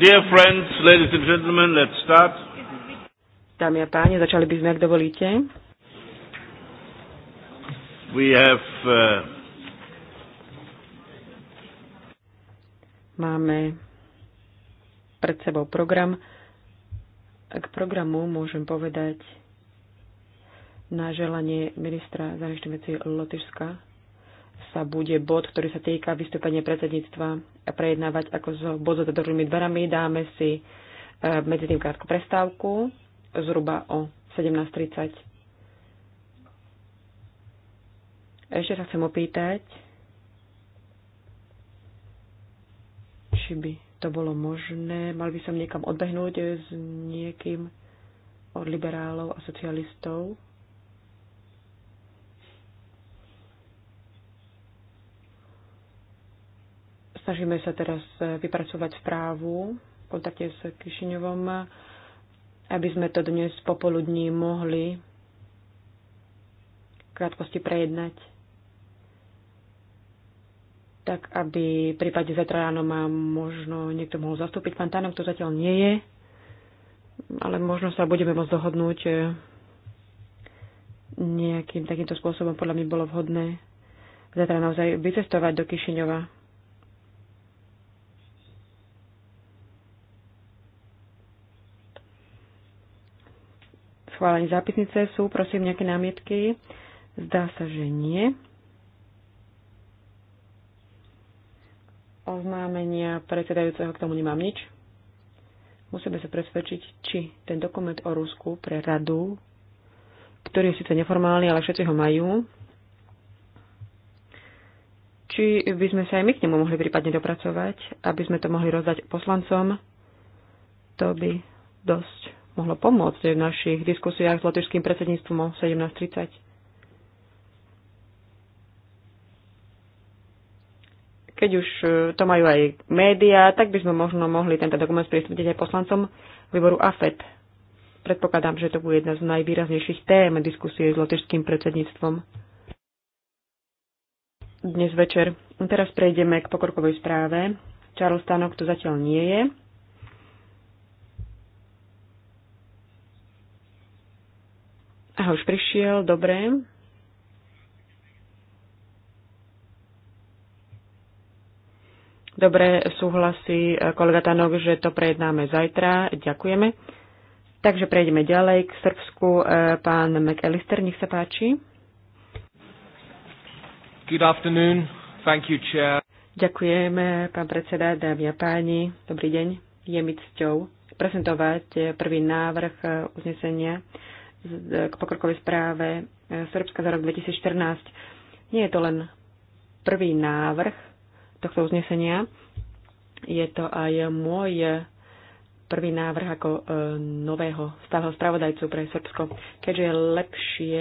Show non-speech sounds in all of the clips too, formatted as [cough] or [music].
Dear friends, ladies and gentlemen, let's start. Dámy a páni, začali by sme, ak dovolíte. We have, uh, Máme pred sebou program. K programu môžem povedať na želanie ministra zahraničných vecí Lotyšska sa bude bod, ktorý sa týka vystúpenia predsedníctva prejednávať ako z bod za dobrými dverami. Dáme si e, medzi tým krátku prestávku, zhruba o 17.30. Ešte sa chcem opýtať, či by to bolo možné. Mal by som niekam odbehnúť s niekým od liberálov a socialistov. Snažíme sa teraz e, vypracovať správu v kontakte s Kišiňovom, aby sme to dnes popoludní mohli v krátkosti prejednať tak aby v prípade zajtra ráno ma možno niekto mohol zastúpiť. Pán Tánok to zatiaľ nie je, ale možno sa budeme môcť dohodnúť e, nejakým takýmto spôsobom. Podľa mňa bolo vhodné zajtra naozaj vycestovať do Kišiňova. schválení zápisnice. Sú prosím nejaké námietky? Zdá sa, že nie. Oznámenia predsedajúceho k tomu nemám nič. Musíme sa presvedčiť, či ten dokument o Rusku pre radu, ktorý je síce neformálny, ale všetci ho majú, či by sme sa aj my k nemu mohli prípadne dopracovať, aby sme to mohli rozdať poslancom, to by dosť mohlo pomôcť v našich diskusiách s lotišským predsedníctvom o 17.30. Keď už e, to majú aj médiá, tak by sme možno mohli tento dokument sprístupniť aj poslancom výboru AFET. Predpokladám, že to bude jedna z najvýraznejších tém diskusie s lotišským predsedníctvom dnes večer. Teraz prejdeme k pokorkovej správe. Charles Tanok tu zatiaľ nie je. Aha, už prišiel, dobre. Dobre, súhlasí e, kolega Tanok, že to prejednáme zajtra. Ďakujeme. Takže prejdeme ďalej k Srbsku. E, pán McAllister, nech sa páči. Good afternoon. Thank you, chair. Ďakujeme, pán predseda, dámy a páni. Dobrý deň. Je mi cťou prezentovať e, prvý návrh uznesenia k pokrokovej správe e, Srbska za rok 2014. Nie je to len prvý návrh tohto uznesenia, je to aj môj prvý návrh ako e, nového stáleho spravodajcu pre Srbsko, keďže je lepšie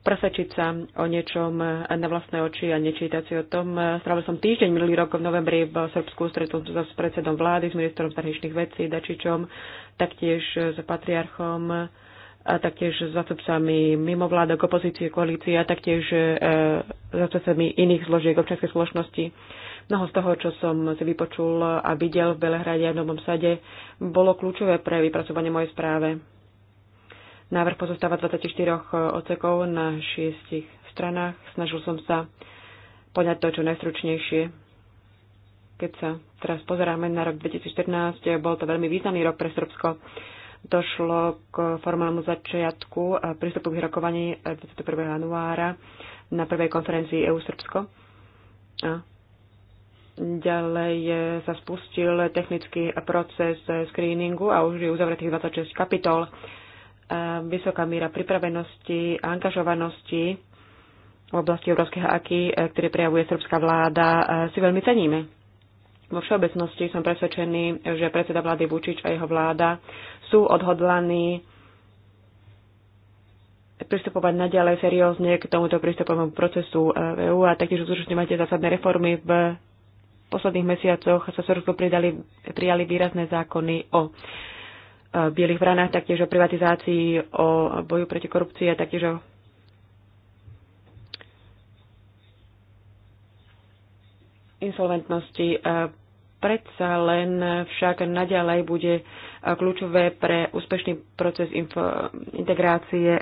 presvedčiť sa o niečom na vlastné oči a nečítať si o tom. E, strávil som týždeň minulý rok v novembri v Srbsku, stretol sa s predsedom vlády, s ministrom zahraničných vecí Dačičom, taktiež s patriarchom a taktiež s zástupcami mimovládok, opozície, koalície a taktiež e, zástupcami iných zložiek občianskej spoločnosti. Mnoho z toho, čo som si vypočul a videl v Belehrade a v Novom Sade, bolo kľúčové pre vypracovanie mojej správe. Návrh pozostáva 24 ocekov na 6 stranách. Snažil som sa poňať to čo najstručnejšie. Keď sa teraz pozeráme na rok 2014, bol to veľmi významný rok pre Srbsko došlo k formálnemu začiatku prístupu k rokovaní 21. januára na prvej konferencii EU Srbsko. ďalej e, sa spustil technický proces screeningu a už je uzavretých 26 kapitol. E, vysoká míra pripravenosti a angažovanosti v oblasti európskeho aký, e, ktoré prejavuje srbská vláda, si veľmi ceníme. Vo všeobecnosti som presvedčený, že predseda vlády Vučič a jeho vláda sú odhodlaní pristupovať naďalej seriózne k tomuto prístupovému procesu eh, v EÚ a taktiež máte zásadné reformy. V posledných mesiacoch sa Sorsku pridali, prijali výrazné zákony o eh, bielých vranách, taktiež o privatizácii, o boju proti korupcii a taktiež o insolventnosti. Eh, predsa len však naďalej bude e, kľúčové pre úspešný proces integrácie e,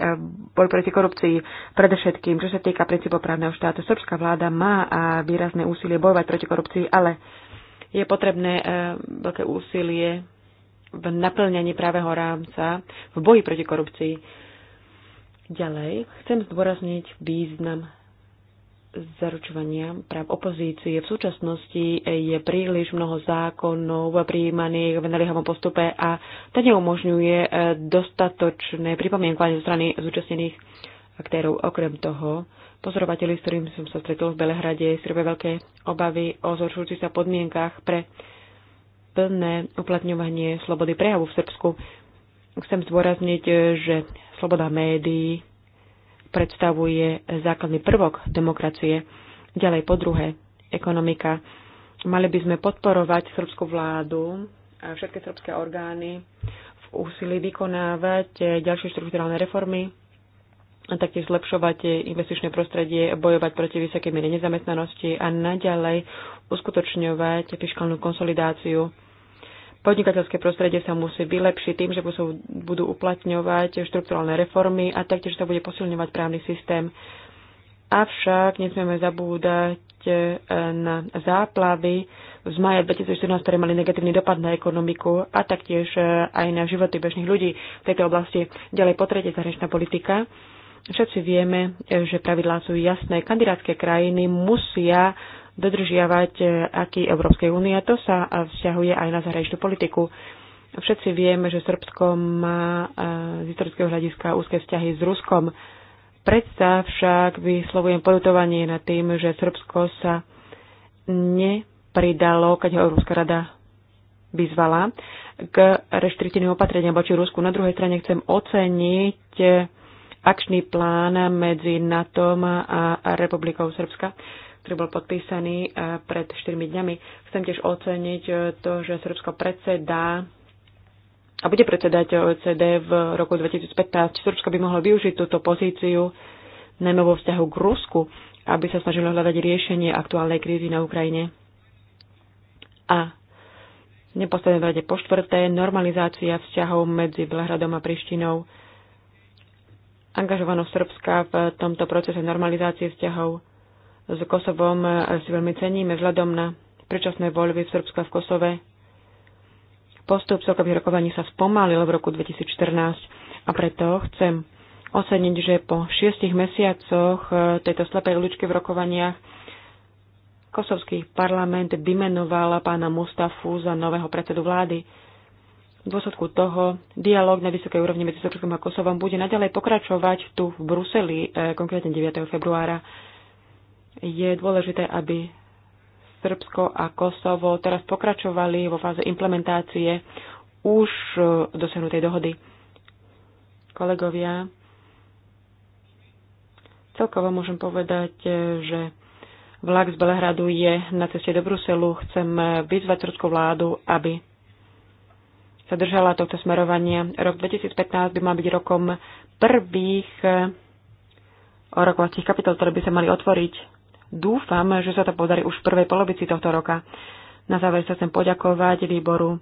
boj proti korupcii. Predovšetkým, čo sa týka princípov právneho štátu, srbská vláda má e, výrazné úsilie bojovať proti korupcii, ale je potrebné veľké úsilie v naplňaní právého rámca v boji proti korupcii. Ďalej chcem zdôrazniť význam zaručovania práv opozície. V súčasnosti je príliš mnoho zákonov prijímaných v nelihavom postupe a to neumožňuje eh, dostatočné pripomienkovanie zo strany zúčastnených aktérov. Okrem toho, pozorovateľi, s ktorým som sa stretol v Belehrade, si robia veľké obavy o zhoršujúcich sa podmienkach pre plné uplatňovanie slobody prejavu v Srbsku. Chcem zdôrazniť, eh, že sloboda médií predstavuje základný prvok demokracie. Ďalej po druhé, ekonomika. Mali by sme podporovať srbskú vládu a všetky srbské orgány v úsilí vykonávať ďalšie štruktúrálne reformy, a taktiež zlepšovať investičné prostredie, bojovať proti vysokej miere nezamestnanosti a naďalej uskutočňovať fiskálnu konsolidáciu Podnikateľské prostredie sa musí vylepšiť tým, že budú uplatňovať štrukturálne reformy a taktiež sa bude posilňovať právny systém. Avšak nesmieme zabúdať e, na záplavy z maja 2014, ktoré mali negatívny dopad na ekonomiku a taktiež e, aj na životy bežných ľudí v tejto oblasti. Ďalej potrete zahraničná politika. Všetci vieme, e, že pravidlá sú jasné. Kandidátske krajiny musia dodržiavať e, aký Európskej únie. A to sa e, vzťahuje aj na zahraničnú politiku. Všetci vieme, že Srbsko má e, z historického hľadiska úzke vzťahy s Ruskom. Predsa však vyslovujem podutovanie nad tým, že Srbsko sa nepridalo, keď ho Európska rada vyzvala, k reštriktívnym opatreniam voči Rusku. Na druhej strane chcem oceniť akčný plán medzi NATO a Republikou Srbska ktorý bol podpísaný e, pred 4 dňami. Chcem tiež oceniť e, to, že Srbsko predseda a bude predsedať OECD v roku 2015. Srbsko by mohlo využiť túto pozíciu najmä vo vzťahu k Rusku, aby sa snažilo hľadať riešenie aktuálnej krízy na Ukrajine. A neposledné vrade rade po štvrté, normalizácia vzťahov medzi Belhradom a Prištinou. Angažovanosť Srbska v tomto procese normalizácie vzťahov s Kosovom eh, si veľmi ceníme vzhľadom na predčasné voľby v Srbsku a v Kosove. Postup celkových rokovaní sa spomalil v roku 2014 a preto chcem oceniť, že po šiestich mesiacoch eh, tejto slepej uličky v rokovaniach kosovský parlament vymenoval pána Mustafu za nového predsedu vlády. V dôsledku toho dialog na vysokej úrovni medzi Srbskom a Kosovom bude naďalej pokračovať tu v Bruseli, eh, konkrétne 9. februára je dôležité, aby Srbsko a Kosovo teraz pokračovali vo fáze implementácie už e, dosiahnutej dohody. Kolegovia, celkovo môžem povedať, e, že vlak z Belehradu je na ceste do Bruselu. Chcem vyzvať srbskú vládu, aby sa držala tohto smerovania. Rok 2015 by mal byť rokom prvých e, rokovacích kapitol, ktoré by sa mali otvoriť Dúfam, že sa to podarí už v prvej polovici tohto roka. Na záver sa chcem poďakovať výboru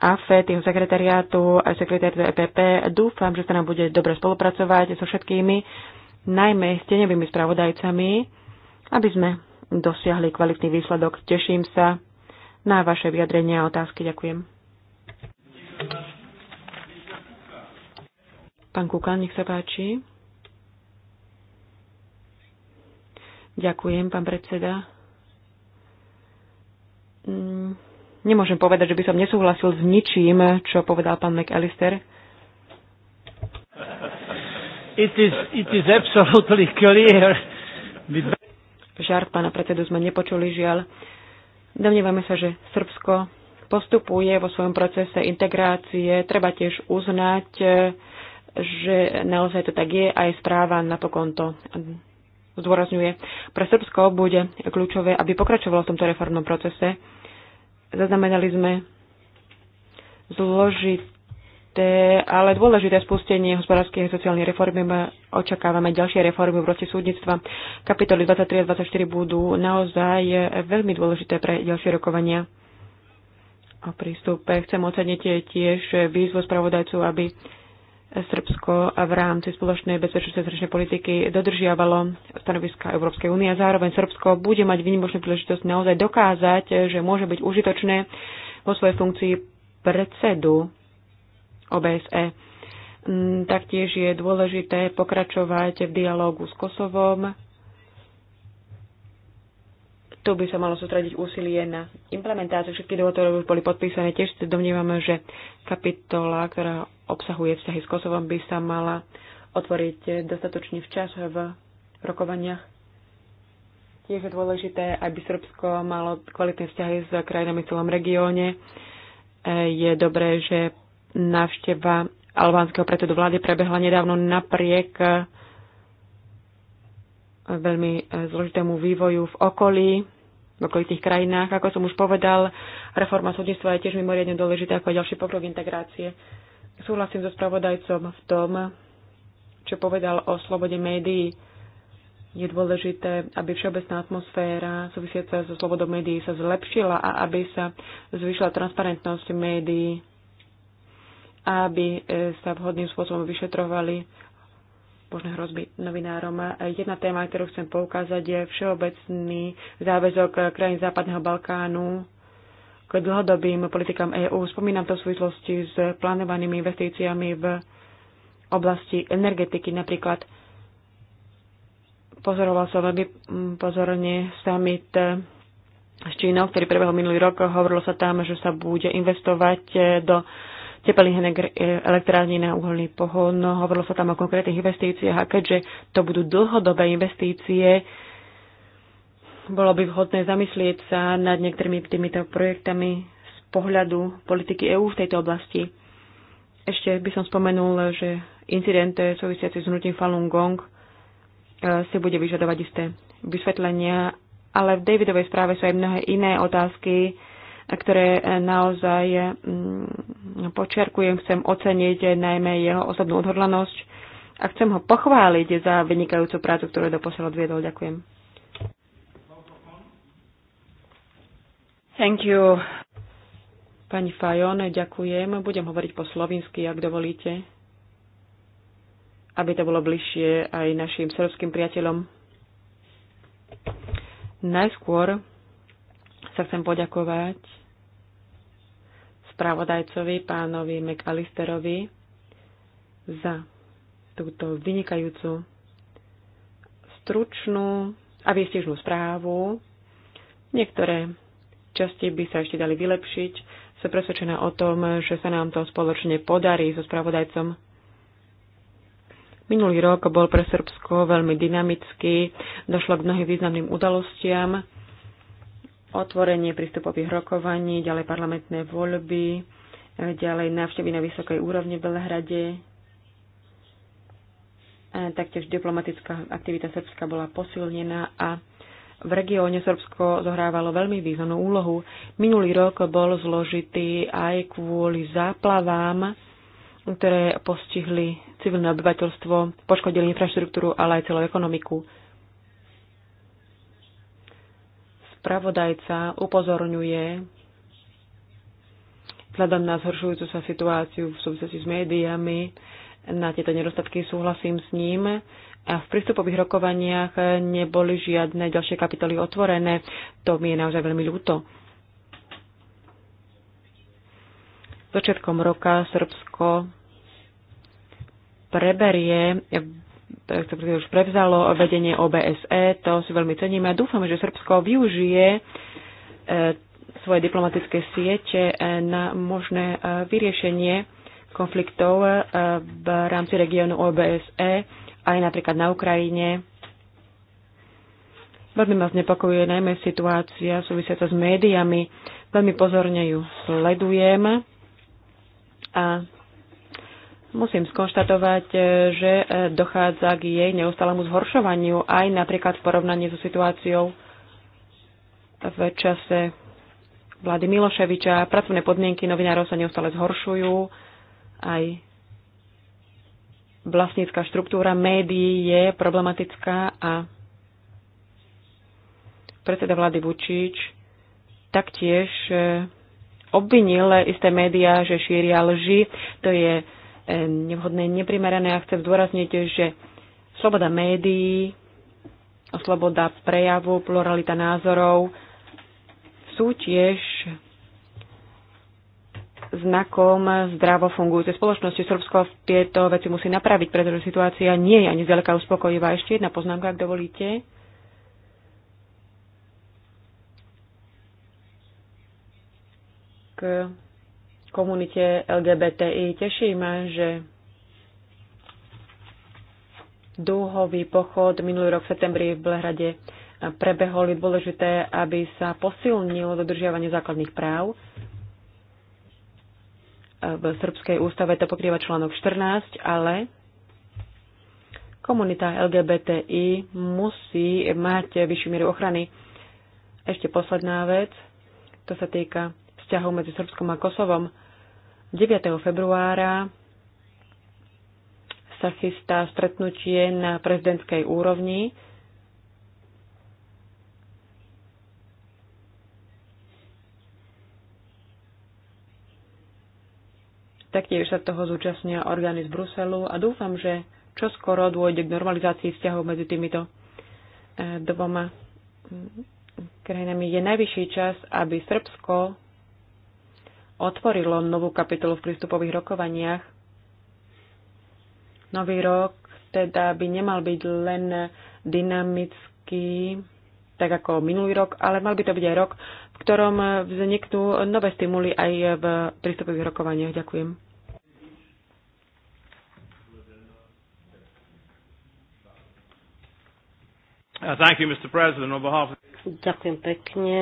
AFET, jeho sekretariátu a sekretariátu EPP. Dúfam, že sa nám bude dobre spolupracovať so všetkými, najmä s tenevými spravodajcami, aby sme dosiahli kvalitný výsledok. Teším sa na vaše vyjadrenia a otázky. Ďakujem. Pán Kúka, nech sa páči. Ďakujem, pán predseda. Mm, nemôžem povedať, že by som nesúhlasil s ničím, čo povedal pán McAllister. It is, it is absolutely clear. Žart pána predsedu sme nepočuli, žiaľ. Domnievame sa, že Srbsko postupuje vo svojom procese integrácie. Treba tiež uznať, že naozaj to tak je, aj správa napokon to zdôrazňuje. Pre Srbsko bude kľúčové, aby pokračovalo v tomto reformnom procese. Zaznamenali sme zložité, ale dôležité spustenie hospodárskej a sociálnej reformy. Očakávame ďalšie reformy v roci súdnictva. Kapitoly 23 a 24 budú naozaj veľmi dôležité pre ďalšie rokovania o prístupe. Chcem oceniť tiež výzvu spravodajcu, aby Srbsko v rámci spoločnej bezpečnostnej zračnej politiky dodržiavalo stanoviska Európskej únie a zároveň Srbsko bude mať výnimočnú príležitosť naozaj dokázať, že môže byť užitočné vo svojej funkcii predsedu OBSE. Mm, taktiež je dôležité pokračovať v dialógu s Kosovom tu by sa malo sústrediť úsilie na implementáciu. Všetky dohody, ktoré už boli podpísané, tiež domnievame, že kapitola, ktorá obsahuje vzťahy s Kosovom, by sa mala otvoriť dostatočne včas v rokovaniach. Tiež je dôležité, aby Srbsko malo kvalitné vzťahy s krajinami v celom regióne. Je dobré, že návšteva albánskeho predsedu vlády prebehla nedávno napriek veľmi e, zložitému vývoju v okolí, v okolitých krajinách. Ako som už povedal, reforma súdnictva je tiež mimoriadne dôležitá ako ďalší pokrok integrácie. Súhlasím so spravodajcom v tom, čo povedal o slobode médií. Je dôležité, aby všeobecná atmosféra súvisiaca so slobodou médií sa zlepšila a aby sa zvýšila transparentnosť médií, aby e, sa vhodným spôsobom vyšetrovali možné hrozby novinárom. Jedna téma, ktorú chcem poukázať, je všeobecný záväzok krajín Západného Balkánu k dlhodobým politikám EÚ. Spomínam to v súvislosti s plánovanými investíciami v oblasti energetiky napríklad. Pozoroval som veľmi pozorne summit s Čínou, ktorý prebehol minulý rok. Hovorilo sa tam, že sa bude investovať do tepelných elektrární na uholný pohon. No, hovorilo sa tam o konkrétnych investíciách a keďže to budú dlhodobé investície, bolo by vhodné zamyslieť sa nad niektorými týmito projektami z pohľadu politiky EÚ v tejto oblasti. Ešte by som spomenul, že incident súvisiaci s hnutím Falun Gong e, si bude vyžadovať isté vysvetlenia, ale v Davidovej správe sú aj mnohé iné otázky, ktoré naozaj mm, počiarkujem, chcem oceniť najmä jeho osobnú odhodlanosť a chcem ho pochváliť za vynikajúcu prácu, ktorú doposiaľ odviedol. Ďakujem. Thank you. Pani Fajon, ďakujem. Budem hovoriť po slovinsky, ak dovolíte, aby to bolo bližšie aj našim srbským priateľom. Najskôr sa chcem poďakovať spravodajcovi, pánovi McAllisterovi, za túto vynikajúcu stručnú a výstižnú správu. Niektoré časti by sa ešte dali vylepšiť. Som presvedčená o tom, že sa nám to spoločne podarí so spravodajcom. Minulý rok bol pre Srbsko veľmi dynamický, došlo k mnohým významným udalostiam otvorenie prístupových rokovaní, ďalej parlamentné voľby, ďalej návštevy na vysokej úrovni v Belehrade. E, taktiež diplomatická aktivita Srbska bola posilnená a v regióne Srbsko zohrávalo veľmi významnú úlohu. Minulý rok bol zložitý aj kvôli záplavám, ktoré postihli civilné obyvateľstvo, poškodili infraštruktúru, ale aj celú ekonomiku. Spravodajca upozorňuje vzhľadom na zhoršujúcu sa situáciu v súvislosti s médiami, na tieto nedostatky súhlasím s ním. A v prístupových rokovaniach neboli žiadne ďalšie kapitoly otvorené. To mi je naozaj veľmi ľúto. Začiatkom roka Srbsko preberie respektíve už prevzalo vedenie OBSE. To si veľmi ceníme a dúfame, že Srbsko využije e, svoje diplomatické siete e, na možné e, vyriešenie konfliktov v rámci regiónu OBSE, aj napríklad na Ukrajine. Veľmi ma znepokojuje najmä situácia súvisiaca s médiami. Veľmi pozorne ju sledujem a Musím skonštatovať, e, že e, dochádza k jej neustalému zhoršovaniu aj napríklad v porovnaní so situáciou v čase vlády Miloševiča. Pracovné podmienky novinárov sa neustále zhoršujú. Aj vlastnícka štruktúra médií je problematická a predseda vlády Vučič taktiež e, obvinil isté médiá, že šíria lži. To je nevhodné, neprimerané a chcem zdôrazniť, že sloboda médií, sloboda prejavu, pluralita názorov sú tiež znakom zdravo fungujúcej spoločnosti. Srbsko tieto veci musí napraviť, pretože situácia nie je ani zďaleka uspokojivá. Ešte jedna poznámka, ak dovolíte. K komunite LGBTI. Teší ma, že dúhový pochod minulý rok v septembri v Belehrade prebehol. Je dôležité, aby sa posilnilo dodržiavanie základných práv. V Srbskej ústave to pokrýva článok 14, ale komunita LGBTI musí mať vyššiu mieru ochrany. Ešte posledná vec, to sa týka vzťahov medzi Srbskom a Kosovom. 9. februára sa chystá stretnutie na prezidentskej úrovni. Taktiež sa toho zúčastnia orgány z Bruselu a dúfam, že čoskoro dôjde k normalizácii vzťahov medzi týmito eh, dvoma mm, krajinami. Je najvyšší čas, aby Srbsko otvorilo novú kapitolu v prístupových rokovaniach. Nový rok teda by nemal byť len dynamický, tak ako minulý rok, ale mal by to byť aj rok, v ktorom vzniknú nové stimuly aj v prístupových rokovaniach. Ďakujem. Uh, Ďakujem pekne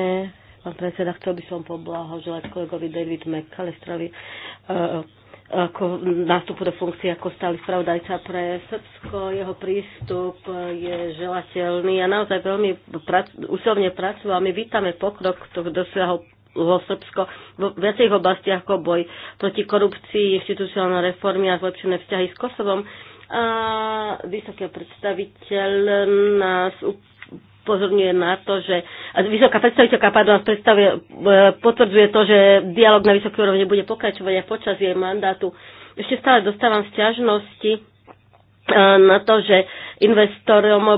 pán predseda. Chcel by som poblahoželať kolegovi David McAllisterovi eh, eh, ako nástupu do funkcie ako stály spravodajca pre Srbsko. Jeho prístup je želateľný a naozaj veľmi prac, usilovne pracujú a my vítame pokrok, ktorý dosiahol vo Srbsko v viacerých oblastiach ako boj proti korupcii, inštitucionálne reformy a zlepšené vzťahy s Kosovom. A vysoký predstaviteľ nás upozorňuje na to, že a vysoká predstaviteľka pardon, predstavuje, e, potvrdzuje to, že dialog na vysokej úrovni bude pokračovať aj počas jej mandátu. Ešte stále dostávam sťažnosti e, na to, že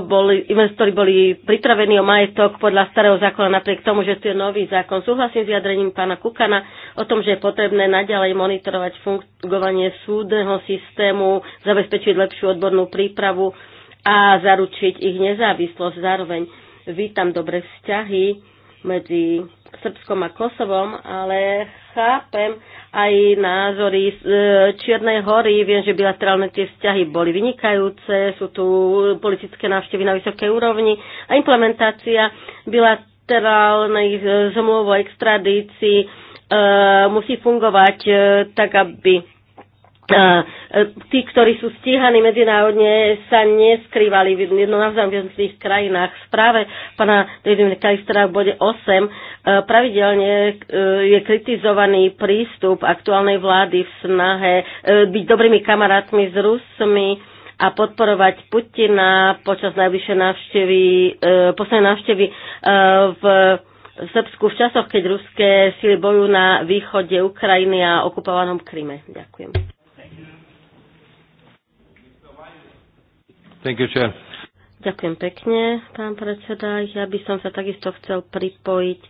boli, investori boli pripravení o majetok podľa starého zákona napriek tomu, že tu je nový zákon. Súhlasím s vyjadrením pána Kukana o tom, že je potrebné naďalej monitorovať fungovanie súdneho systému, zabezpečiť lepšiu odbornú prípravu a zaručiť ich nezávislosť zároveň vítam dobré vzťahy medzi Srbskom a Kosovom, ale chápem aj názory z e, Čiernej hory. Viem, že bilaterálne tie vzťahy boli vynikajúce, sú tu politické návštevy na vysokej úrovni a implementácia bilaterálnych e, zmluv o extradícii e, musí fungovať tak, aby E, tí, ktorí sú stíhaní medzinárodne, sa neskrývali v jednonavzájom krajinách. V správe pána Dedimne Kajstra v bode 8 e, pravidelne e, je kritizovaný prístup aktuálnej vlády v snahe byť dobrými kamarátmi s Rusmi a podporovať Putina počas najbližšej návštevy, poslednej návštevy v v Srbsku v časoch, keď ruské síly bojujú na východe Ukrajiny a okupovanom Kryme. Ďakujem. Thank you, Chair. Ďakujem pekne, pán predseda. Ja by som sa takisto chcel pripojiť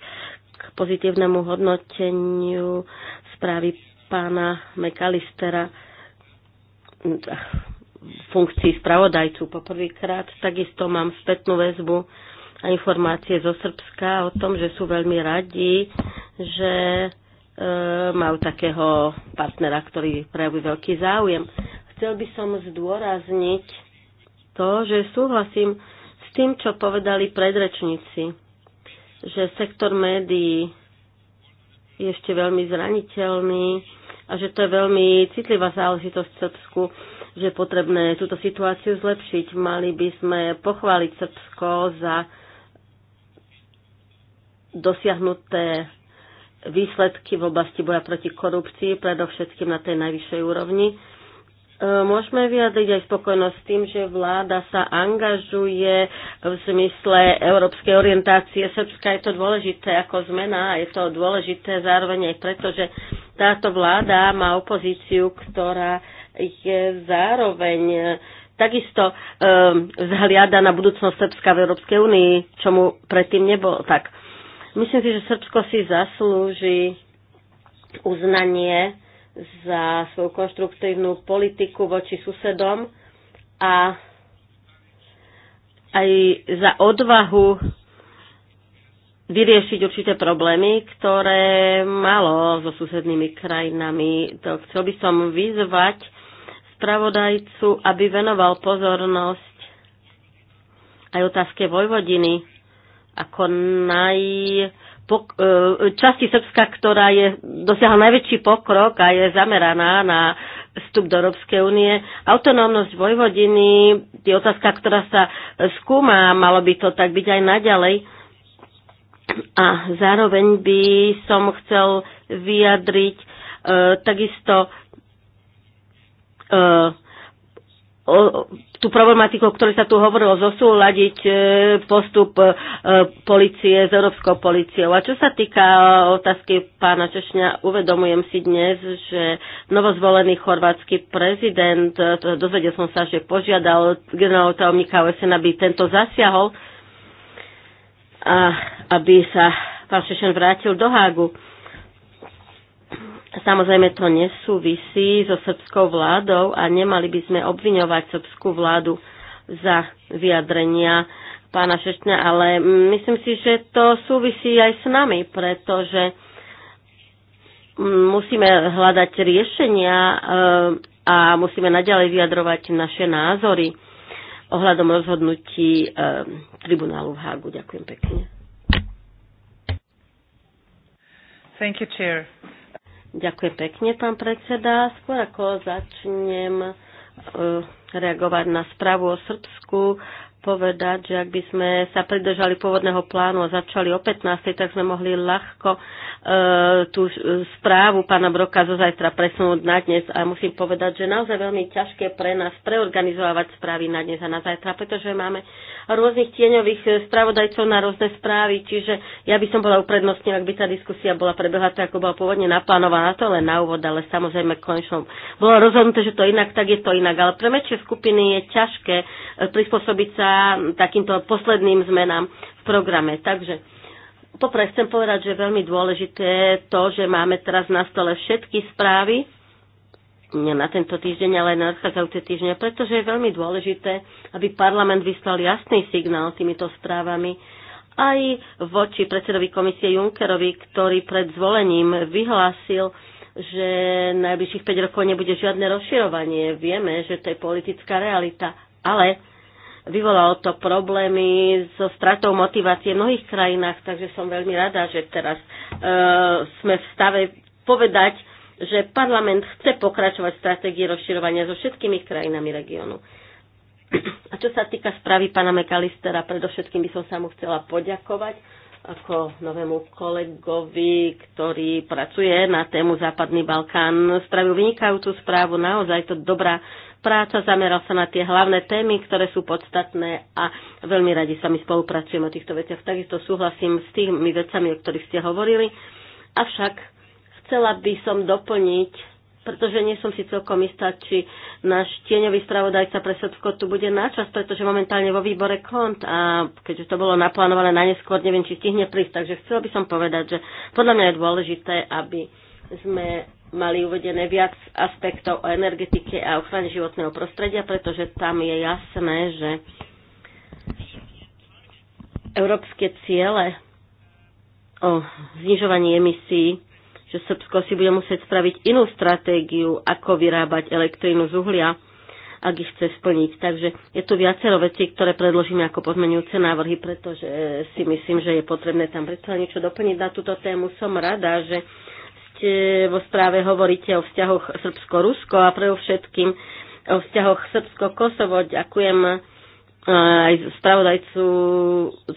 k pozitívnemu hodnoteniu správy pána Mekalistera funkcii spravodajcu poprvýkrát. Takisto mám spätnú väzbu a informácie zo Srbska o tom, že sú veľmi radi, že e, majú takého partnera, ktorý prejavuje veľký záujem. Chcel by som zdôrazniť to, že súhlasím s tým, čo povedali predrečníci, že sektor médií je ešte veľmi zraniteľný a že to je veľmi citlivá záležitosť v Srbsku, že je potrebné túto situáciu zlepšiť. Mali by sme pochváliť Srbsko za dosiahnuté výsledky v oblasti boja proti korupcii, predovšetkým na tej najvyššej úrovni E, môžeme vyjadriť aj spokojnosť s tým, že vláda sa angažuje v zmysle európskej orientácie Srbska. Je to dôležité ako zmena, je to dôležité zároveň aj preto, že táto vláda má opozíciu, ktorá je zároveň e, takisto um, zhliada na budúcnosť Srbska v Európskej únii, čomu predtým nebolo tak. Myslím si, že Srbsko si zaslúži uznanie za svoju konštruktívnu politiku voči susedom a aj za odvahu vyriešiť určité problémy, ktoré malo so susednými krajinami. To chcel by som vyzvať spravodajcu, aby venoval pozornosť aj otázke Vojvodiny ako naj E, časti Srbska, ktorá je, dosiahla najväčší pokrok a je zameraná na vstup do Európskej únie. Autonómnosť Vojvodiny je otázka, ktorá sa skúma, malo by to tak byť aj naďalej. A zároveň by som chcel vyjadriť e, takisto e, o tú problematiku, o ktorej sa tu hovorilo, zosúľadiť e, postup e, policie s Európskou policiou. A čo sa týka otázky pána Češňa, uvedomujem si dnes, že novozvolený chorvátsky prezident, e, dozvedel som sa, že požiadal generálneho tajomníka OSN, aby tento zasiahol a aby sa pán Češen vrátil do Hágu. Samozrejme to nesúvisí so srbskou vládou a nemali by sme obviňovať srbskú vládu za vyjadrenia pána Šešťa, ale myslím si, že to súvisí aj s nami, pretože musíme hľadať riešenia eh, a musíme naďalej vyjadrovať naše názory ohľadom rozhodnutí eh, tribunálu v Hágu. Ďakujem pekne. Thank you, Chair. Ďakujem pekne, pán predseda. Skôr ako začnem e, reagovať na správu o Srbsku, povedať, že ak by sme sa pridržali pôvodného plánu a začali o 15. tak sme mohli ľahko e, tú správu pána Broka zo zajtra presunúť na dnes a musím povedať, že naozaj veľmi ťažké pre nás preorganizovať správy na dnes a na zajtra, pretože máme rôznych tieňových spravodajcov na rôzne správy, čiže ja by som bola uprednostnila, ak by tá diskusia bola prebehla tak, ako bola pôvodne naplánovaná, to len na úvod, ale samozrejme konečnom. Bolo rozhodnuté, že to inak, tak je to inak, ale pre väčšie skupiny je ťažké e, prispôsobiť sa takýmto posledným zmenám v programe. Takže poprvé chcem povedať, že je veľmi dôležité to, že máme teraz na stole všetky správy, nie na tento týždeň, ale aj na nadchádzajúce týždne, pretože je veľmi dôležité, aby parlament vyslal jasný signál týmito správami aj voči predsedovi komisie Junckerovi, ktorý pred zvolením vyhlásil, že najbližších 5 rokov nebude žiadne rozširovanie. Vieme, že to je politická realita, ale Vyvolalo to problémy so stratou motivácie v mnohých krajinách, takže som veľmi rada, že teraz uh, sme v stave povedať, že parlament chce pokračovať v stratégii rozširovania so všetkými krajinami regiónu. A čo sa týka správy pána Mekalistera, predovšetkým by som sa mu chcela poďakovať ako novému kolegovi, ktorý pracuje na tému Západný Balkán. Spravil vynikajúcu správu, naozaj to dobrá práca, zameral sa na tie hlavné témy, ktoré sú podstatné a veľmi radi sa my spolupracujeme o týchto veciach. Takisto súhlasím s tými vecami, o ktorých ste hovorili. Avšak chcela by som doplniť pretože nie som si celkom istá, či náš tieňový spravodajca pre Srbsko tu bude načas, pretože momentálne vo výbore kont a keďže to bolo naplánované na neskôr, neviem, či stihne prísť. Takže chcela by som povedať, že podľa mňa je dôležité, aby sme mali uvedené viac aspektov o energetike a ochrane životného prostredia, pretože tam je jasné, že európske ciele o znižovaní emisí, že Srbsko si bude musieť spraviť inú stratégiu, ako vyrábať elektrínu z uhlia, ak ich chce splniť. Takže je tu viacero vecí, ktoré predložíme ako pozmenujúce návrhy, pretože si myslím, že je potrebné tam predsa niečo doplniť na túto tému. Som rada, že E, vo správe hovoríte o vzťahoch Srbsko-Rusko a pre všetkým o vzťahoch Srbsko-Kosovo. Ďakujem e, aj spravodajcu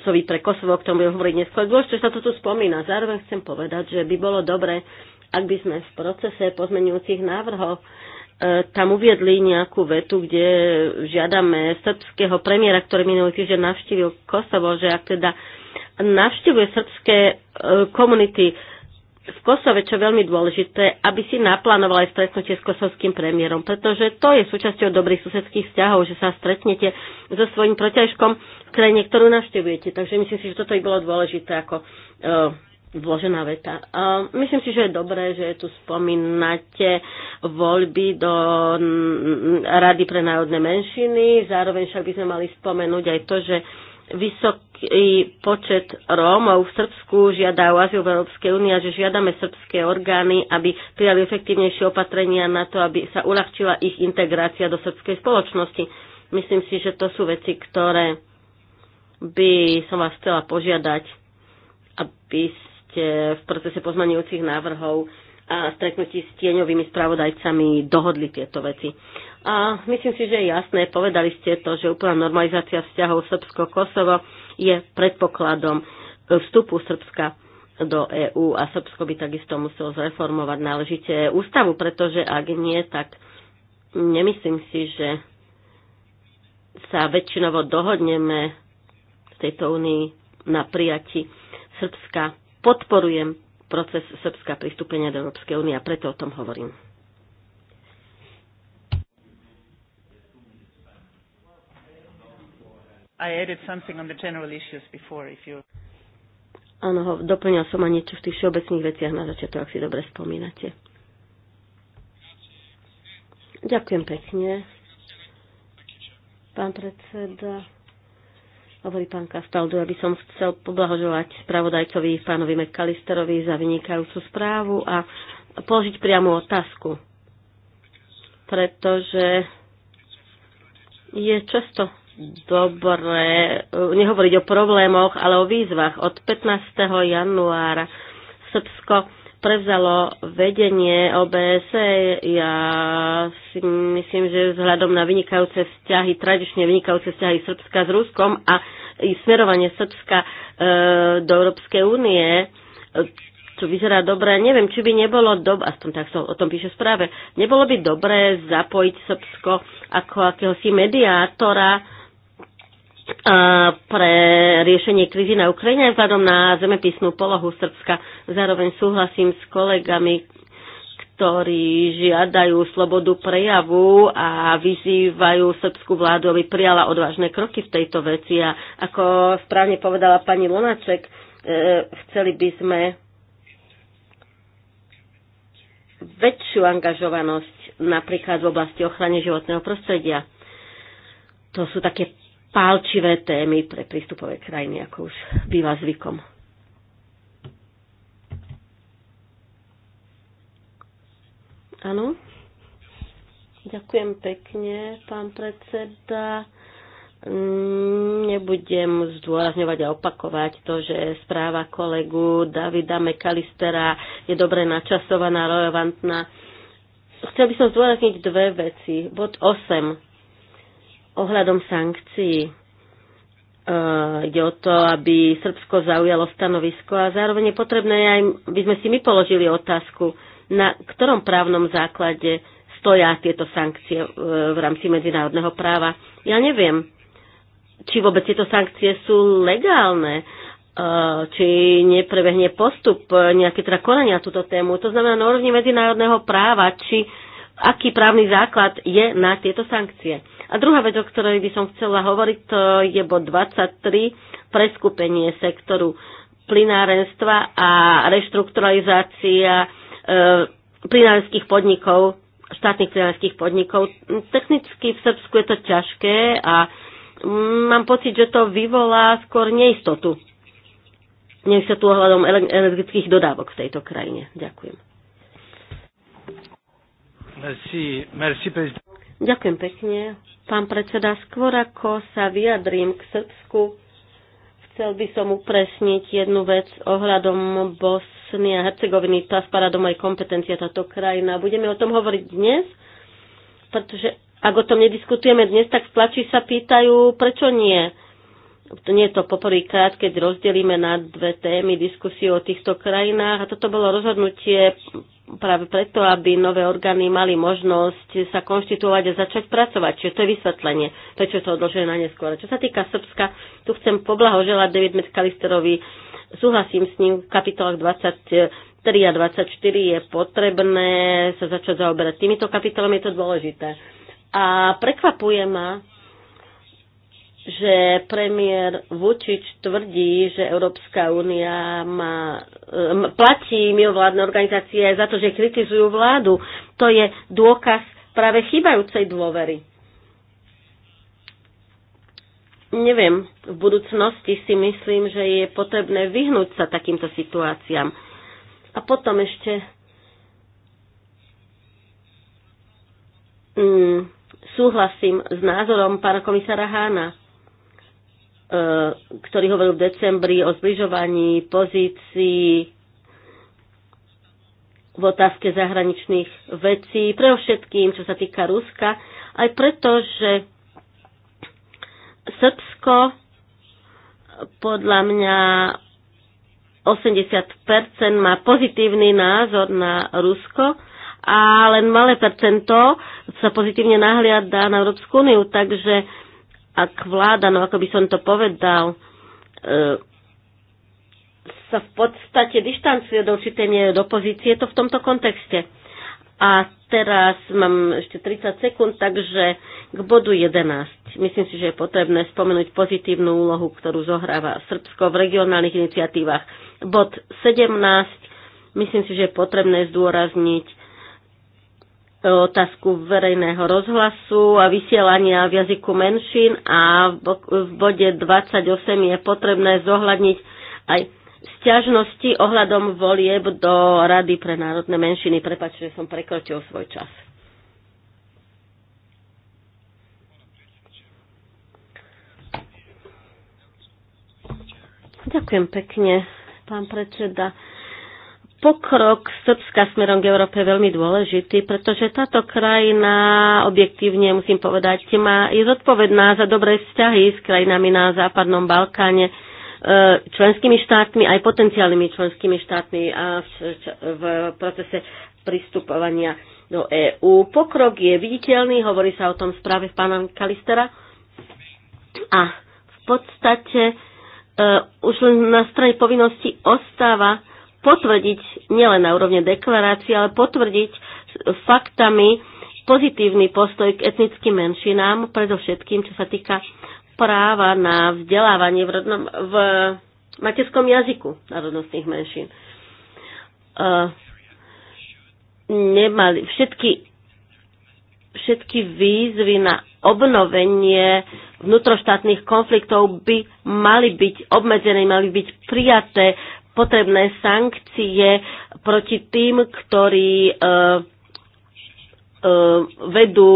covi pre Kosovo, o ktorom budem hovoriť neskôr. Dôležité, že sa to tu spomína. Zároveň chcem povedať, že by bolo dobre, ak by sme v procese pozmenujúcich návrhov e, tam uviedli nejakú vetu, kde žiadame srbského premiéra, ktorý minulý týždeň navštívil Kosovo, že ak teda navštívuje srbské komunity, v Kosove, čo je veľmi dôležité, aby si naplánovala aj stretnutie s kosovským premiérom, pretože to je súčasťou dobrých susedských vzťahov, že sa stretnete so svojím protiažkom v krajine, ktorú navštevujete. Takže myslím si, že toto by bolo dôležité ako uh, vložená veta. Uh, myslím si, že je dobré, že tu spomínate voľby do Rady pre národné menšiny, zároveň však by sme mali spomenúť aj to, že vysok i počet Rómov v Srbsku žiada o azyl v Európskej únie a že žiadame srbské orgány, aby prijali efektívnejšie opatrenia na to, aby sa uľahčila ich integrácia do srbskej spoločnosti. Myslím si, že to sú veci, ktoré by som vás chcela požiadať, aby ste v procese pozmaňujúcich návrhov a stretnutí s tieňovými spravodajcami dohodli tieto veci. A myslím si, že je jasné, povedali ste to, že úplná normalizácia vzťahov Srbsko-Kosovo je predpokladom vstupu Srbska do EÚ a Srbsko by takisto muselo zreformovať náležite ústavu, pretože ak nie, tak nemyslím si, že sa väčšinovo dohodneme v tejto únii na prijati Srbska. Podporujem proces Srbska pristúpenia do Európskej únie a preto o tom hovorím. I added something on the general issues before, if you... Áno, ho, doplňal som a niečo v tých všeobecných veciach na začiatok, ak si dobre spomínate. Ďakujem pekne. Pán predseda, hovorí pán Kastaldu, aby som chcel poblahožovať spravodajcovi pánovi McAllisterovi za vynikajúcu správu a položiť priamu otázku, pretože je často dobré e, nehovoriť o problémoch, ale o výzvach. Od 15. januára Srbsko prevzalo vedenie OBS. E. Ja si myslím, že vzhľadom na vynikajúce vzťahy, tradične vynikajúce vzťahy Srbska s Ruskom a smerovanie Srbska e, do Európskej únie, čo vyzerá dobre. Neviem, či by nebolo dobré, aspoň tak som o tom píše správe, nebolo by dobré zapojiť Srbsko ako akéhosi mediátora pre riešenie krízy na Ukrajine aj vzhľadom na zemepisnú polohu Srbska. Zároveň súhlasím s kolegami, ktorí žiadajú slobodu prejavu a vyzývajú srbskú vládu, aby prijala odvážne kroky v tejto veci. A ako správne povedala pani Lonaček, e, chceli by sme väčšiu angažovanosť napríklad v oblasti ochrany životného prostredia. To sú také pálčivé témy pre prístupové krajiny, ako už býva zvykom. Áno? Ďakujem pekne, pán predseda. Nebudem zdôrazňovať a opakovať to, že správa kolegu Davida Mekalistera je dobre načasovaná, relevantná. Chcel by som zdôrazniť dve veci. Bod 8 Ohľadom sankcií e, ide o to, aby Srbsko zaujalo stanovisko a zároveň je potrebné aj, by sme si my položili otázku, na ktorom právnom základe stoja tieto sankcie e, v rámci medzinárodného práva. Ja neviem, či vôbec tieto sankcie sú legálne, e, či neprebehne postup, nejaké teda konania túto tému. To znamená na úrovni medzinárodného práva, či aký právny základ je na tieto sankcie. A druhá vec, o ktorej by som chcela hovoriť, to je bod 23, preskupenie sektoru plinárenstva a reštrukturalizácia e, plinárenských podnikov, štátnych plinárenských podnikov. Technicky v Srbsku je to ťažké a mm, mám pocit, že to vyvolá skôr neistotu. Neistotu ohľadom energetických dodávok v tejto krajine. Ďakujem. Merci, merci, Ďakujem pekne. Pán predseda, skôr ako sa vyjadrím k Srbsku, chcel by som upresniť jednu vec ohľadom Bosny a Hercegoviny. Tá spada do mojej kompetencie, táto krajina. Budeme o tom hovoriť dnes, pretože ak o tom nediskutujeme dnes, tak v tlači sa pýtajú, prečo nie. Nie je to poprvýkrát, keď rozdelíme na dve témy diskusiu o týchto krajinách a toto bolo rozhodnutie práve preto, aby nové orgány mali možnosť sa konštituovať a začať pracovať. Čiže to je vysvetlenie, prečo to odložené na neskôr. Čo sa týka Srbska, tu chcem poblahoželať David Metkalisterovi. Súhlasím s ním v kapitolách 23 a 24 je potrebné sa začať zaoberať týmito kapitolami, je to dôležité. A prekvapuje ma, že premiér Vučič tvrdí, že Európska únia má, platí mimovládne organizácie za to, že kritizujú vládu. To je dôkaz práve chýbajúcej dôvery. Neviem, v budúcnosti si myslím, že je potrebné vyhnúť sa takýmto situáciám. A potom ešte mm, súhlasím s názorom pána komisára Hána E, ktorý hovoril v decembri o zbližovaní pozícií v otázke zahraničných vecí, pre všetkým, čo sa týka Ruska, aj preto, že Srbsko podľa mňa 80% má pozitívny názor na Rusko a len malé percento sa pozitívne nahliada na Európsku úniu, takže ak vláda, no ako by som to povedal, e, sa v podstate dištancuje do určitej miery do pozície, to v tomto kontexte. A teraz mám ešte 30 sekúnd, takže k bodu 11. Myslím si, že je potrebné spomenúť pozitívnu úlohu, ktorú zohráva Srbsko v regionálnych iniciatívach. Bod 17. Myslím si, že je potrebné zdôrazniť otázku verejného rozhlasu a vysielania v jazyku menšín a v bode 28 je potrebné zohľadniť aj sťažnosti ohľadom volieb do Rady pre národné menšiny. Prepačte, že som prekročil svoj čas. Ďakujem pekne, pán predseda pokrok Srbska smerom k Európe je veľmi dôležitý, pretože táto krajina, objektívne musím povedať, má, je zodpovedná za dobré vzťahy s krajinami na Západnom Balkáne, e, členskými štátmi, aj potenciálnymi členskými štátmi a v, v procese pristupovania do EÚ. Pokrok je viditeľný, hovorí sa o tom správe pána Kalistera. A v podstate uh, už len na strane povinnosti ostáva potvrdiť nielen na úrovne deklarácií, ale potvrdiť faktami pozitívny postoj k etnickým menšinám, predovšetkým čo sa týka práva na vzdelávanie v, rodnom, v materskom jazyku národnostných menšín. Uh, nemali všetky, všetky výzvy na obnovenie vnútroštátnych konfliktov by mali byť obmedzené, mali byť prijaté potrebné sankcie proti tým, ktorí e, e, vedú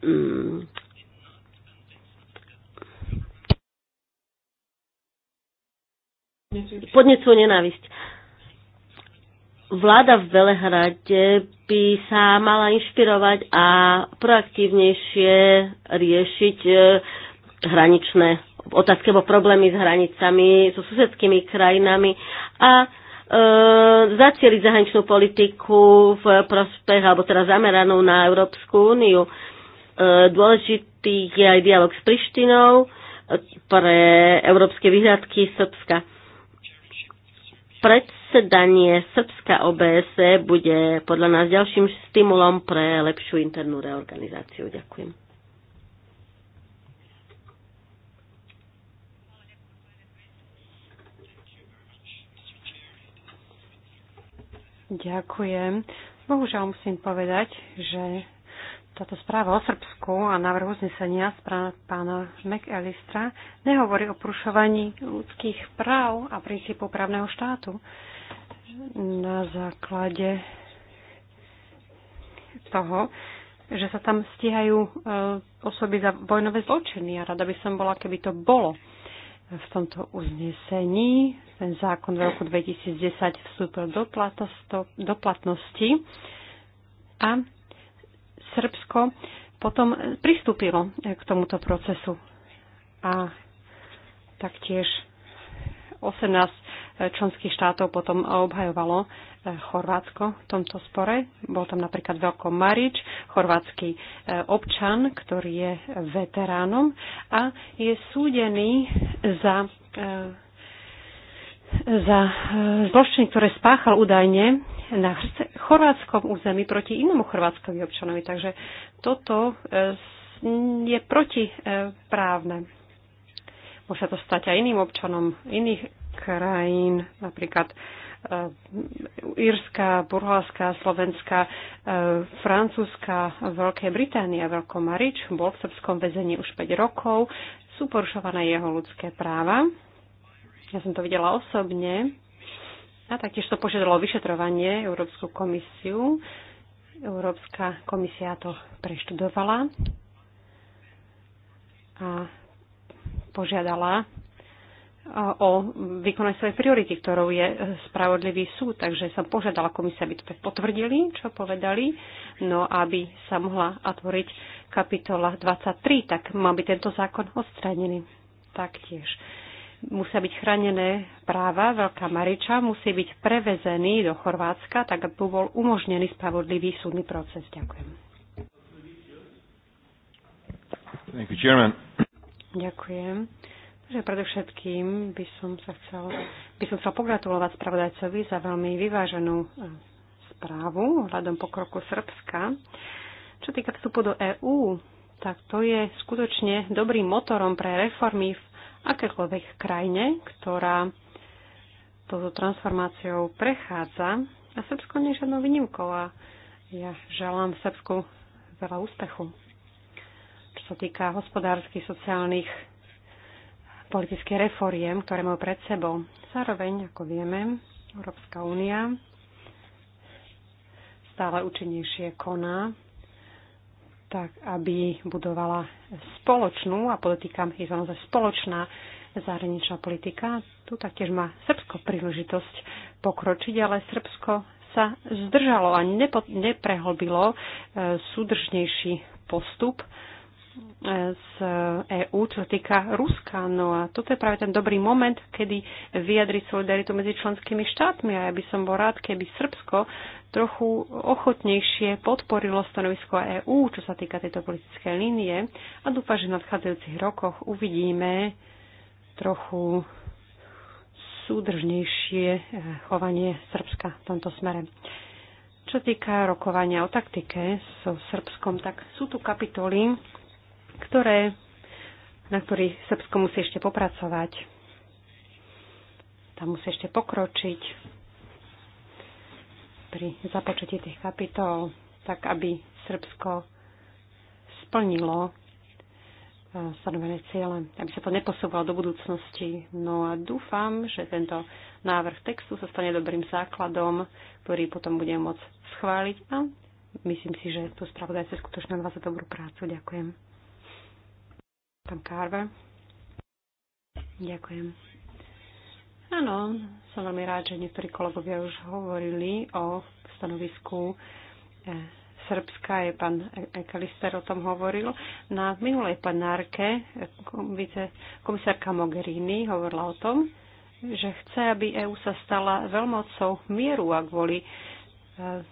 mm, podnecujú nenávisť. Vláda v Belehrade by sa mala inšpirovať a proaktívnejšie riešiť e, hraničné otázky alebo problémy s hranicami, so susedskými krajinami a e, zacieliť zahraničnú politiku v prospech, alebo teda zameranú na Európsku úniu. E, dôležitý je aj dialog s Prištinou e, pre európske vyhľadky Srbska. Predsedanie Srbska OBS e bude podľa nás ďalším stimulom pre lepšiu internú reorganizáciu. Ďakujem. Ďakujem. Bohužiaľ musím povedať, že táto správa o Srbsku a návrh uznesenia z pána McAllistra nehovorí o porušovaní ľudských práv a princípov právneho štátu na základe toho, že sa tam stíhajú e, osoby za vojnové zločiny a rada by som bola, keby to bolo v tomto uznesení. Ten zákon v roku 2010 vstúpil do, platosto, do platnosti a Srbsko potom pristúpilo k tomuto procesu. A taktiež 18 členských štátov potom obhajovalo eh, Chorvátsko v tomto spore. Bol tam napríklad Veľko Marič, chorvátsky eh, občan, ktorý je veteránom a je súdený za eh, za zločiny, ktoré spáchal údajne na chorvátskom území proti inému chorvátskovi občanovi. Takže toto je protiprávne. Môže to stať aj iným občanom iných krajín, napríklad eh, Írska, Burhalská, Slovenská, eh, Francúzska, Veľké Británie, Veľko Marič bol v srbskom väzení už 5 rokov. Sú porušované jeho ľudské práva. Ja som to videla osobne. A taktiež to požiadalo vyšetrovanie Európsku komisiu. Európska komisia to preštudovala a požiadala o vykonať svoje priority, ktorou je spravodlivý súd. Takže som požiadala komisia, aby to potvrdili, čo povedali, no aby sa mohla otvoriť kapitola 23, tak má byť tento zákon odstranený taktiež. Musia byť chránené práva Veľká Mariča, musí byť prevezený do Chorvátska, tak aby bol umožnený spravodlivý súdny proces. Ďakujem. Thank you, Ďakujem. Takže predovšetkým by som sa chcel, by som chcel pogratulovať spravodajcovi za veľmi vyváženú e, správu hľadom pokroku Srbska. Čo týka vstupu do EÚ, tak to je skutočne dobrým motorom pre reformy v akékoľvek krajine, ktorá touto transformáciou prechádza. A Srbsko nie je žiadnou výnimkou a ja želám Srbsku veľa úspechu. Čo sa týka hospodárskych, sociálnych politických reforiem, ktoré majú pred sebou. Zároveň, ako vieme, Európska únia stále účinnejšie koná, tak aby budovala spoločnú, a politikám je naozaj spoločná zahraničná politika. Tu taktiež má Srbsko príležitosť pokročiť, ale Srbsko sa zdržalo a nepo, neprehlbilo e, súdržnejší postup z EÚ, čo sa týka Ruska. No a toto je práve ten dobrý moment, kedy vyjadriť solidaritu medzi členskými štátmi. A ja by som bol rád, keby Srbsko trochu ochotnejšie podporilo stanovisko EÚ, čo sa týka tejto politické línie. A dúfam, že v nadchádzajúcich rokoch uvidíme trochu súdržnejšie eh, chovanie Srbska v tomto smere. Čo týka rokovania o taktike so Srbskom, tak sú tu kapitoly, ktoré, na ktorých Srbsko musí ešte popracovať. Tam musí ešte pokročiť pri započutí tých kapitol, tak aby Srbsko splnilo e, stanovené ciele, aby sa to neposúvalo do budúcnosti. No a dúfam, že tento návrh textu sa stane dobrým základom, ktorý potom budem môcť schváliť a myslím si, že tu spravodajce skutočne odvádza dobrú prácu. Ďakujem. Pán Karva. Ďakujem. Áno, som veľmi rád, že niektorí kolegovia už hovorili o stanovisku e, Srbska, je pán e- Ekalister o tom hovoril. Na minulej panárke komisárka Mogherini hovorila o tom, že chce, aby EÚ sa stala veľmocou mieru a kvôli e,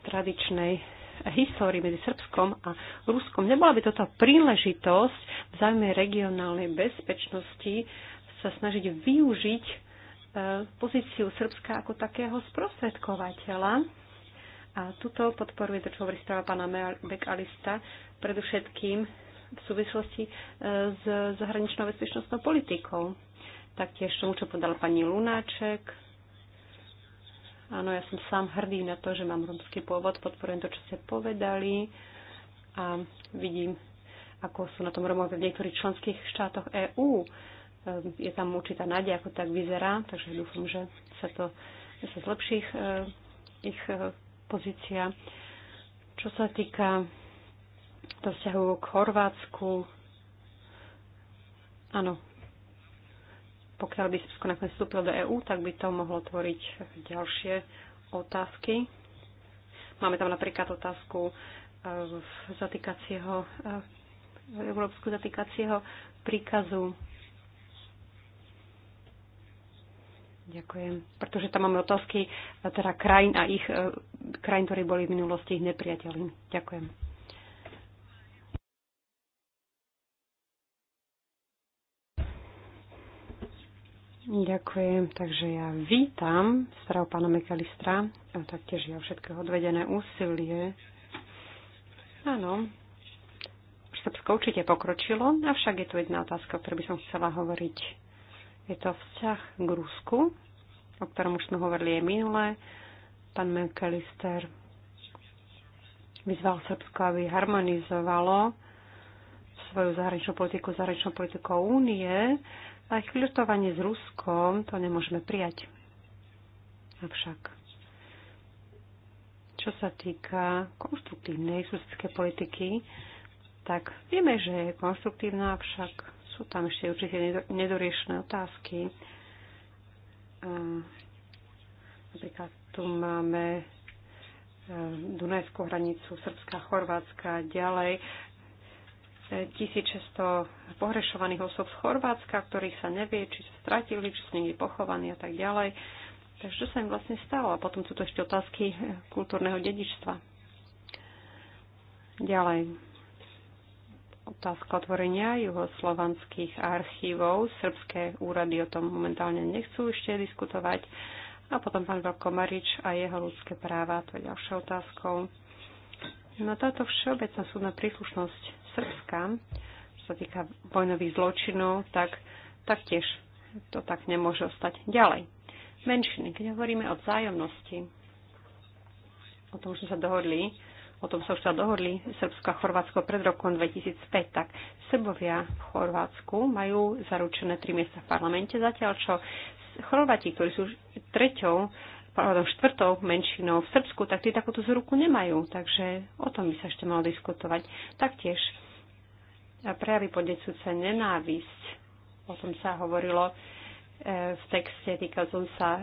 tradičnej histórii medzi Srbskom a Ruskom. Nebola by toto príležitosť v záujme regionálnej bezpečnosti sa snažiť využiť e, pozíciu Srbska ako takého sprostredkovateľa. A tuto podporuje to, čo hovorí správa pána Bekalista, predovšetkým v súvislosti e, s zahraničnou bezpečnostnou politikou. Taktiež tomu, čo podal pani Lunáček, Áno, ja som sám hrdý na to, že mám romský pôvod, podporujem to, čo ste povedali a vidím, ako sú na tom Romovia v niektorých členských štátoch EÚ. Ehm, je tam určitá nádej, ako tak vyzerá, takže dúfam, že sa to že sa zlepší ehm, ich, ich ehm, pozícia. Čo sa týka to vzťahu k Chorvátsku, áno, pokiaľ by Srbsko nakoniec vstúpilo do EÚ, tak by to mohlo tvoriť ďalšie otázky. Máme tam napríklad otázku e, zatýkacieho, e, európsku zatýkacieho príkazu. Ďakujem. Pretože tam máme otázky e, teda krajín a ich krajín, ktorí boli v minulosti ich nepriateľmi. Ďakujem. Ďakujem. Takže ja vítam starého pána Mekalistra a taktiež ja všetko odvedené úsilie. Áno, Srbsko určite pokročilo, avšak je tu jedna otázka, o ktorej by som chcela hovoriť. Je to vzťah k Rusku, o ktorom už sme hovorili aj minule. Pán Mekalister vyzval Srbsko, aby harmonizovalo svoju zahraničnú politiku, zahraničnú politiku únie aj flirtovanie s Ruskom to nemôžeme prijať. Avšak čo sa týka konstruktívnej susedské politiky, tak vieme, že je konstruktívna, avšak sú tam ešte určite nedoriešené otázky. Napríklad tu máme e, Dunajskú hranicu Srbska, Chorvátska ďalej. 1600 pohrešovaných osob z Chorvátska, ktorých sa nevie, či sa stratili, či sú niekde pochovaní a tak ďalej. Takže čo sa im vlastne stalo? A potom sú to ešte otázky kultúrneho dedičstva. Ďalej. Otázka otvorenia juhoslovanských archívov. Srbské úrady o tom momentálne nechcú ešte diskutovať. A potom pán Marič a jeho ľudské práva, to je ďalšia otázkou. No táto všeobecná súdna príslušnosť Srbska, čo sa týka vojnových zločinov, tak taktiež to tak nemôže ostať ďalej. Menšiny, keď hovoríme o vzájomnosti, o tom sme sa dohodli, o tom sa už sa teda dohodli Srbsko a Chorvátsko pred rokom 2005, tak Srbovia v Chorvátsku majú zaručené tri miesta v parlamente, zatiaľ čo Chorváti, ktorí sú treťou, pardon, štvrtou menšinou v Srbsku, tak tí takúto zruku nemajú. Takže o tom by sa ešte malo diskutovať. Taktiež a prejavy podnecujúce nenávisť. O tom sa hovorilo e, v texte týkajúcom sa e,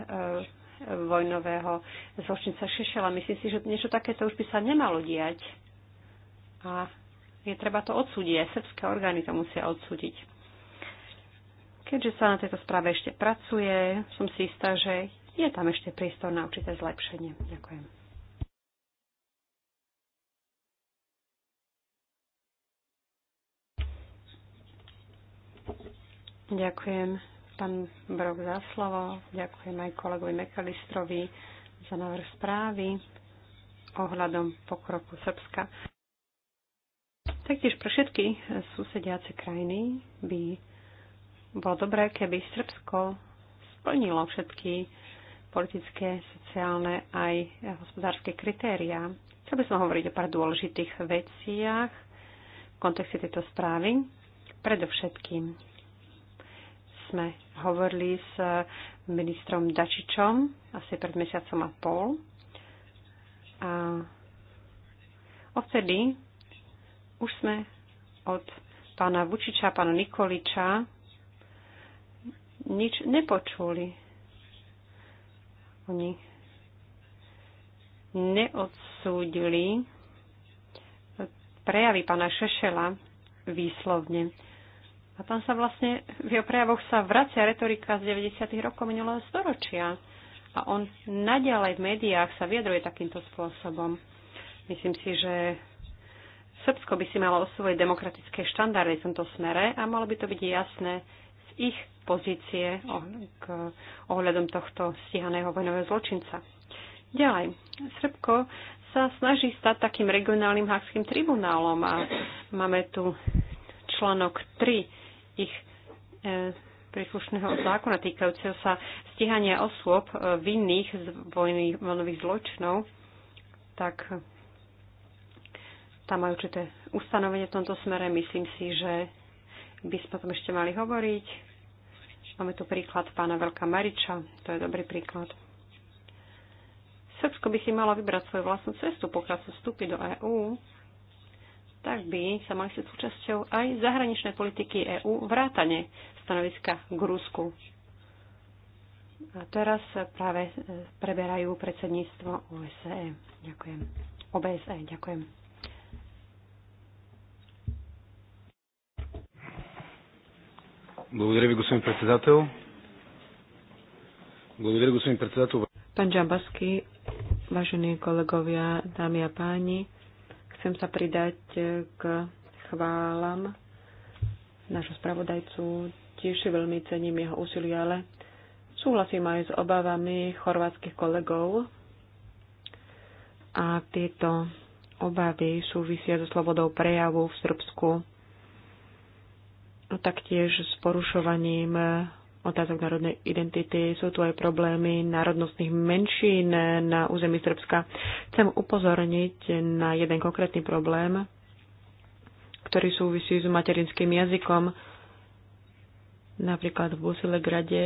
vojnového zločinca Šešela. Myslím si, že niečo takéto už by sa nemalo diať. A je treba to odsúdiť. Aj srbské orgány to musia odsúdiť. Keďže sa na tejto správe ešte pracuje, som si istá, že je tam ešte priestor na určité zlepšenie. Ďakujem. Ďakujem pán Brok za slovo. Ďakujem aj kolegovi Mekalistrovi za návrh správy ohľadom pokroku Srbska. Taktiež pre všetky susediace krajiny by bolo dobré, keby Srbsko splnilo všetky politické, sociálne aj hospodárske kritériá. Chcel by som hovoriť o pár dôležitých veciach v kontexte tejto správy. Predovšetkým sme hovorili s eh, ministrom Dačičom asi pred mesiacom a pol. A odtedy už sme od pána Vučiča, pána Nikoliča nič nepočuli. Oni neodsúdili prejavy pána Šešela výslovne. A tam sa vlastne v jeho prejavoch sa vracia retorika z 90. rokov minulého storočia. A on naďalej v médiách sa vyjadruje takýmto spôsobom. Myslím si, že Srbsko by si malo osvojiť demokratické štandardy v tomto smere a malo by to byť jasné z ich pozície k ohľadom tohto stíhaného vojnového zločinca. Ďalej, Srbko sa snaží stať takým regionálnym hákským tribunálom a máme tu článok 3 ich e, príslušného zákona týkajúceho sa stíhania osôb e, vinných z vojných, vojnových zločinov, tak tam majú určité ustanovenie v tomto smere. Myslím si, že by sme o tom ešte mali hovoriť. Máme tu príklad pána Veľká Mariča, to je dobrý príklad. Srbsko by si malo vybrať svoju vlastnú cestu, pokiaľ sa vstúpi do EÚ tak by sa mali stať súčasťou aj zahraničnej politiky EÚ vrátane stanoviska k Rusku. A teraz práve e, preberajú predsedníctvo OSE. Ďakujem. OBSE, ďakujem. Благодаря ви, господин председател. Благодаря, господин председател. Pán Džambaský, vážení kolegovia, dámy a páni, Chcem sa pridať e, k chválam nášho spravodajcu. Tiež si veľmi cením jeho úsilie, ale súhlasím aj s obavami chorvátskych kolegov. A tieto obavy súvisia so slobodou prejavu v Srbsku a taktiež s porušovaním otázok národnej identity. Sú tu aj problémy národnostných menšín na území Srbska. Chcem upozorniť na jeden konkrétny problém, ktorý súvisí s materinským jazykom, napríklad v Busilegrade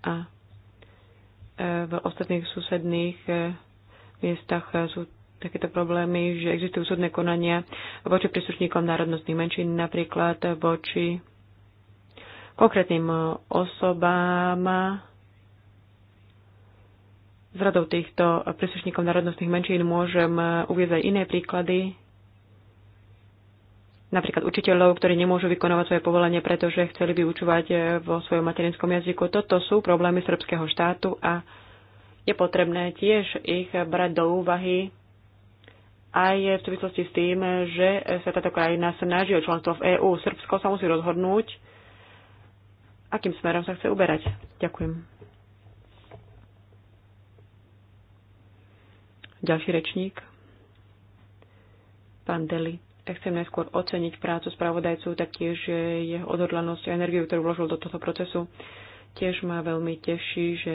a e, v ostatných susedných e, miestach sú takéto problémy, že existujú súdne konania voči príslušníkom národnostných menšín, napríklad voči konkrétnym e, osobám z e, radov týchto príslušníkov národnostných menšín môžem e, uvieť aj iné príklady. Napríklad učiteľov, ktorí nemôžu vykonovať svoje povolenie, pretože chceli učovať vo svojom materinskom jazyku. Toto sú problémy srbského štátu a je potrebné tiež ich brať do úvahy aj v súvislosti s tým, že sa táto krajina snaží o členstvo v EÚ. Srbsko sa musí rozhodnúť, akým smerom sa chce uberať. Ďakujem. Ďalší rečník. Pán Deli. Ja chcem najskôr oceniť prácu spravodajcu, taktiež že jeho odhodlanosť a energiu, ktorú vložil do tohto procesu. Tiež ma veľmi teší, že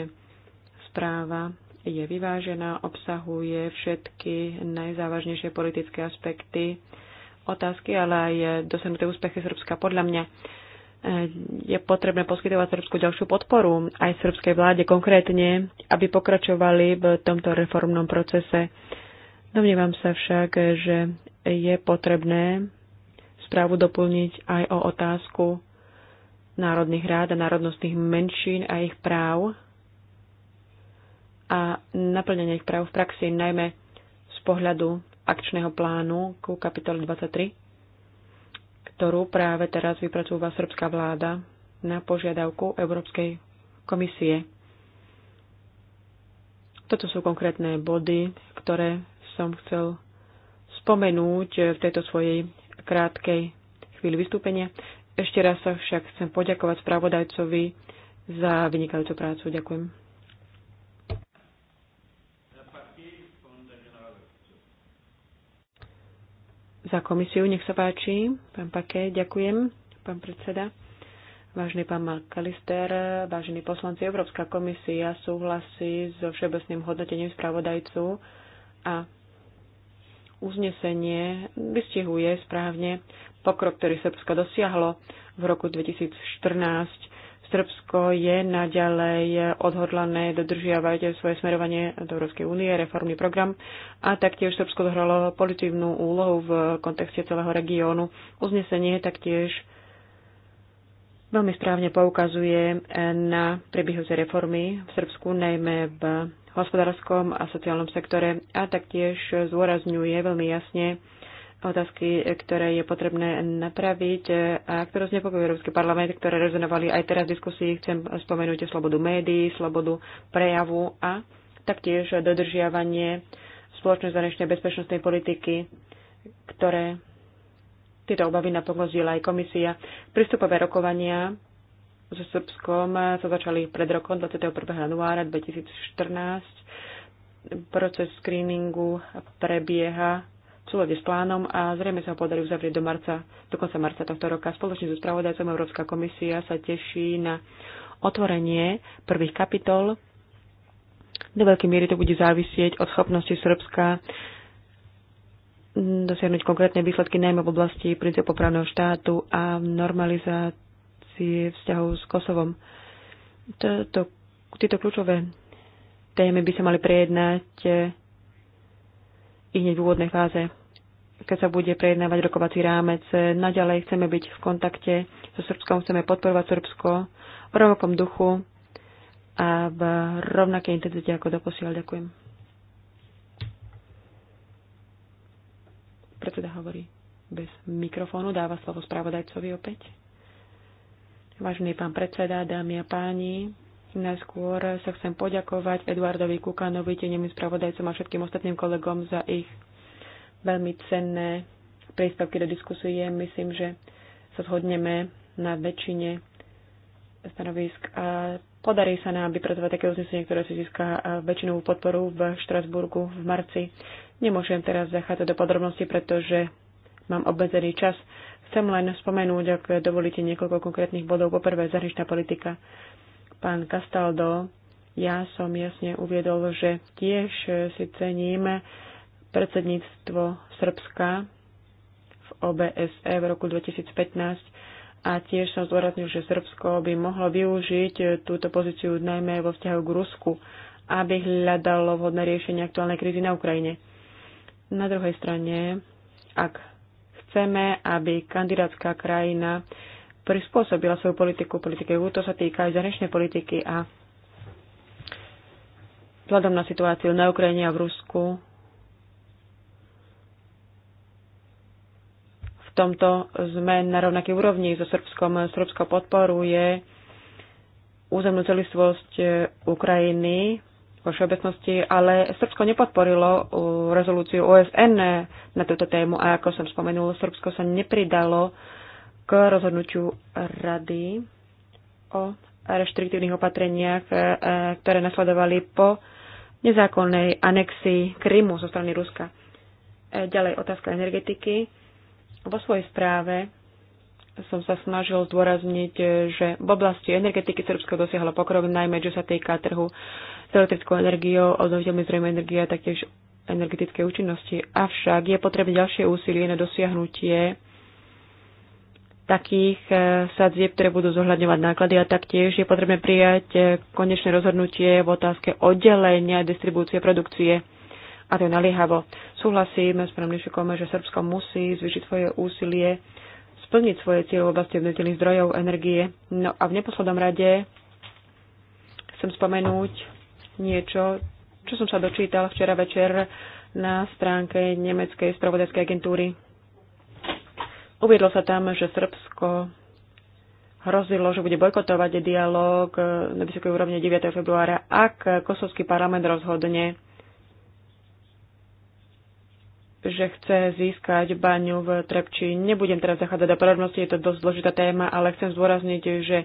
správa je vyvážená, obsahuje všetky najzávažnejšie politické aspekty, otázky, ale aj dosiahnuté úspechy Srbska. Podľa mňa je potrebné poskytovať Srbsku ďalšiu podporu aj srbskej vláde konkrétne, aby pokračovali v tomto reformnom procese. Domnievam sa však, že je potrebné správu doplniť aj o otázku národných rád a národnostných menšín a ich práv a naplnenie ich práv v praxi, najmä z pohľadu akčného plánu ku kapitole 23 ktorú práve teraz vypracúva srbská vláda na požiadavku Európskej komisie. Toto sú konkrétne body, ktoré som chcel spomenúť v tejto svojej krátkej chvíli vystúpenia. Ešte raz sa však chcem poďakovať spravodajcovi za vynikajúcu prácu. Ďakujem. za komisiu. Nech sa páči. Pán Pake, ďakujem. Pán predseda. Vážny pán Makalister, vážení poslanci, Európska komisia súhlasí so všeobecným hodnotením spravodajcu a uznesenie vystihuje správne pokrok, ktorý Srbsko dosiahlo v roku 2014 Srbsko je naďalej odhodlané dodržiavať svoje smerovanie do Európskej únie, reformný program a taktiež Srbsko zohralo pozitívnu úlohu v kontexte celého regiónu. Uznesenie taktiež veľmi správne poukazuje na prebiehajúce reformy v Srbsku, najmä v hospodárskom a sociálnom sektore a taktiež zdôrazňuje veľmi jasne otázky, ktoré je potrebné napraviť a ktoré znepokojujú Európsky parlament, ktoré rezonovali aj teraz v diskusii. Chcem spomenúť slobodu médií, slobodu prejavu a taktiež dodržiavanie spoločnej zahraničnej bezpečnostnej politiky, ktoré tieto obavy napokon aj komisia. Prístupové rokovania so Srbskom sa začali pred rokom 21. januára 2014. Proces screeningu prebieha súlade s plánom a zrejme sa ho podarí uzavrieť do, marca, do konca marca tohto roka. Spoločne so spravodajcom Európska komisia sa teší na otvorenie prvých kapitol. Do veľkej miery to bude závisieť od schopnosti Srbska dosiahnuť konkrétne výsledky najmä v oblasti princípu právneho štátu a normalizácie vzťahov s Kosovom. tieto kľúčové témy by sa mali prejednať i hneď v úvodnej fáze, keď sa bude prejednávať rokovací rámec. Naďalej chceme byť v kontakte so Srbskom, chceme podporovať Srbsko v rovnakom duchu a v rovnakej intenzite ako doposiaľ. Ďakujem. Predseda hovorí bez mikrofónu, dáva slovo správodajcovi opäť. Vážený pán predseda, dámy a páni, Najskôr sa chcem poďakovať Eduardovi Kukanovi, tenim spravodajcom a všetkým ostatným kolegom za ich veľmi cenné príspevky do diskusie. Myslím, že sa zhodneme na väčšine stanovisk a podarí sa nám vypracovať také uznesenie, ktoré si získa väčšinovú podporu v Štrasburgu v marci. Nemôžem teraz zachádzať do podrobností, pretože mám obmedzený čas. Chcem len spomenúť, ak dovolíte, niekoľko konkrétnych bodov. Poprvé, zahraničná politika. Pán Castaldo, ja som jasne uviedol, že tiež si cením predsedníctvo Srbska v OBSE v roku 2015 a tiež som zdôraznil, že Srbsko by mohlo využiť túto pozíciu najmä vo vzťahu k Rusku, aby hľadalo vhodné riešenie aktuálnej krízy na Ukrajine. Na druhej strane, ak chceme, aby kandidátska krajina prispôsobila svoju politiku politike EU. To sa týka aj zahraničnej politiky a vzhľadom na situáciu na Ukrajine a v Rusku v tomto sme na rovnaký úrovni so Srbskom. Srbsko podporuje územnú celistvosť Ukrajiny vo všeobecnosti, ale Srbsko nepodporilo uh, rezolúciu OSN na túto tému a ako som spomenul, Srbsko sa nepridalo k rozhodnutiu rady o reštriktívnych opatreniach, e, ktoré nasledovali po nezákonnej anexii Krymu zo strany Ruska. E, ďalej otázka energetiky. Vo svojej správe som sa snažil zdôrazniť, že v oblasti energetiky Srbsko dosiahlo pokrok, najmä čo sa týka trhu s elektrickou energiou, obnoviteľmi zdrojmi energie a taktiež energetickej účinnosti. Avšak je potrebné ďalšie úsilie na dosiahnutie takých eh, sadzieb, ktoré budú zohľadňovať náklady a taktiež je potrebné prijať eh, konečné rozhodnutie v otázke oddelenia distribúcie produkcie a to je naliehavo. Súhlasím s pánom Lišikom, že Srbsko musí zvyšiť svoje úsilie splniť svoje cieľe v oblasti obnoviteľných zdrojov energie. No a v neposlednom rade chcem spomenúť niečo, čo som sa dočítal včera večer na stránke Nemeckej spravodajskej agentúry. Uviedlo sa tam, že Srbsko hrozilo, že bude bojkotovať dialog eh, na vysokej úrovni 9. februára, ak kosovský parlament rozhodne, že chce získať baňu v Trepči. Nebudem teraz zachádzať do podrobností, je to dosť zložitá téma, ale chcem zdôrazniť, že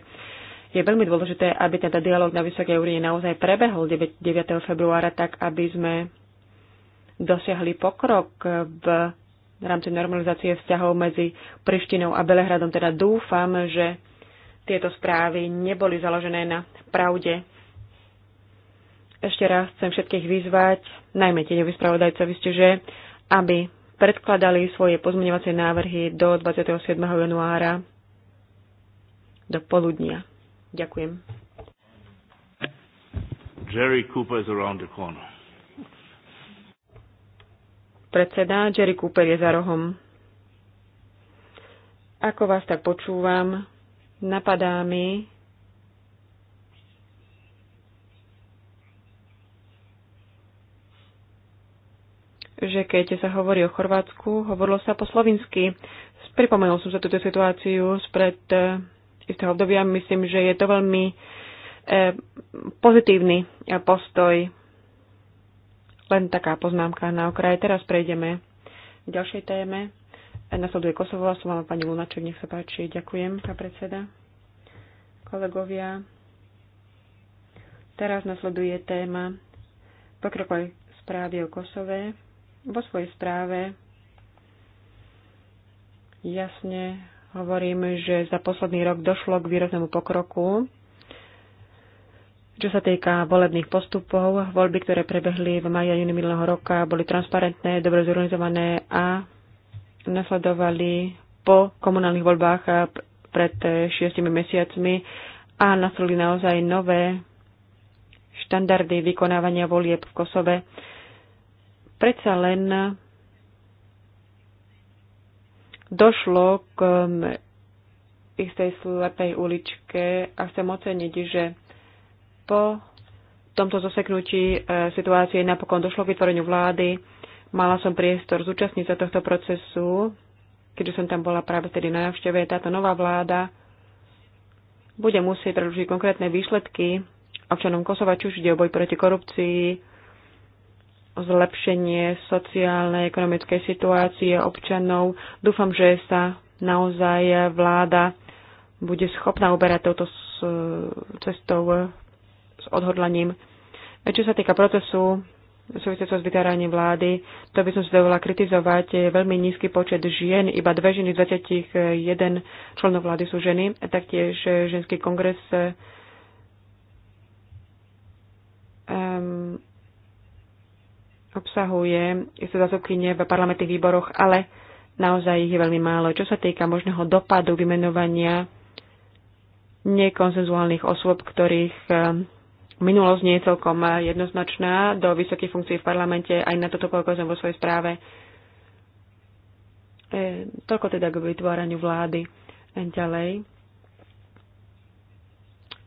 je veľmi dôležité, aby teda dialog na vysokej úrovni naozaj prebehol 9. februára, tak aby sme dosiahli pokrok v v rámci normalizácie vzťahov medzi Prištinou a Belehradom. Teda dúfam, že tieto správy neboli založené na pravde. Ešte raz chcem všetkých vyzvať, najmä tieňoví spravodajcovi ste, že aby predkladali svoje pozmeňovacie návrhy do 27. januára do poludnia. Ďakujem. Jerry Cooper is around the corner. Predseda Jerry Cooper je za rohom. Ako vás tak počúvam, napadá mi, že keď sa hovorí o Chorvátsku, hovorilo sa po slovinsky. Pripomenul som sa túto situáciu spred e, istého obdobia. Myslím, že je to veľmi e, pozitívny e, postoj len taká poznámka na okraj. Teraz prejdeme k ďalšej téme. Nasleduje Kosovo a som pani Lunaček, nech sa páči. Ďakujem, pán predseda. Kolegovia, teraz nasleduje téma pokrokovej správy o Kosove. Vo svojej správe jasne hovorím, že za posledný rok došlo k výraznému pokroku čo sa týka volebných postupov, voľby, ktoré prebehli v maji a júni minulého roka, boli transparentné, dobre zorganizované a nasledovali po komunálnych voľbách pred e, šiestimi mesiacmi a nastroli naozaj nové štandardy vykonávania volieb v Kosove. Predsa len došlo k istej slepej uličke a chcem oceniť, že po tomto zaseknutí e, situácie napokon došlo k vytvoreniu vlády. Mala som priestor zúčastniť sa tohto procesu, keďže som tam bola práve tedy na návšteve. Táto nová vláda bude musieť predložiť konkrétne výsledky občanom Kosova, či už ide o boj proti korupcii, zlepšenie sociálnej, ekonomickej situácie občanov. Dúfam, že sa naozaj vláda bude schopná uberať touto cestou s odhodlaním. Čo sa týka procesu súvisiaco s vytváraním vlády, to by som si dovolila kritizovať. Je veľmi nízky počet žien, iba dve ženy z 21 členov vlády sú ženy. Taktiež eh, ženský kongres um, obsahuje isté zásobkyne v parlamentných výboroch, ale naozaj ich je veľmi málo. Čo sa týka možného dopadu vymenovania nekonsenzuálnych osôb, ktorých um, minulosť nie je celkom eh, jednoznačná do vysokých funkcií v parlamente. Aj na toto poukazujem vo svojej správe. E, toľko teda k vytváraniu vlády. A eh, ďalej.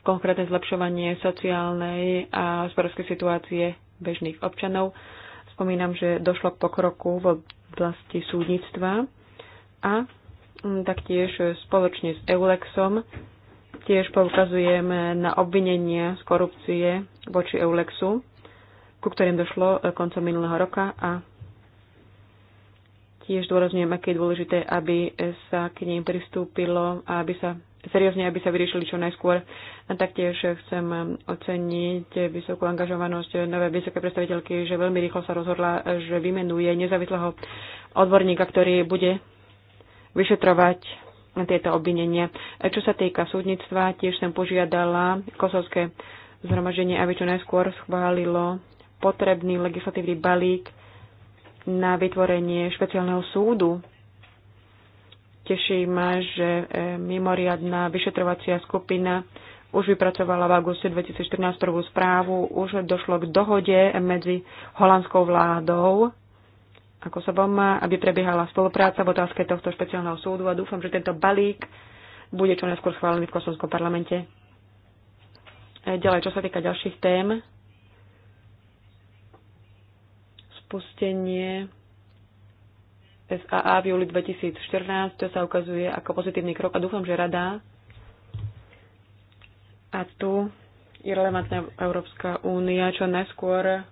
Konkrétne zlepšovanie sociálnej a hospodárskej situácie bežných občanov. Spomínam, že došlo k pokroku v oblasti súdnictva a mm, taktiež spoločne s Eulexom Tiež poukazujeme na obvinenie z korupcie voči Eulexu, ku ktorým došlo eh, koncom minulého roka a tiež dôrazňujem, aké je dôležité, aby sa k ním pristúpilo a aby sa seriózne, aby sa vyriešili čo najskôr. A taktiež chcem oceniť vysokú angažovanosť nové vysoké predstaviteľky, že veľmi rýchlo sa rozhodla, že vymenuje nezávislého odborníka, ktorý bude vyšetrovať tieto obvinenia. E, čo sa týka súdnictva, tiež som požiadala kosovské zhromaženie, aby čo najskôr schválilo potrebný legislatívny balík na vytvorenie špeciálneho súdu. Teší ma, že e, mimoriadná vyšetrovacia skupina už vypracovala v auguste 2014 prvú správu, už došlo k dohode medzi holandskou vládou a Kosovom, aby prebiehala spolupráca v otázke tohto špeciálneho súdu a dúfam, že tento balík bude čo najskôr schválený v kosovskom parlamente. E, ďalej, čo sa týka ďalších tém, spustenie SAA v júli 2014, to sa ukazuje ako pozitívny krok a dúfam, že rada a tu je relevantná Európska únia čo najskôr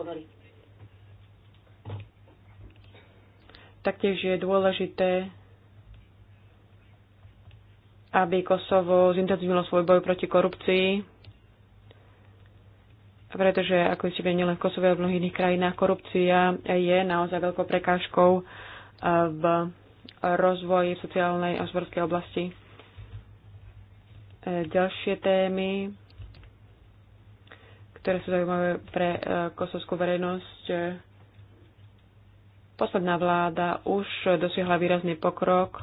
odpovedali. Taktiež je dôležité, aby Kosovo zintenzívnilo svoj boj proti korupcii, pretože, ako ste vedeli, nielen v Kosove, ale v mnohých iných krajinách korupcia je naozaj veľkou prekážkou eh, v rozvoji sociálnej a zborskej oblasti. Eh, ďalšie témy ktoré sú zaujímavé pre e, kosovskú verejnosť. E, posledná vláda už dosiahla výrazný pokrok.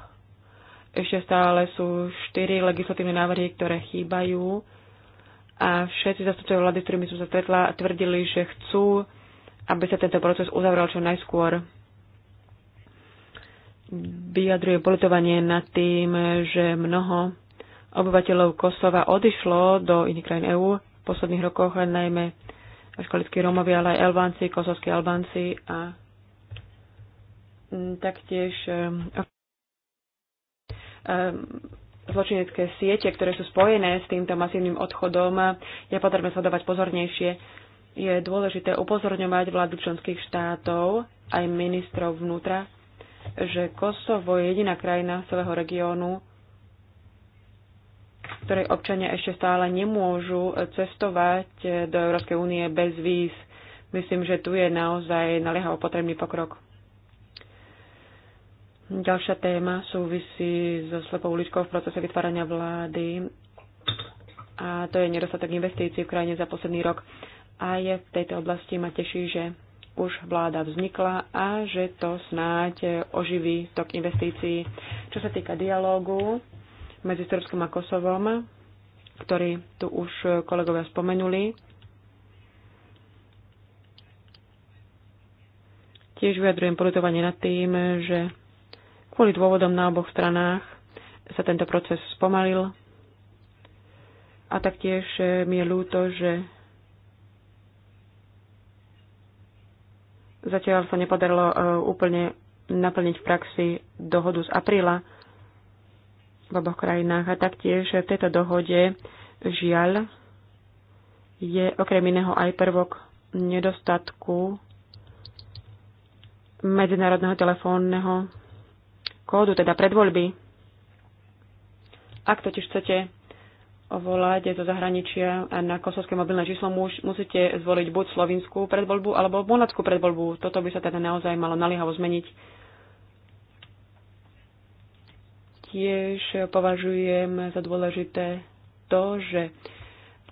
Ešte stále sú štyri legislatívne návrhy, ktoré chýbajú. A všetci zastupcovia vlády, s ktorými som sa stretla, tvrdili, že chcú, aby sa tento proces uzavrel čo najskôr vyjadruje politovanie nad tým, že mnoho obyvateľov Kosova odišlo do iných krajín EÚ posledných rokoch, najmä školickí Rómovia, ale aj Albánci, kosovskí Albánci a mm, taktiež eh, eh, zločinecké siete, ktoré sú spojené s týmto masívnym odchodom, je potrebné sledovať pozornejšie. Je dôležité upozorňovať vládu členských štátov, aj ministrov vnútra, že Kosovo je jediná krajina celého regiónu, ktorej občania ešte stále nemôžu e, cestovať e, do Európskej únie bez víz. Myslím, že tu je naozaj naliehavo potrebný pokrok. Ďalšia téma súvisí so slepou uličkou v procese vytvárania vlády a to je nedostatok investícií v krajine za posledný rok. A je v tejto oblasti ma teší, že už vláda vznikla a že to snáď oživí tok investícií. Čo sa týka dialógu, medzi Srbskom a Kosovom, ktorý tu už kolegovia spomenuli. Tiež vyjadrujem polutovanie nad tým, že kvôli dôvodom na oboch stranách sa tento proces spomalil. A taktiež mi je ľúto, že zatiaľ sa nepodarilo e, úplne naplniť v praxi dohodu z apríla v oboch krajinách. A taktiež v tejto dohode žiaľ je okrem iného aj prvok nedostatku medzinárodného telefónneho kódu, teda predvoľby. Ak totiž chcete volať zo zahraničia na kosovské mobilné číslo, musíte zvoliť buď slovinskú predvoľbu alebo monadskú predvoľbu. Toto by sa teda naozaj malo naliehavo zmeniť. Tiež považujem za dôležité to, že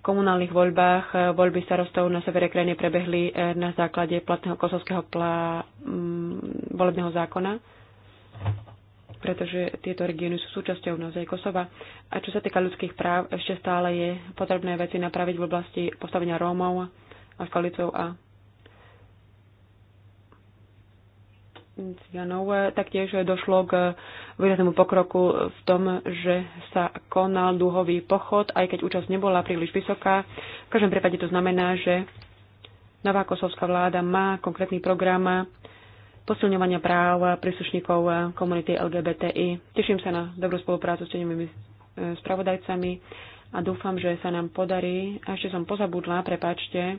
v komunálnych voľbách voľby starostov na severe krajiny prebehli eh, na základe platného kosovského plá, mm, volebného zákona, pretože tieto regióny sú súčasťou naozaj Kosova. A čo sa týka ľudských práv, ešte stále je potrebné veci napraviť v oblasti postavenia Rómov a skalicov a Cianov taktiež došlo k výraznému pokroku v tom, že sa konal dúhový pochod, aj keď účasť nebola príliš vysoká. V každom prípade to znamená, že nová kosovská vláda má konkrétny program posilňovania práv príslušníkov komunity LGBTI. Teším sa na dobrú spoluprácu s tenovými e, spravodajcami a dúfam, že sa nám podarí, a ešte som pozabudla, prepačte,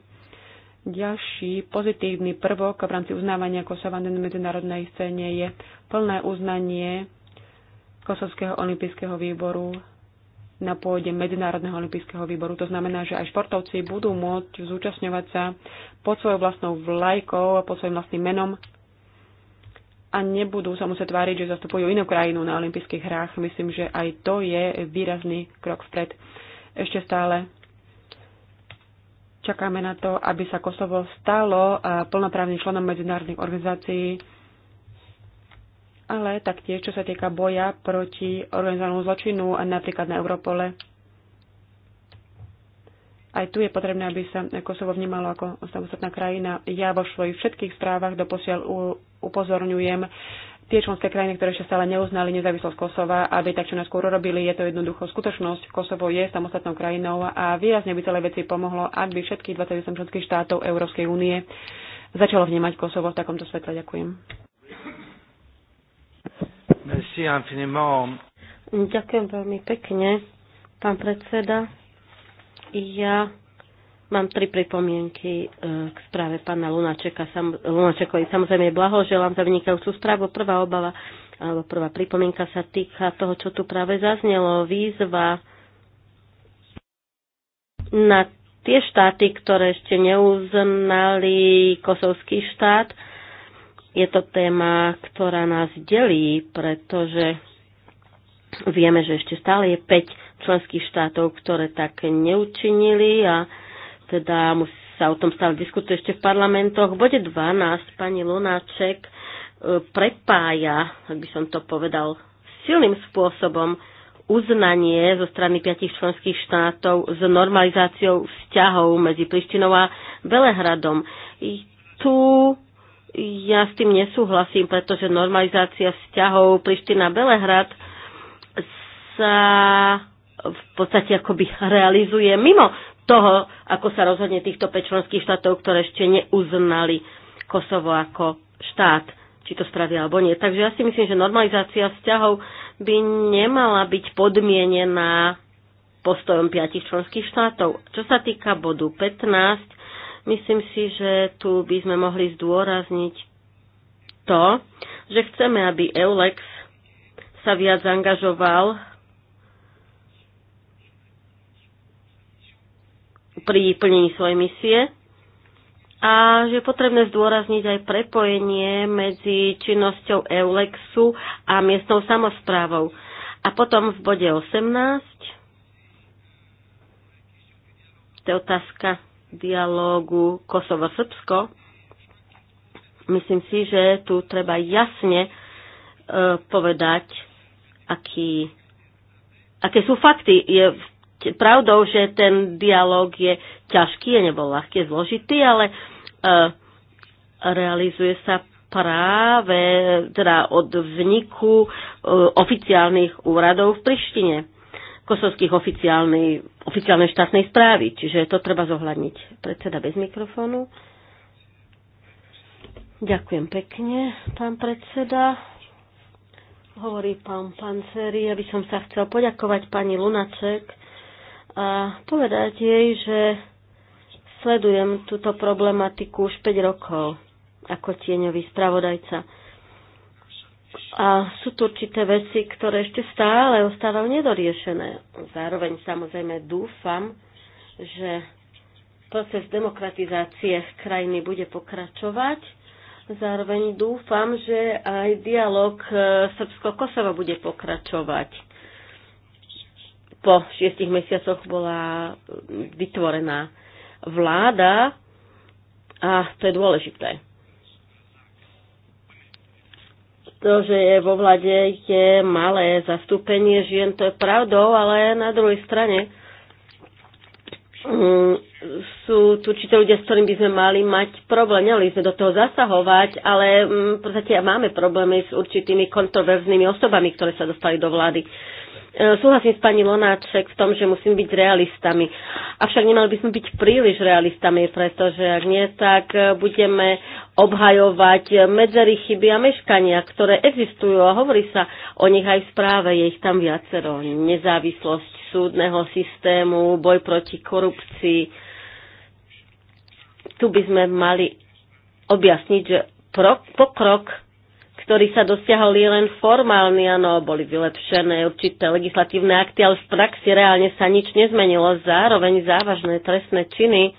ďalší pozitívny prvok v rámci uznávania Kosova na medzinárodnej scéne je plné uznanie Kosovského olympijského výboru na pôde Medzinárodného olympijského výboru. To znamená, že aj športovci budú môcť zúčastňovať sa pod svojou vlastnou vlajkou a pod svojim vlastným menom a nebudú sa musieť tváriť, že zastupujú inú krajinu na olympijských hrách. Myslím, že aj to je výrazný krok vpred. Ešte stále Čakáme na to, aby sa Kosovo stalo plnoprávnym členom medzinárodných organizácií, ale taktiež, čo sa týka boja proti organizovanému zločinu, napríklad na Europole. Aj tu je potrebné, aby sa Kosovo vnímalo ako samostatná krajina. Ja vo svojich všetkých správach doposiaľ upozorňujem tie členské krajiny, ktoré ešte stále neuznali nezávislosť Kosova, aby tak čo najskôr urobili. Je to jednoducho skutočnosť. Kosovo je samostatnou krajinou a výrazne by celé veci pomohlo, ak by všetkých 28 členských štátov Európskej únie začalo vnímať Kosovo v takomto svetle. Ďakujem. Merci infiniment. Ďakujem veľmi pekne, pán predseda. Ja Mám tri pripomienky e, k správe pána Lunačeka. Sam, Lunačekovi samozrejme blahoželám za vynikajúcu správu. Prvá obava, alebo prvá pripomienka sa týka toho, čo tu práve zaznelo. Výzva na tie štáty, ktoré ešte neuznali kosovský štát. Je to téma, ktorá nás delí, pretože vieme, že ešte stále je 5 členských štátov, ktoré tak neučinili a teda musí sa o tom stále diskutuje ešte v parlamentoch. V bode 12 pani Lunáček e, prepája, ak by som to povedal, silným spôsobom uznanie zo strany piatich členských štátov s normalizáciou vzťahov medzi Prištinou a Belehradom. I tu ja s tým nesúhlasím, pretože normalizácia vzťahov Priština-Belehrad sa v podstate akoby realizuje mimo toho, ako sa rozhodne týchto 5 členských štátov, ktoré ešte neuznali Kosovo ako štát, či to spravia alebo nie. Takže ja si myslím, že normalizácia vzťahov by nemala byť podmienená postojom piatich členských štátov. Čo sa týka bodu 15, myslím si, že tu by sme mohli zdôrazniť to, že chceme, aby EULEX sa viac angažoval pri plnení svojej misie a že je potrebné zdôrazniť aj prepojenie medzi činnosťou EULEXu a miestnou samozprávou. A potom v bode 18, to je otázka dialógu Kosovo-Srbsko, myslím si, že tu treba jasne e, povedať, aký, aké sú fakty. Je v pravdou, že ten dialog je ťažký, je nebol ľahký, je zložitý, ale e, realizuje sa práve teda od vzniku e, oficiálnych úradov v Prištine, kosovských oficiálnej, oficiálnej štátnej správy. Čiže to treba zohľadniť. Predseda bez mikrofónu. Ďakujem pekne, pán predseda. Hovorí pán Panceri, ja by som sa chcel poďakovať pani Lunaček a povedať jej, že sledujem túto problematiku už 5 rokov ako tieňový spravodajca. A sú tu určité veci, ktoré ešte stále ostávajú nedoriešené. Zároveň samozrejme dúfam, že proces demokratizácie krajiny bude pokračovať. Zároveň dúfam, že aj dialog e, Srbsko-Kosovo bude pokračovať po šiestich mesiacoch bola vytvorená vláda a to je dôležité. To, že je vo vlade je malé zastúpenie žien, to je pravdou, ale na druhej strane mm, sú tu určite ľudia, s ktorými by sme mali mať problém. Nemali sme do toho zasahovať, ale mm, v podstate máme problémy s určitými kontroverznými osobami, ktoré sa dostali do vlády. E, súhlasím s pani Lonáček v tom, že musíme byť realistami. Avšak nemali by sme byť príliš realistami, pretože ak nie, tak e, budeme obhajovať medzery, chyby a meškania, ktoré existujú a hovorí sa o nich aj v správe, je ich tam viacero. Nezávislosť súdneho systému, boj proti korupcii. Tu by sme mali objasniť, že pokrok ktorý sa dosiahol je len formálny, áno, boli vylepšené určité legislatívne akty, ale v praxi reálne sa nič nezmenilo. Zároveň závažné trestné činy e,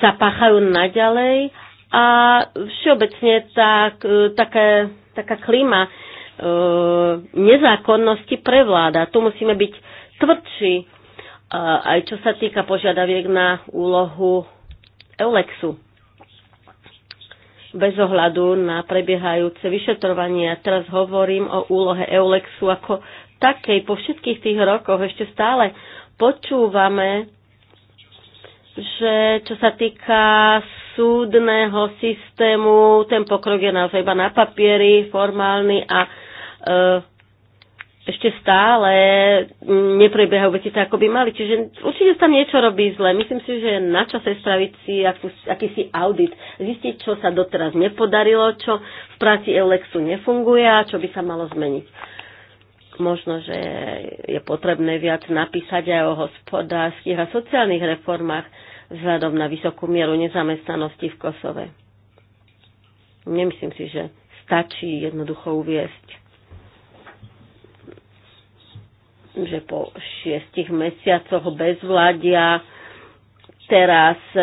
sa páchajú naďalej a všeobecne tak, e, také, taká klíma e, nezákonnosti prevláda. Tu musíme byť tvrdší, aj čo sa týka požiadaviek na úlohu Eulexu bez ohľadu na prebiehajúce vyšetrovania. Teraz hovorím o úlohe Eulexu ako takej. Po všetkých tých rokoch ešte stále počúvame, že čo sa týka súdneho systému, ten pokrok je naozaj iba na papieri, formálny a e, ešte stále mm, neprebiehajú veci tak, ako by mali. Čiže určite sa tam niečo robí zle. Myslím si, že na čase spraviť si akýsi audit. Zistiť, čo sa doteraz nepodarilo, čo v práci Eulexu nefunguje a čo by sa malo zmeniť. Možno, že je potrebné viac napísať aj o hospodárskych a sociálnych reformách vzhľadom na vysokú mieru nezamestnanosti v Kosove. Nemyslím si, že stačí jednoducho uviesť že po šiestich mesiacoch bezvládia teraz e,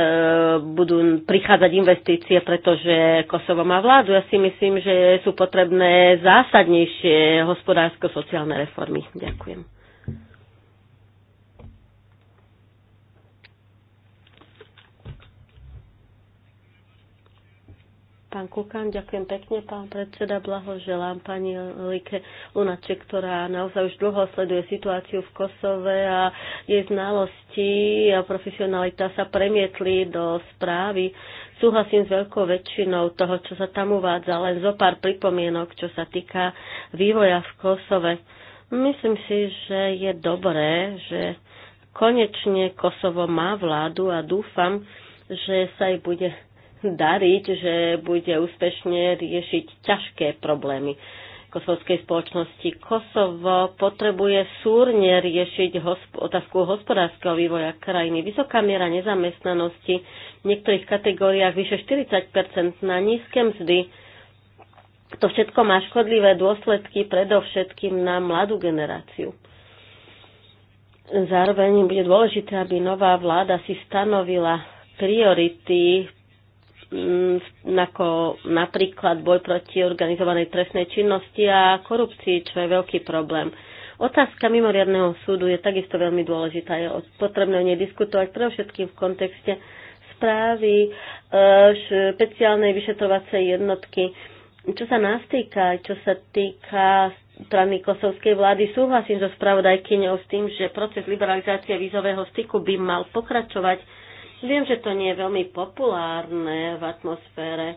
budú prichádzať investície, pretože Kosovo má vládu. Ja si myslím, že sú potrebné zásadnejšie hospodársko-sociálne reformy. Ďakujem. Pán Kukan, ďakujem pekne, pán predseda, blahoželám pani Like Lunače, ktorá naozaj už dlho sleduje situáciu v Kosove a jej znalosti a profesionalita sa premietli do správy. Súhlasím s veľkou väčšinou toho, čo sa tam uvádza, len zo pár pripomienok, čo sa týka vývoja v Kosove. Myslím si, že je dobré, že konečne Kosovo má vládu a dúfam, že sa jej bude dariť, že bude úspešne riešiť ťažké problémy kosovskej spoločnosti. Kosovo potrebuje súrne riešiť hosp- otázku hospodárskeho vývoja krajiny. Vysoká miera nezamestnanosti v niektorých kategóriách vyše 40 na nízke mzdy. To všetko má škodlivé dôsledky predovšetkým na mladú generáciu. Zároveň bude dôležité, aby nová vláda si stanovila priority Mm, ako napríklad boj proti organizovanej trestnej činnosti a korupcii, čo je veľký problém. Otázka mimoriadného súdu je takisto veľmi dôležitá. Je potrebné o nej diskutovať pre všetkým v kontexte správy e, špeciálnej vyšetrovacej jednotky. Čo sa nás týka, čo sa týka strany kosovskej vlády, súhlasím so spravodajkyňou s tým, že proces liberalizácie vízového styku by mal pokračovať Viem, že to nie je veľmi populárne v atmosfére,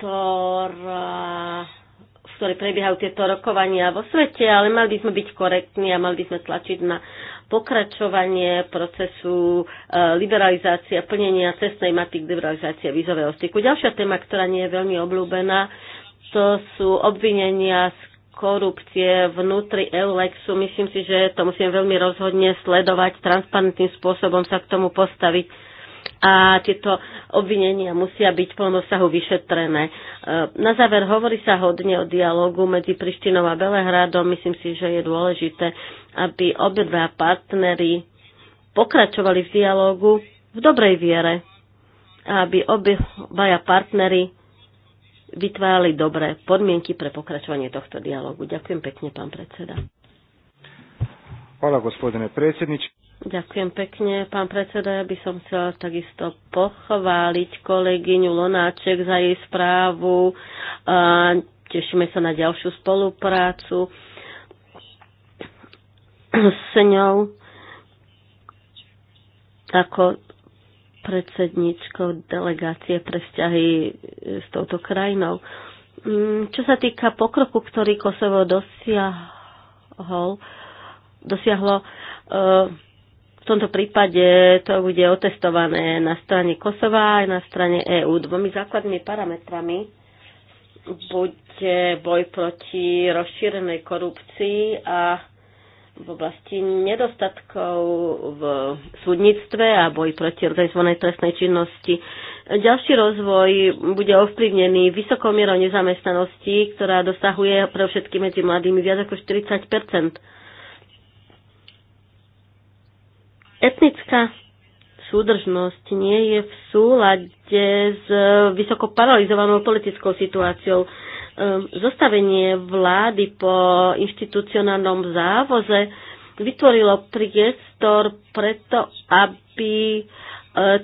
ktorá, v ktorej prebiehajú tieto rokovania vo svete, ale mali by sme byť korektní a mali by sme tlačiť na pokračovanie procesu e, liberalizácie, plnenia cestnej matik liberalizácie vízového styku. Ďalšia téma, ktorá nie je veľmi obľúbená, to sú obvinenia z korupcie vnútri Eulexu. Myslím si, že to musíme veľmi rozhodne sledovať, transparentným spôsobom sa k tomu postaviť a tieto obvinenia musia byť v plnom vyšetrené. E, na záver hovorí sa hodne o dialogu medzi Prištinou a Belehradom. Myslím si, že je dôležité, aby obidva partnery pokračovali v dialogu v dobrej viere a aby obaja partnery vytvárali dobré podmienky pre pokračovanie tohto dialogu. Ďakujem pekne, pán predseda. Hvala, gospodine predsednič. Ďakujem pekne, pán predseda. Ja by som chcela takisto pochváliť kolegyňu Lonáček za jej správu. Tešíme sa na ďalšiu spoluprácu s ňou. Ako predsedničkou delegácie pre vzťahy e, s touto krajinou. Mm, čo sa týka pokroku, ktorý Kosovo dosiahol, dosiahlo, e, v tomto prípade to bude otestované na strane Kosova aj na strane EÚ. Dvomi základnými parametrami bude boj proti rozšírenej korupcii a v oblasti nedostatkov v súdnictve a boj proti organizovanej trestnej činnosti. Ďalší rozvoj bude ovplyvnený vysokou mierou nezamestnanosti, ktorá dosahuje pre všetky medzi mladými viac ako 40 Etnická súdržnosť nie je v súlade s vysoko paralizovanou politickou situáciou. Ehm, zostavenie vlády po inštitucionálnom závoze vytvorilo priestor preto, aby e,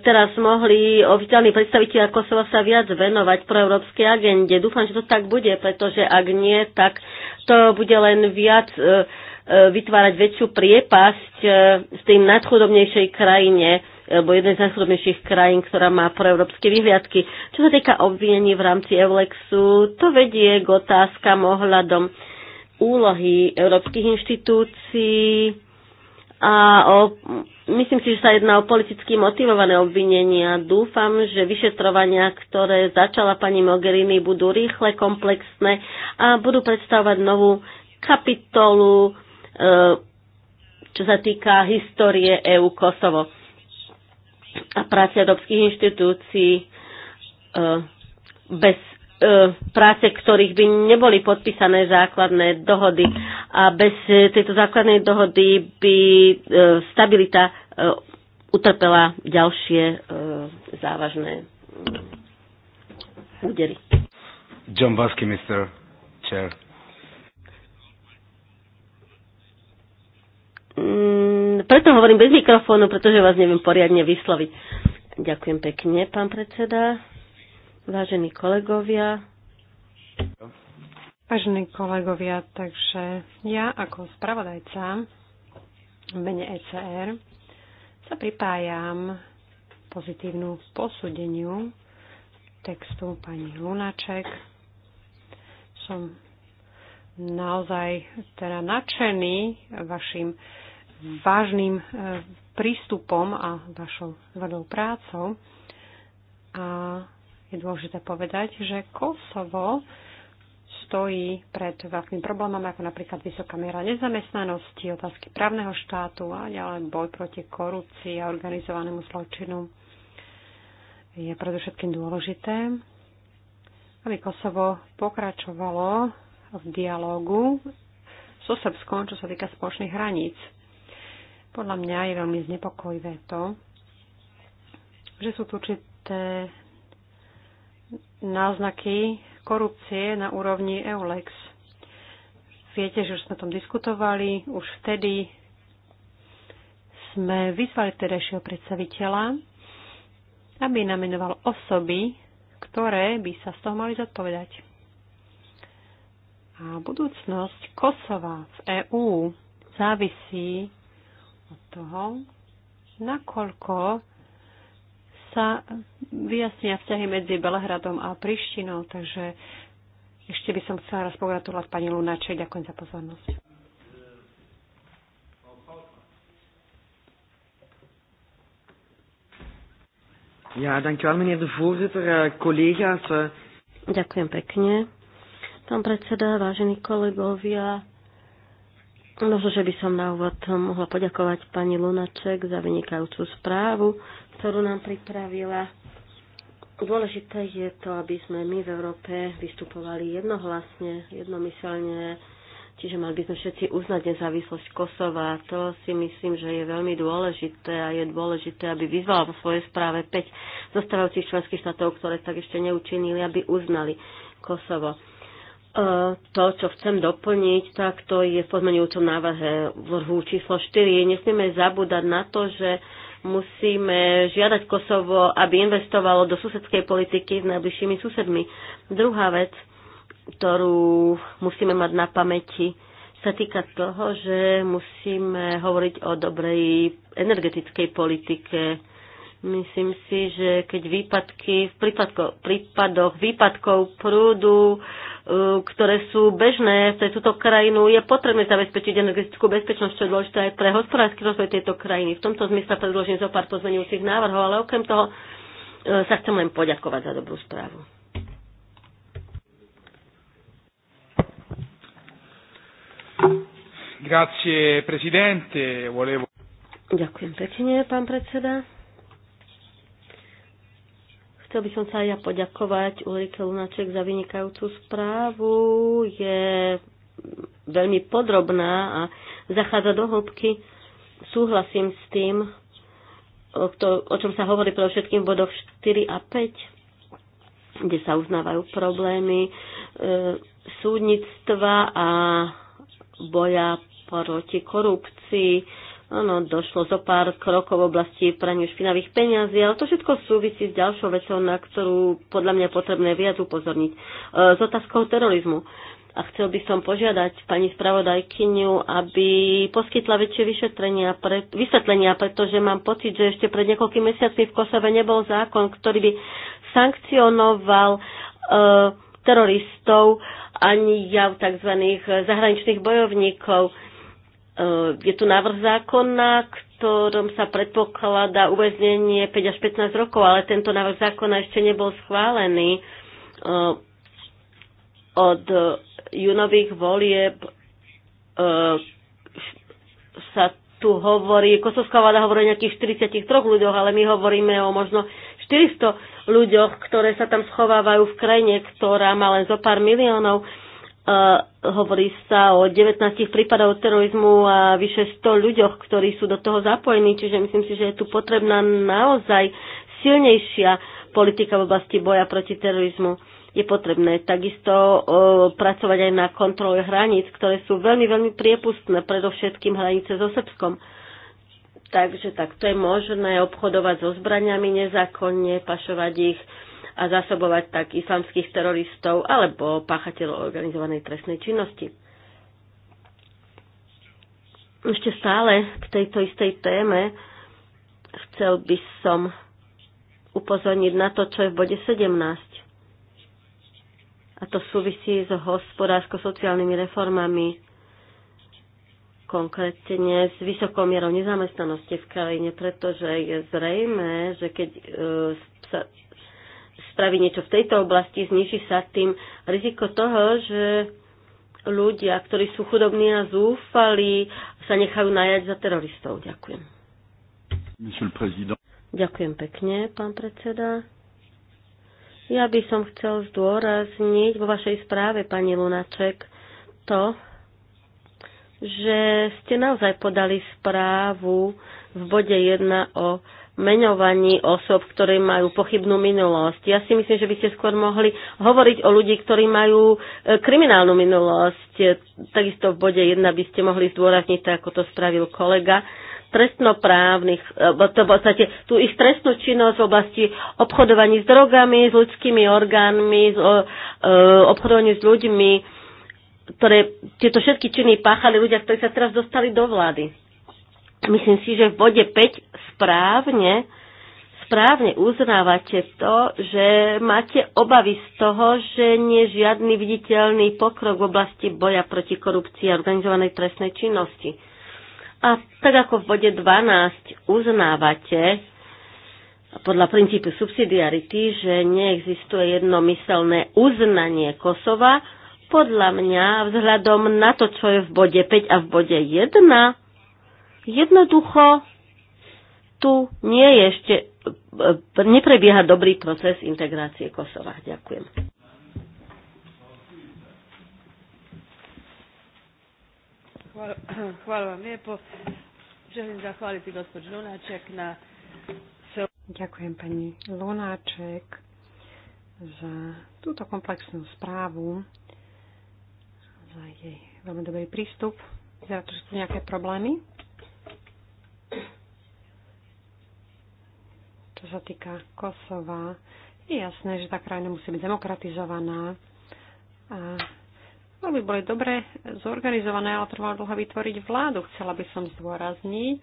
teraz mohli oficiálni predstaviteľi Kosova sa viac venovať pro európskej agende. Dúfam, že to tak bude, pretože ak nie, tak to bude len viac e, e, vytvárať väčšiu priepasť v tej nadchudobnejšej krajine alebo jeden z najsúdobnejších krajín, ktorá má proeurópske vyhliadky. Čo sa týka obvinení v rámci Eulexu, to vedie k otázkam ohľadom úlohy európskych inštitúcií a o, myslím si, že sa jedná o politicky motivované obvinenia. Dúfam, že vyšetrovania, ktoré začala pani Mogherini, budú rýchle, komplexné a budú predstavovať novú kapitolu, e, čo sa týka histórie EU Kosovo a práce európskych inštitúcií e, bez e, práce, ktorých by neboli podpísané základné dohody. A bez e, tejto základnej dohody by stabilita utrpela ďalšie závažné údery. John Basky, Mr. Chair. Mm preto hovorím bez mikrofónu, pretože vás neviem poriadne vysloviť. Ďakujem pekne, pán predseda. Vážení kolegovia. Vážení kolegovia, takže ja ako spravodajca v mene ECR sa pripájam pozitívnu posúdeniu textu pani Lunaček. Som naozaj teda nadšený vašim vážnym e, prístupom a vašou tvrdou prácou. A je dôležité povedať, že Kosovo stojí pred veľkým problémom, ako napríklad vysoká miera nezamestnanosti, otázky právneho štátu a ďalej boj proti korupcii a organizovanému zločinu. Je predovšetkým dôležité, aby Kosovo pokračovalo v dialogu so Srbskom, čo sa týka spoločných hraníc. Podľa mňa je veľmi znepokojivé to, že sú tu určité náznaky korupcie na úrovni EULEX. Viete, že už sme o tom diskutovali, už vtedy sme vyzvali vtedajšieho predstaviteľa, aby namenoval osoby, ktoré by sa z toho mali zodpovedať. A budúcnosť Kosova v EÚ závisí od toho, nakoľko sa vyjasnia vzťahy medzi Belehradom a Prištinou, takže ešte by som chcela raz pogratulovať pani Lunačej. Ďakujem za pozornosť. Ja, dankjewel meneer de voorzitter, eh, collega's. Eh. Ďakujem pekne. Pán predseda, vážení kolegovia, Možno, že by som na úvod mohla poďakovať pani Lunaček za vynikajúcu správu, ktorú nám pripravila. Dôležité je to, aby sme my v Európe vystupovali jednohlasne, jednomyselne, čiže mali by sme všetci uznať nezávislosť Kosova. To si myslím, že je veľmi dôležité a je dôležité, aby vyzvala vo svojej správe 5 zostávajúcich členských štátov, ktoré tak ešte neučinili, aby uznali Kosovo to, čo chcem doplniť, tak to je v pozmeňujúcom návrhe v rhu číslo 4. Nesmieme zabúdať na to, že musíme žiadať Kosovo, aby investovalo do susedskej politiky s najbližšími susedmi. Druhá vec, ktorú musíme mať na pamäti, sa týka toho, že musíme hovoriť o dobrej energetickej politike Myslím si, že keď výpadky v prípadko, prípadoch výpadkov prúdu, e, ktoré sú bežné pre túto krajinu, je potrebné zabezpečiť energetickú bezpečnosť, čo je dôležité aj pre hospodársky rozvoj tejto krajiny. V tomto zmysle predložím zo pár pozmenujúcich návrhov, ale okrem toho e, sa chcem len poďakovať za dobrú správu. Grazie, presidente. Volevo... Ďakujem pekne, pán predseda. Chcel by som sa aj ja poďakovať Ulrike Lunaček za vynikajúcu správu. Je veľmi podrobná a zachádza do hĺbky. Súhlasím s tým, o čom sa hovorí pre všetkým v bodoch 4 a 5, kde sa uznávajú problémy e, súdnictva a boja proti korupcii Áno, došlo zo pár krokov v oblasti praniu špinavých peňazí, ale to všetko súvisí s ďalšou vecou, na ktorú podľa mňa potrebné viac upozorniť. E, s otázkou terorizmu. A chcel by som požiadať pani spravodajkyňu, aby poskytla väčšie vyšetrenia pre, vysvetlenia, pretože mám pocit, že ešte pred niekoľkými mesiacmi v Kosove nebol zákon, ktorý by sankcionoval e, teroristov ani jav tzv. zahraničných bojovníkov Eh, je tu návrh zákona, ktorom sa predpokladá uväznenie 5 až 15 rokov, ale tento návrh zákona ešte nebol schválený. Eh, od junových volieb eh, sa tu hovorí, Kosovská vláda hovorí o nejakých 43 ľuďoch, ale my hovoríme o možno 400 ľuďoch, ktoré sa tam schovávajú v krajine, ktorá má len zo pár miliónov Uh, hovorí sa o 19 prípadoch terorizmu a vyše 100 ľuďoch, ktorí sú do toho zapojení, čiže myslím si, že je tu potrebná naozaj silnejšia politika v oblasti boja proti terorizmu. Je potrebné takisto uh, pracovať aj na kontrole hraníc, ktoré sú veľmi, veľmi priepustné, predovšetkým hranice so Srbskom. Takže tak to je možné obchodovať so zbraniami nezákonne, pašovať ich a zasobovať tak islamských teroristov alebo páchateľov organizovanej trestnej činnosti. Ešte stále k tejto istej téme chcel by som upozorniť na to, čo je v bode 17. A to súvisí s hospodársko-sociálnymi reformami, konkrétne s vysokou mierou nezamestnanosti v krajine, pretože je zrejme, že keď e, sa spraví niečo v tejto oblasti, zniží sa tým riziko toho, že ľudia, ktorí sú chudobní a zúfali, sa nechajú najať za teroristov. Ďakujem. Ďakujem pekne, pán predseda. Ja by som chcel zdôrazniť vo vašej správe, pani Lunaček, to, že ste naozaj podali správu v bode 1 o menovaní osob, ktoré majú pochybnú minulosť. Ja si myslím, že by ste skôr mohli hovoriť o ľudí, ktorí majú e, kriminálnu minulosť. Takisto v bode 1 by ste mohli zdôrazniť, tak ako to spravil kolega, trestnoprávnych, e, to v podstate tú ich trestnú činnosť v oblasti obchodovaní s drogami, s ľudskými orgánmi, s, e, obchodovaní s ľuďmi, ktoré tieto všetky činy páchali ľudia, ktorí sa teraz dostali do vlády. Myslím si, že v bode 5 správne správne uznávate to, že máte obavy z toho, že nie je žiadny viditeľný pokrok v oblasti boja proti korupcii a organizovanej trestnej činnosti. A tak ako v bode 12 uznávate podľa princípu subsidiarity, že neexistuje jednomyselné uznanie Kosova, podľa mňa vzhľadom na to, čo je v bode 5 a v bode 1, Jednoducho tu nie je ešte, e, e, neprebieha dobrý proces integrácie Kosova. Ďakujem. Hvala, [clears throat] hvala vám lijepo. Želim zahvaliti gospođu Lunaček na Ďakujem pani Lunáček za túto komplexnú správu, za jej veľmi dobrý prístup, za to, že sú nejaké problémy. Čo sa týka Kosova, je jasné, že tá krajina musí byť demokratizovaná. A by boli dobre zorganizované, ale trvalo dlho vytvoriť vládu. Chcela by som zdôrazniť,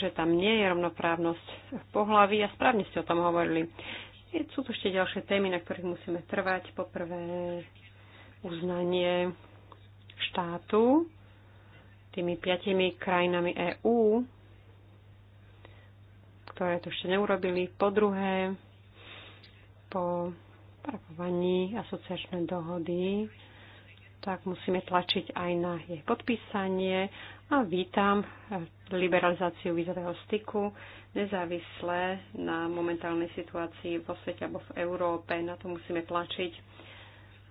že tam nie je rovnoprávnosť v pohlaví a správne ste o tom hovorili. Sú tu ešte ďalšie témy, na ktorých musíme trvať. Poprvé uznanie štátu tými piatimi krajinami EÚ ktoré to ešte neurobili. Po druhé, po parkovaní asociačnej dohody, tak musíme tlačiť aj na jej podpísanie a vítam eh, liberalizáciu vízového styku nezávisle na momentálnej situácii vo svete alebo v Európe. Na to musíme tlačiť.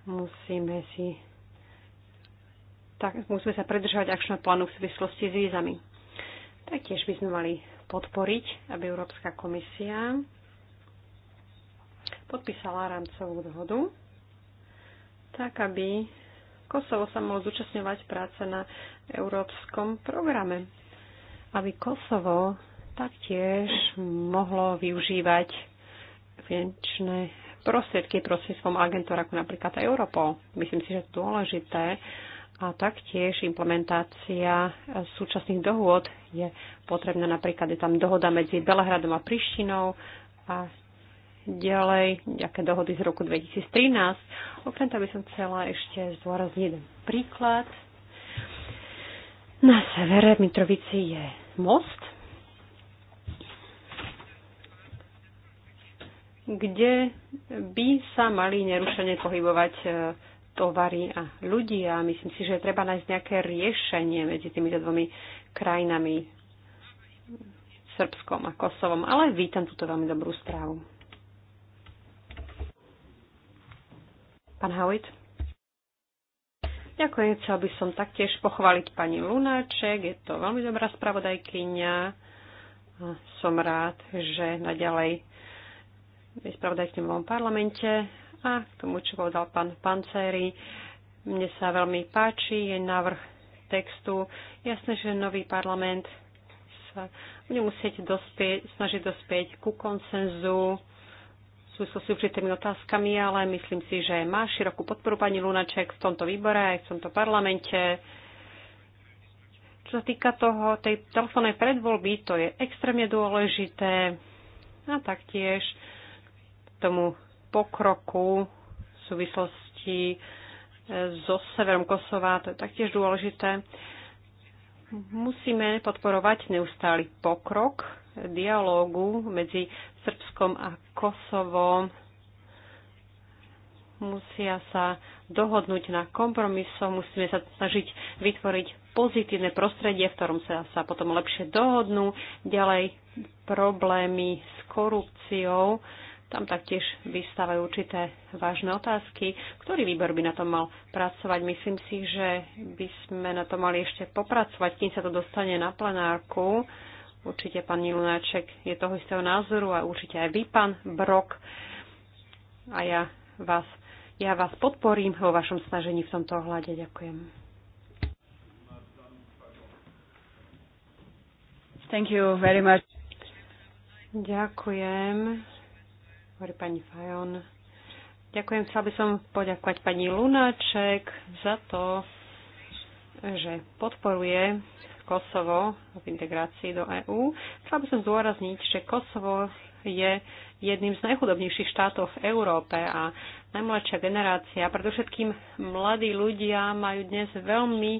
Musíme si tak musíme sa predržovať akčného plánu v súvislosti s vízami. Taktiež by sme mali podporiť, aby Európska komisia podpísala rámcovú dohodu, tak aby Kosovo sa mohlo zúčastňovať práce na európskom programe. Aby Kosovo taktiež mohlo využívať finančné prostriedky prostredstvom agentúr ako napríklad Europol. Myslím si, že to dôležité, a taktiež implementácia e, súčasných dohôd je potrebná. Napríklad je tam dohoda medzi Belehradom a Prištinou a ďalej nejaké dohody z roku 2013. Okrem toho by som chcela ešte zdôrazniť jeden príklad. Na severe Mitrovici je most, kde by sa mali nerušene pohybovať e, tovary a ľudí a myslím si, že treba nájsť nejaké riešenie medzi týmito dvomi krajinami, Srbskom a Kosovom, ale vítam túto veľmi dobrú správu. Pán Howitt? Ďakujem, chcel by som taktiež pochváliť pani Lunáček, je to veľmi dobrá spravodajkyňa. Som rád, že naďalej je spravodajkynia v parlamente a k tomu, čo povedal pán Pancéry, mne sa veľmi páči, je návrh textu. Jasné, že nový parlament sa bude musieť dospieť, snažiť dospieť ku konsenzu v súvislosti s určitými otázkami, ale myslím si, že má širokú podporu pani Lunaček v tomto výbore aj v tomto parlamente. Čo sa týka toho, tej telefónnej predvolby, to je extrémne dôležité a taktiež tomu pokroku v súvislosti e, so severom Kosova, to je taktiež dôležité. Musíme podporovať neustály pokrok dialógu medzi Srbskom a Kosovom. Musia sa dohodnúť na kompromisoch, musíme sa snažiť vytvoriť pozitívne prostredie, v ktorom sa, sa potom lepšie dohodnú. Ďalej problémy s korupciou. E, tam taktiež vystávajú určité vážne otázky. Ktorý výbor by na tom mal pracovať? Myslím si, že by sme na to mali ešte popracovať, kým sa to dostane na plenárku. Určite pán Nilunáček je toho istého názoru a určite aj vy, pán Brok. A ja vás, ja vás podporím vo vašom snažení v tomto ohľade. Ďakujem. Thank you very much. Ďakujem hovorí pani Fajon. Ďakujem, chcel by som poďakovať pani Lunáček za to, že podporuje Kosovo v integrácii do EÚ. Chcel by som zdôrazniť, že Kosovo je jedným z najchudobnejších štátov v Európe a najmladšia generácia, predovšetkým mladí ľudia majú dnes veľmi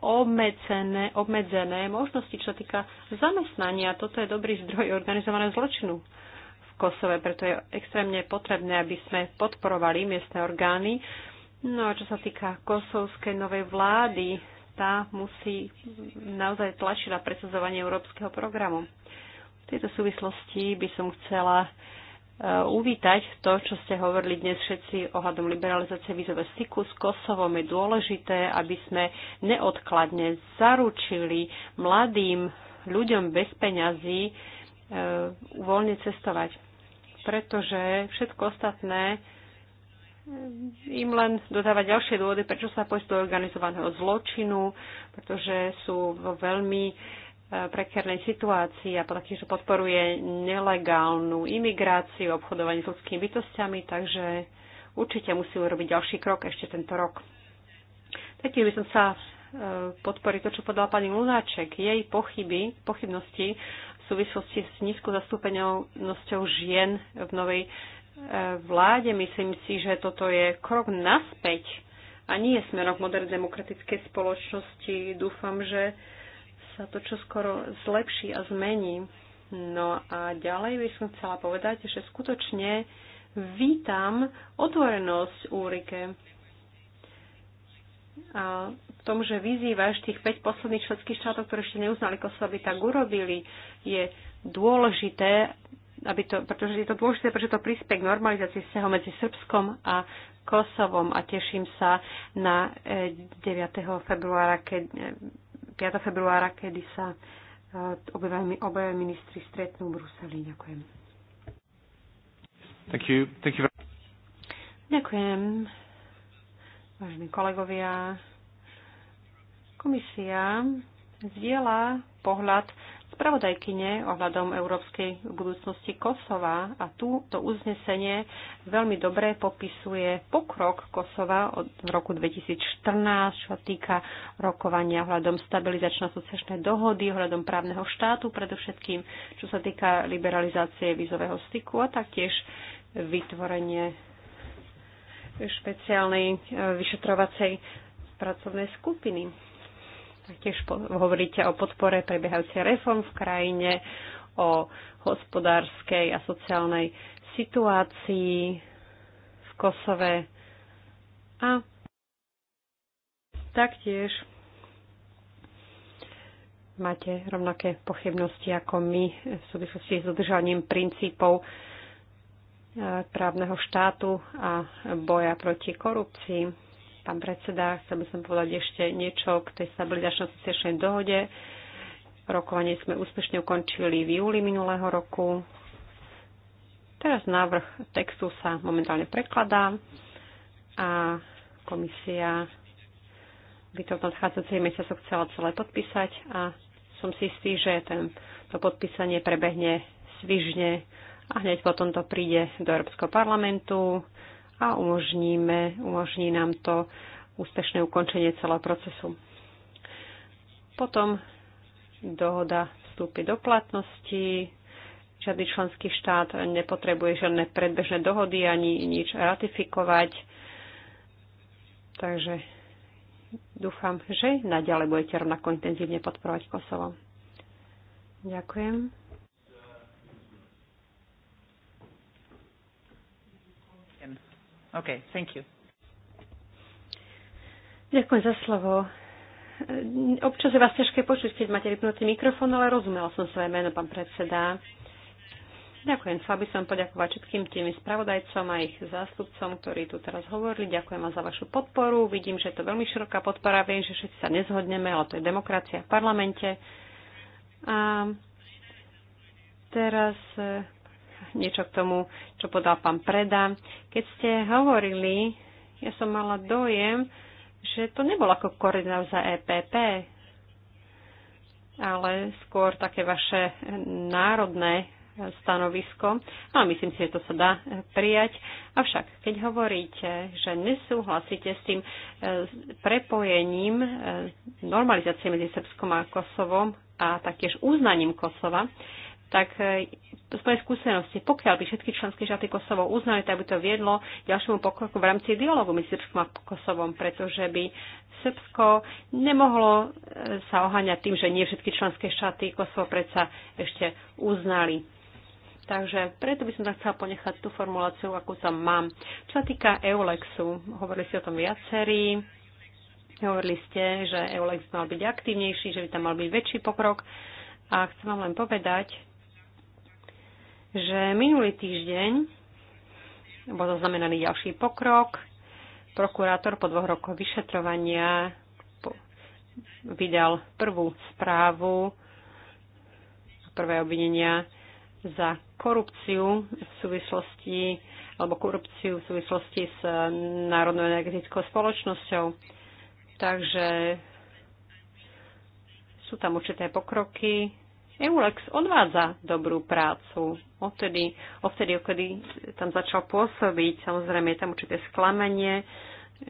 obmedzené, obmedzené možnosti, čo týka zamestnania. Toto je dobrý zdroj organizovaného zločinu. Kosove, preto je extrémne potrebné, aby sme podporovali miestne orgány. No a čo sa týka kosovskej novej vlády, tá musí naozaj tlačiť na presadzovanie európskeho programu. V tejto súvislosti by som chcela e, uvítať to, čo ste hovorili dnes všetci ohľadom liberalizácie vízového styku s Kosovom. Je dôležité, aby sme neodkladne zaručili mladým ľuďom bez peňazí e, voľne cestovať pretože všetko ostatné im len dodáva ďalšie dôvody, prečo sa pôjsť do organizovaného zločinu, pretože sú vo veľmi e, prekernej situácii a taktiež podporuje nelegálnu imigráciu, obchodovanie s ľudskými bytostiami, takže určite musí urobiť ďalší krok ešte tento rok. Takým by som sa e, podporiť to, čo podala pani Lunáček. Jej pochyby, pochybnosti súvislosti s nízkou zastúpenosťou žien v novej e, vláde. Myslím si, že toto je krok naspäť a nie je smerom k modernej demokratickej spoločnosti. Dúfam, že sa to čoskoro zlepší a zmení. No a ďalej by som chcela povedať, že skutočne vítam otvorenosť Úrike. A tom, že vyzývaš tých 5 posledných členských štátov, ktoré ešte neuznali Kosovo, aby tak urobili, je dôležité, aby to, pretože je to dôležité, pretože to prispie k normalizácii vzťahov medzi Srbskom a Kosovom a teším sa na 9. E, februára, keď, 5. E, februára, kedy sa e, obaja ministri stretnú v Bruseli. Ďakujem. Thank you. Thank you very... Ďakujem. Vážení kolegovia, Komisia zdieľa pohľad spravodajkyne ohľadom európskej budúcnosti Kosova a tu to uznesenie veľmi dobre popisuje pokrok Kosova od roku 2014, čo týka rokovania ohľadom stabilizačno-sociačnej dohody, ohľadom právneho štátu, predovšetkým čo sa týka liberalizácie vízového styku a taktiež vytvorenie špeciálnej e, vyšetrovacej pracovnej skupiny tiež hovoríte o podpore prebiehajúcej reform v krajine, o hospodárskej a sociálnej situácii v Kosove a taktiež máte rovnaké pochybnosti ako my v súvislosti s dodržaním princípov e, právneho štátu a boja proti korupcii. Pán predseda, chcel by som povedať ešte niečo k tej stabilizačno sociačnej dohode. Rokovanie sme úspešne ukončili v júli minulého roku. Teraz návrh textu sa momentálne prekladá a komisia by to v nadchádzajúcich mesiacoch chcela celé podpísať a som si istý, že ten, to podpísanie prebehne svižne a hneď potom to príde do Európskeho parlamentu a umožníme, umožní nám to úspešné ukončenie celého procesu. Potom dohoda vstúpi do platnosti, žiadny členský štát nepotrebuje žiadne predbežné dohody ani nič ratifikovať. Takže dúfam, že naďalej budete rovnako intenzívne podporovať Kosovo. Ďakujem. OK, thank you. Ďakujem za slovo. Občas je vás ťažké počuť, keď máte vypnutý mikrofón, ale rozumela som svoje meno, pán predseda. Ďakujem. Chcela by som poďakovať všetkým tým spravodajcom a ich zástupcom, ktorí tu teraz hovorili. Ďakujem vám za vašu podporu. Vidím, že je to veľmi široká podpora. Viem, že všetci sa nezhodneme, ale to je demokracia v parlamente. A teraz eh, niečo k tomu, čo podal pán Preda. Keď ste hovorili, ja som mala dojem, že to nebol ako koordinátor za EPP, ale skôr také vaše národné stanovisko, no, myslím si, že to sa dá prijať. Avšak, keď hovoríte, že nesúhlasíte s tým e, prepojením e, normalizácie medzi Srbskom a Kosovom a taktiež uznaním Kosova, tak e, z mojej skúsenosti, pokiaľ by všetky členské štáty Kosovo uznali, tak by to viedlo ďalšiemu pokroku v rámci dialogu medzi Srbskom a Kosovom, pretože by Srbsko nemohlo e, sa oháňať tým, že nie všetky členské štáty Kosovo predsa ešte uznali. Takže preto by som tak chcela ponechať tú formuláciu, akú tam mám. Čo sa týka Eulexu, hovorili ste o tom viacerí, hovorili ste, že Eulex mal byť aktívnejší, že by tam mal byť väčší pokrok. A chcem vám len povedať, že minulý týždeň bol zaznamenaný ďalší pokrok. Prokurátor po dvoch rokoch vyšetrovania vydal prvú správu prvé obvinenia za korupciu v súvislosti alebo korupciu v súvislosti s Národnou energetickou spoločnosťou. Takže sú tam určité pokroky, Eulex odvádza dobrú prácu. Odtedy, odtedy, odtedy tam začal pôsobiť, samozrejme je tam určité sklamanie,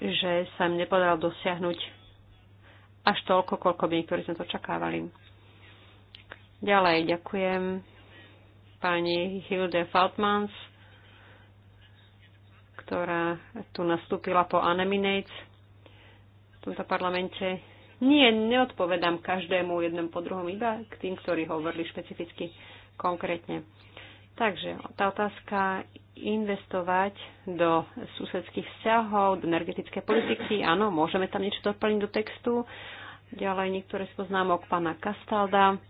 že sa im nepodarilo dosiahnuť až toľko, koľko by niektorí sme to čakávali. Ďalej ďakujem pani Hilde Faltmans, ktorá tu nastúpila po Aneminates v tomto parlamente nie, neodpovedám každému jednom po druhom, iba k tým, ktorí hovorili špecificky konkrétne. Takže tá otázka investovať do susedských vzťahov, do energetickej politiky, áno, môžeme tam niečo doplniť do textu. Ďalej niektoré z poznámok pána Kastalda.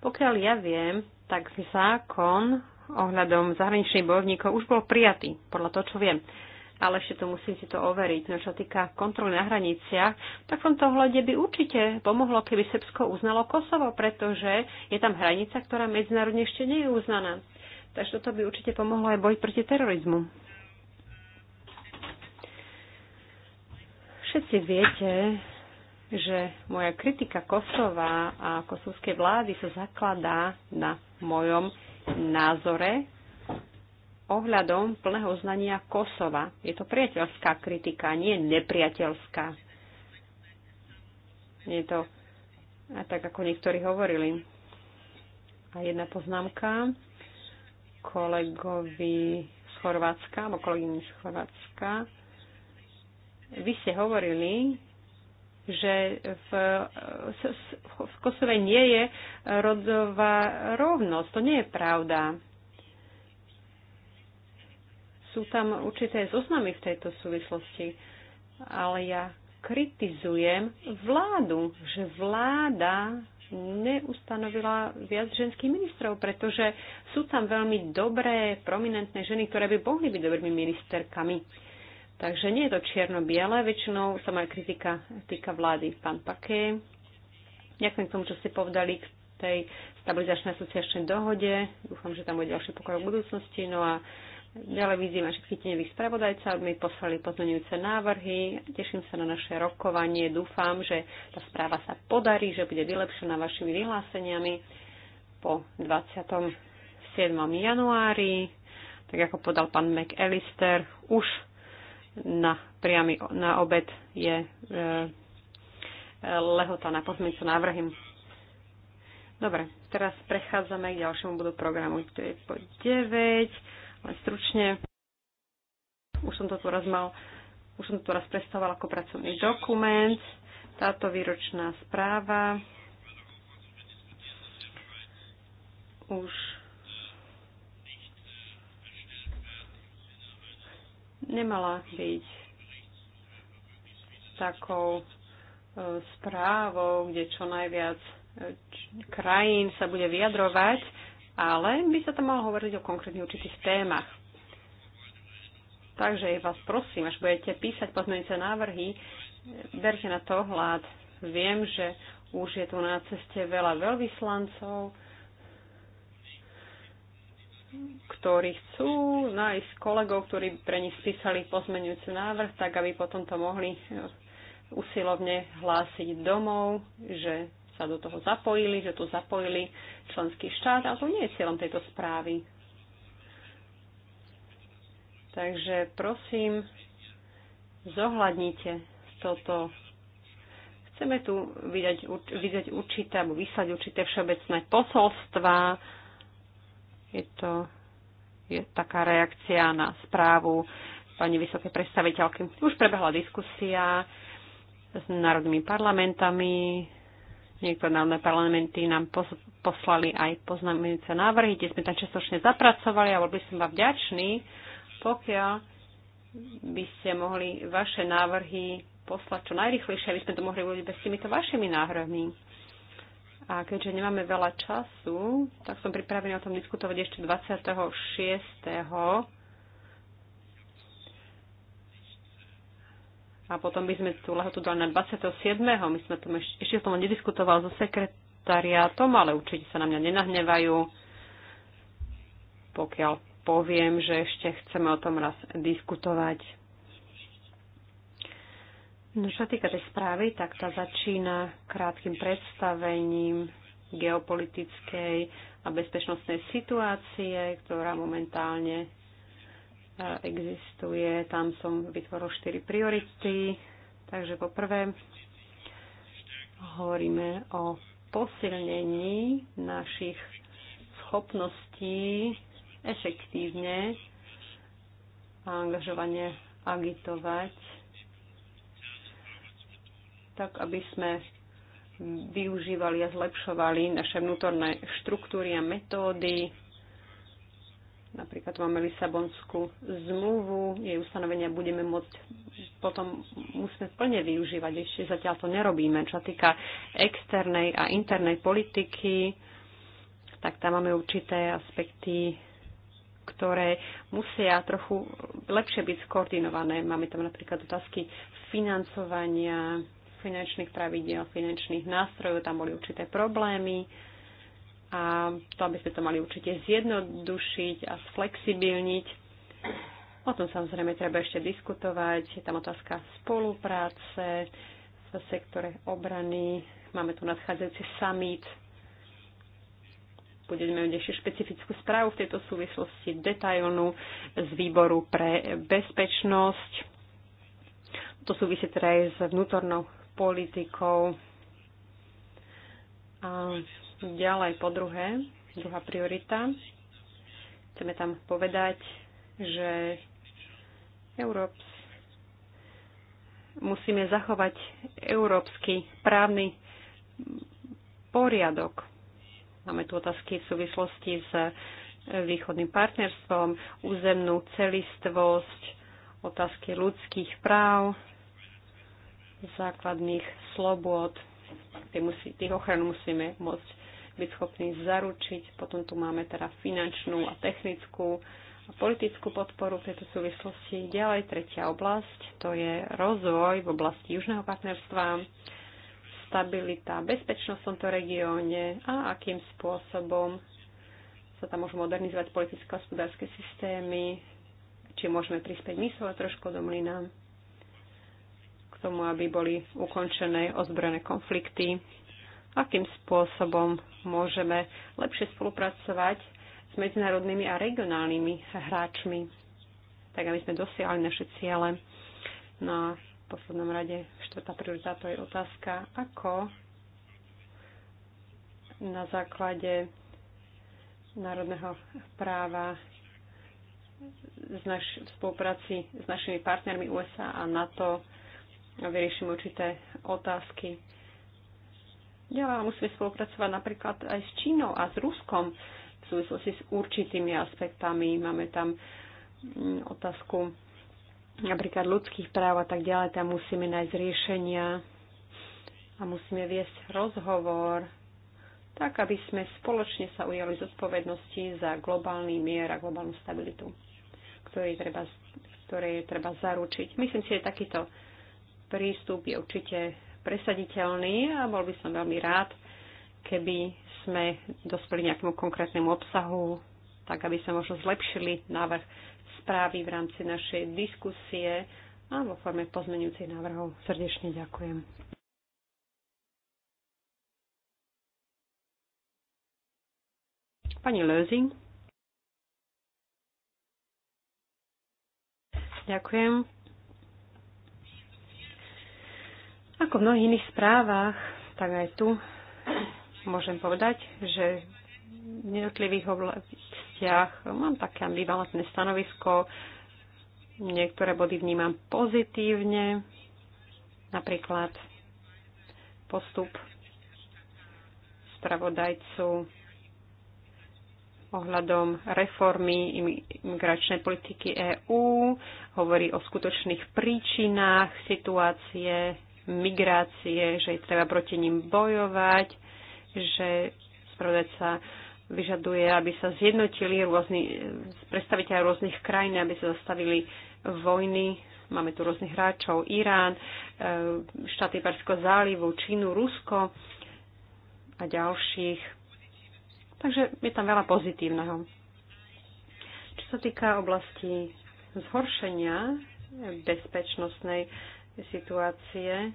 Pokiaľ ja viem, tak zákon ohľadom zahraničných bojovníkov už bol prijatý, podľa toho, čo viem ale ešte to musíte to overiť. No čo týka kontroly na hraniciach, tak v tomto ohľade by určite pomohlo, keby Srbsko uznalo Kosovo, pretože je tam hranica, ktorá medzinárodne ešte nie je uznaná. Takže toto by určite pomohlo aj boj proti terorizmu. Všetci viete, že moja kritika Kosova a kosovskej vlády sa zakladá na mojom názore, ohľadom plného znania Kosova. Je to priateľská kritika, nie nepriateľská. Je to a tak, ako niektorí hovorili. A jedna poznámka kolegovi z Chorvátska, alebo kolegyni z Chorvátska. Vy ste hovorili, že v, v Kosove nie je rodová rovnosť. To nie je pravda sú tam určité zoznamy v tejto súvislosti. Ale ja kritizujem vládu, že vláda neustanovila viac ženských ministrov, pretože sú tam veľmi dobré, prominentné ženy, ktoré by mohli byť dobrými ministerkami. Takže nie je to čierno-biele, väčšinou sa moja kritika týka vlády. Pán Paké, ďakujem k tomu, čo ste povedali k tej stabilizačnej asociačnej dohode. Dúfam, že tam bude ďalší pokrok v budúcnosti. No a Ďalej vyzývam všetkých tenevých spravodajca, aby mi poslali pozmeňujúce návrhy. Teším sa na naše rokovanie. Dúfam, že tá správa sa podarí, že bude vylepšená vašimi vyhláseniami po 27. januári. Tak ako podal pán McAllister, už na, priamy, na obed je e, e, lehota na pozmeňujúce návrhy. Dobre, teraz prechádzame k ďalšiemu bodu programu. To je po 9 stručne. Už som to tu raz mal, už som to tu raz predstavoval ako pracovný dokument. Táto výročná správa už nemala byť takou e, správou, kde čo najviac e, krajín sa bude vyjadrovať ale by sa tam malo hovoriť o konkrétnych určitých témach. Takže vás prosím, až budete písať pozmeňujúce návrhy, berte na to hľad. Viem, že už je tu na ceste veľa veľvyslancov, ktorí chcú nájsť kolegov, ktorí pre nich spísali pozmeňujúci návrh, tak aby potom to mohli usilovne hlásiť domov, že sa do toho zapojili, že to zapojili členský štát, ale to nie je cieľom tejto správy. Takže prosím, zohľadnite toto. Chceme tu vydať, vydať určité, alebo vyslať určité všeobecné posolstva. Je to je taká reakcia na správu pani vysoké predstaviteľky. Už prebehla diskusia s národnými parlamentami, Niektoré národné parlamenty nám poslali aj poznamenúce návrhy, kde sme tam častočne zapracovali a bol by som vám vďačný, pokiaľ by ste mohli vaše návrhy poslať čo najrychlejšie, aby sme to mohli urobiť bez týmito vašimi návrhmi. A keďže nemáme veľa času, tak som pripravený o tom diskutovať ešte 26. a potom by sme tú lehotu dali na 27. My sme tom ešte, ešte som nediskutoval so sekretariátom, ale určite sa na mňa nenahnevajú, pokiaľ poviem, že ešte chceme o tom raz diskutovať. No čo týka tej správy, tak tá začína krátkým predstavením geopolitickej a bezpečnostnej situácie, ktorá momentálne existuje. Tam som vytvoril štyri priority. Takže poprvé hovoríme o posilnení našich schopností efektívne a angažovanie agitovať, tak aby sme využívali a zlepšovali naše vnútorné štruktúry a metódy, Napríklad máme Lisabonskú zmluvu, jej ustanovenia budeme môcť potom musíme plne využívať. Ešte zatiaľ to nerobíme. Čo týka externej a internej politiky, tak tam máme určité aspekty, ktoré musia trochu lepšie byť skoordinované. Máme tam napríklad otázky financovania, finančných pravidiel, finančných nástrojov, tam boli určité problémy a to, aby sme to mali určite zjednodušiť a sflexibilniť. O tom samozrejme treba ešte diskutovať. Je tam otázka spolupráce v sektore obrany. Máme tu nadchádzajúci summit. Budeme mať ešte špecifickú správu v tejto súvislosti detailnú z výboru pre bezpečnosť. To súvisí teda aj s vnútornou politikou. A Ďalej po druhé, druhá priorita. Chceme tam povedať, že Európs musíme zachovať európsky právny poriadok. Máme tu otázky v súvislosti s východným partnerstvom, územnú celistvosť, otázky ľudských práv, základných slobôd. Tých, tých ochran musíme môcť byť schopní zaručiť. Potom tu máme teda finančnú a technickú a politickú podporu v tejto súvislosti. Ďalej tretia oblasť, to je rozvoj v oblasti južného partnerstva, stabilita, bezpečnosť v tomto regióne a akým spôsobom sa tam môžu modernizovať politické a hospodárske systémy, či môžeme prispäť my svoje trošku do mlyna k tomu, aby boli ukončené ozbrojené konflikty akým spôsobom môžeme lepšie spolupracovať s medzinárodnými a regionálnymi hráčmi, tak aby sme dosiahli naše ciele. No a v poslednom rade štvrtá priorita to je otázka, ako na základe národného práva v spolupráci s našimi partnermi USA a NATO vyriešim určité otázky ďalej, ale musíme spolupracovať napríklad aj s Čínou a s Ruskom v súvislosti s určitými aspektami. Máme tam mm, otázku napríklad ľudských práv a tak ďalej. Tam musíme nájsť riešenia a musíme viesť rozhovor tak, aby sme spoločne sa ujali zodpovednosti za globálny mier a globálnu stabilitu, ktorý treba, ktoré je treba zaručiť. Myslím si, že takýto prístup je určite presaditeľný a bol by som veľmi rád, keby sme dospeli nejakému konkrétnemu obsahu, tak aby sme možno zlepšili návrh správy v rámci našej diskusie a vo forme pozmenujúcich návrhov. Srdečne ďakujem. Pani Lözing. Ďakujem. Ako v mnohých iných správach, tak aj tu môžem povedať, že v jednotlivých oblastiach mám také ambivalentné stanovisko. Niektoré body vnímam pozitívne, napríklad postup spravodajcu ohľadom reformy imigračnej politiky EÚ, hovorí o skutočných príčinách situácie migrácie, že treba proti ním bojovať, že spravodajca vyžaduje, aby sa zjednotili rôzni, predstaviteľ rôznych krajín, aby sa zastavili vojny. Máme tu rôznych hráčov, Irán, e, štáty Perského zálivu, Čínu, Rusko a ďalších. Takže je tam veľa pozitívneho. Čo sa týka oblasti zhoršenia bezpečnostnej situácie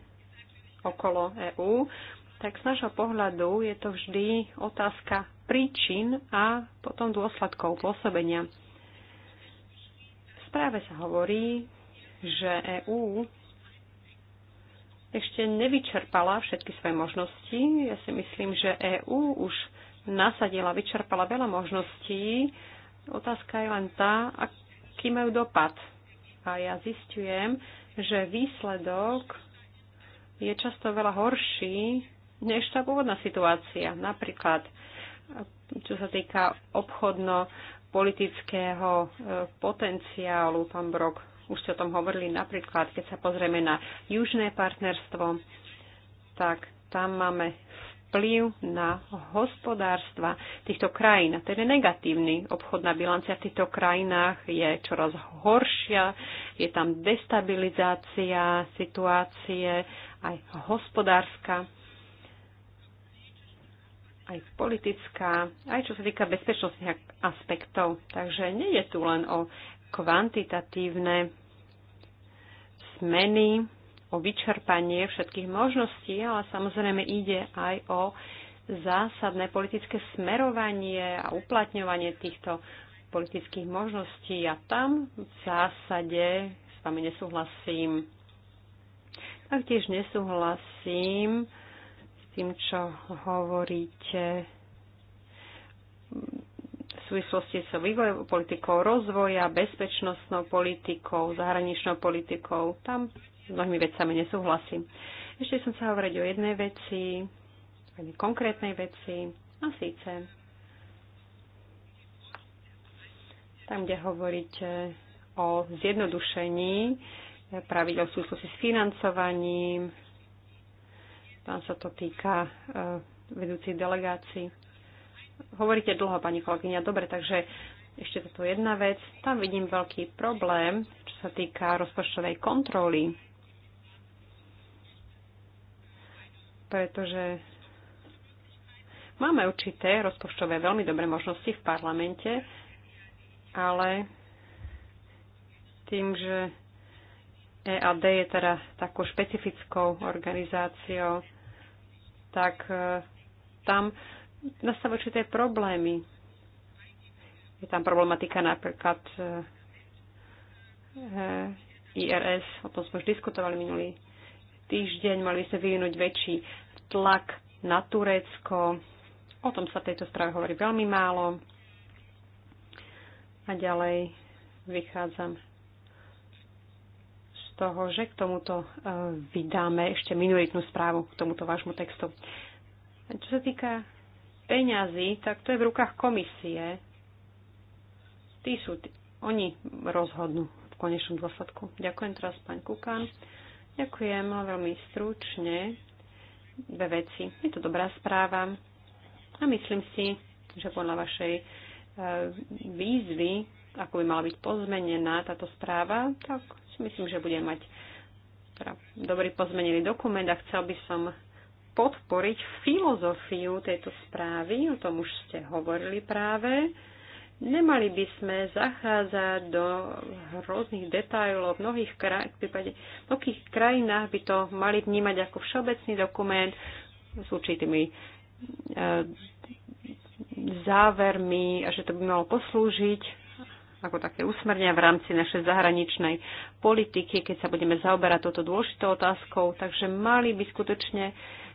okolo EÚ, tak z nášho pohľadu je to vždy otázka príčin a potom dôsledkov pôsobenia. V správe sa hovorí, že EÚ ešte nevyčerpala všetky svoje možnosti. Ja si myslím, že EÚ už nasadila, vyčerpala veľa možností. Otázka je len tá, aký majú dopad. A ja zistujem, že výsledok je často veľa horší než tá pôvodná situácia. Napríklad, čo sa týka obchodno-politického e, potenciálu, pán Brok, už ste o tom hovorili, napríklad, keď sa pozrieme na južné partnerstvo, tak tam máme vplyv na hospodárstva týchto krajín. a je negatívny. Obchodná bilancia v týchto krajinách je čoraz horšia, je tam destabilizácia situácie, aj hospodárska, aj politická, aj čo sa týka bezpečnostných aspektov. Takže je tu len o kvantitatívne zmeny o vyčerpanie všetkých možností, ale samozrejme ide aj o zásadné politické smerovanie a uplatňovanie týchto politických možností. A tam v zásade s vami nesúhlasím. Taktiež nesúhlasím s tým, čo hovoríte v súvislosti s vývojovou politikou rozvoja, bezpečnostnou politikou, zahraničnou politikou. Tam s mnohými vecami nesúhlasím. Ešte som sa hovoriť o jednej veci, jednej konkrétnej veci, a síce tam, kde hovoríte o zjednodušení pravidel v súvislosti s financovaním. Tam sa to týka e, vedúcich delegácií. Hovoríte dlho, pani kolegyňa. Dobre, takže ešte toto jedna vec. Tam vidím veľký problém, čo sa týka rozpočtovej kontroly. pretože máme určité rozpočtové veľmi dobré možnosti v parlamente, ale tým, že EAD je teda takou špecifickou organizáciou, tak e, tam nastávajú určité problémy. Je tam problematika napríklad e, e IRS, o tom sme už diskutovali minulý týždeň mali sa vyvinúť väčší tlak na Turecko. O tom sa tejto správe hovorí veľmi málo. A ďalej vychádzam z toho, že k tomuto e, vydáme ešte minoritnú správu k tomuto vášmu textu. A čo sa týka peňazí, tak to je v rukách komisie. Tí sú, tí, oni rozhodnú v konečnom dôsledku. Ďakujem teraz, pán Kukan. Ďakujem veľmi stručne. Dve veci. Je to dobrá správa a myslím si, že podľa vašej e, výzvy, ako by mala byť pozmenená táto správa, tak si myslím, že bude mať teda dobrý pozmenený dokument a chcel by som podporiť filozofiu tejto správy, o tom už ste hovorili práve. Nemali by sme zachádzať do rôznych detajlov. V mnohých, kraj, v prípade, v mnohých krajinách by to mali vnímať ako všeobecný dokument s určitými e, závermi a že to by malo poslúžiť ako také usmernia v rámci našej zahraničnej politiky, keď sa budeme zaoberať touto dôležitou otázkou. Takže mali by skutočne,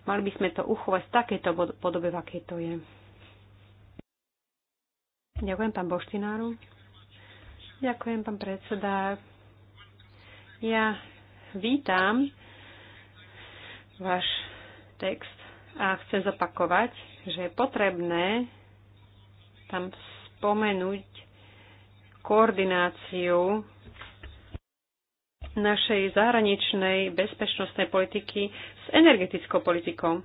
mali by sme to uchovať v takejto podobe, v akej to je. Ďakujem, pán Boštináru. Ďakujem, pán predseda. Ja vítam váš text a chcem zopakovať, že je potrebné tam spomenúť koordináciu našej zahraničnej bezpečnostnej politiky s energetickou politikou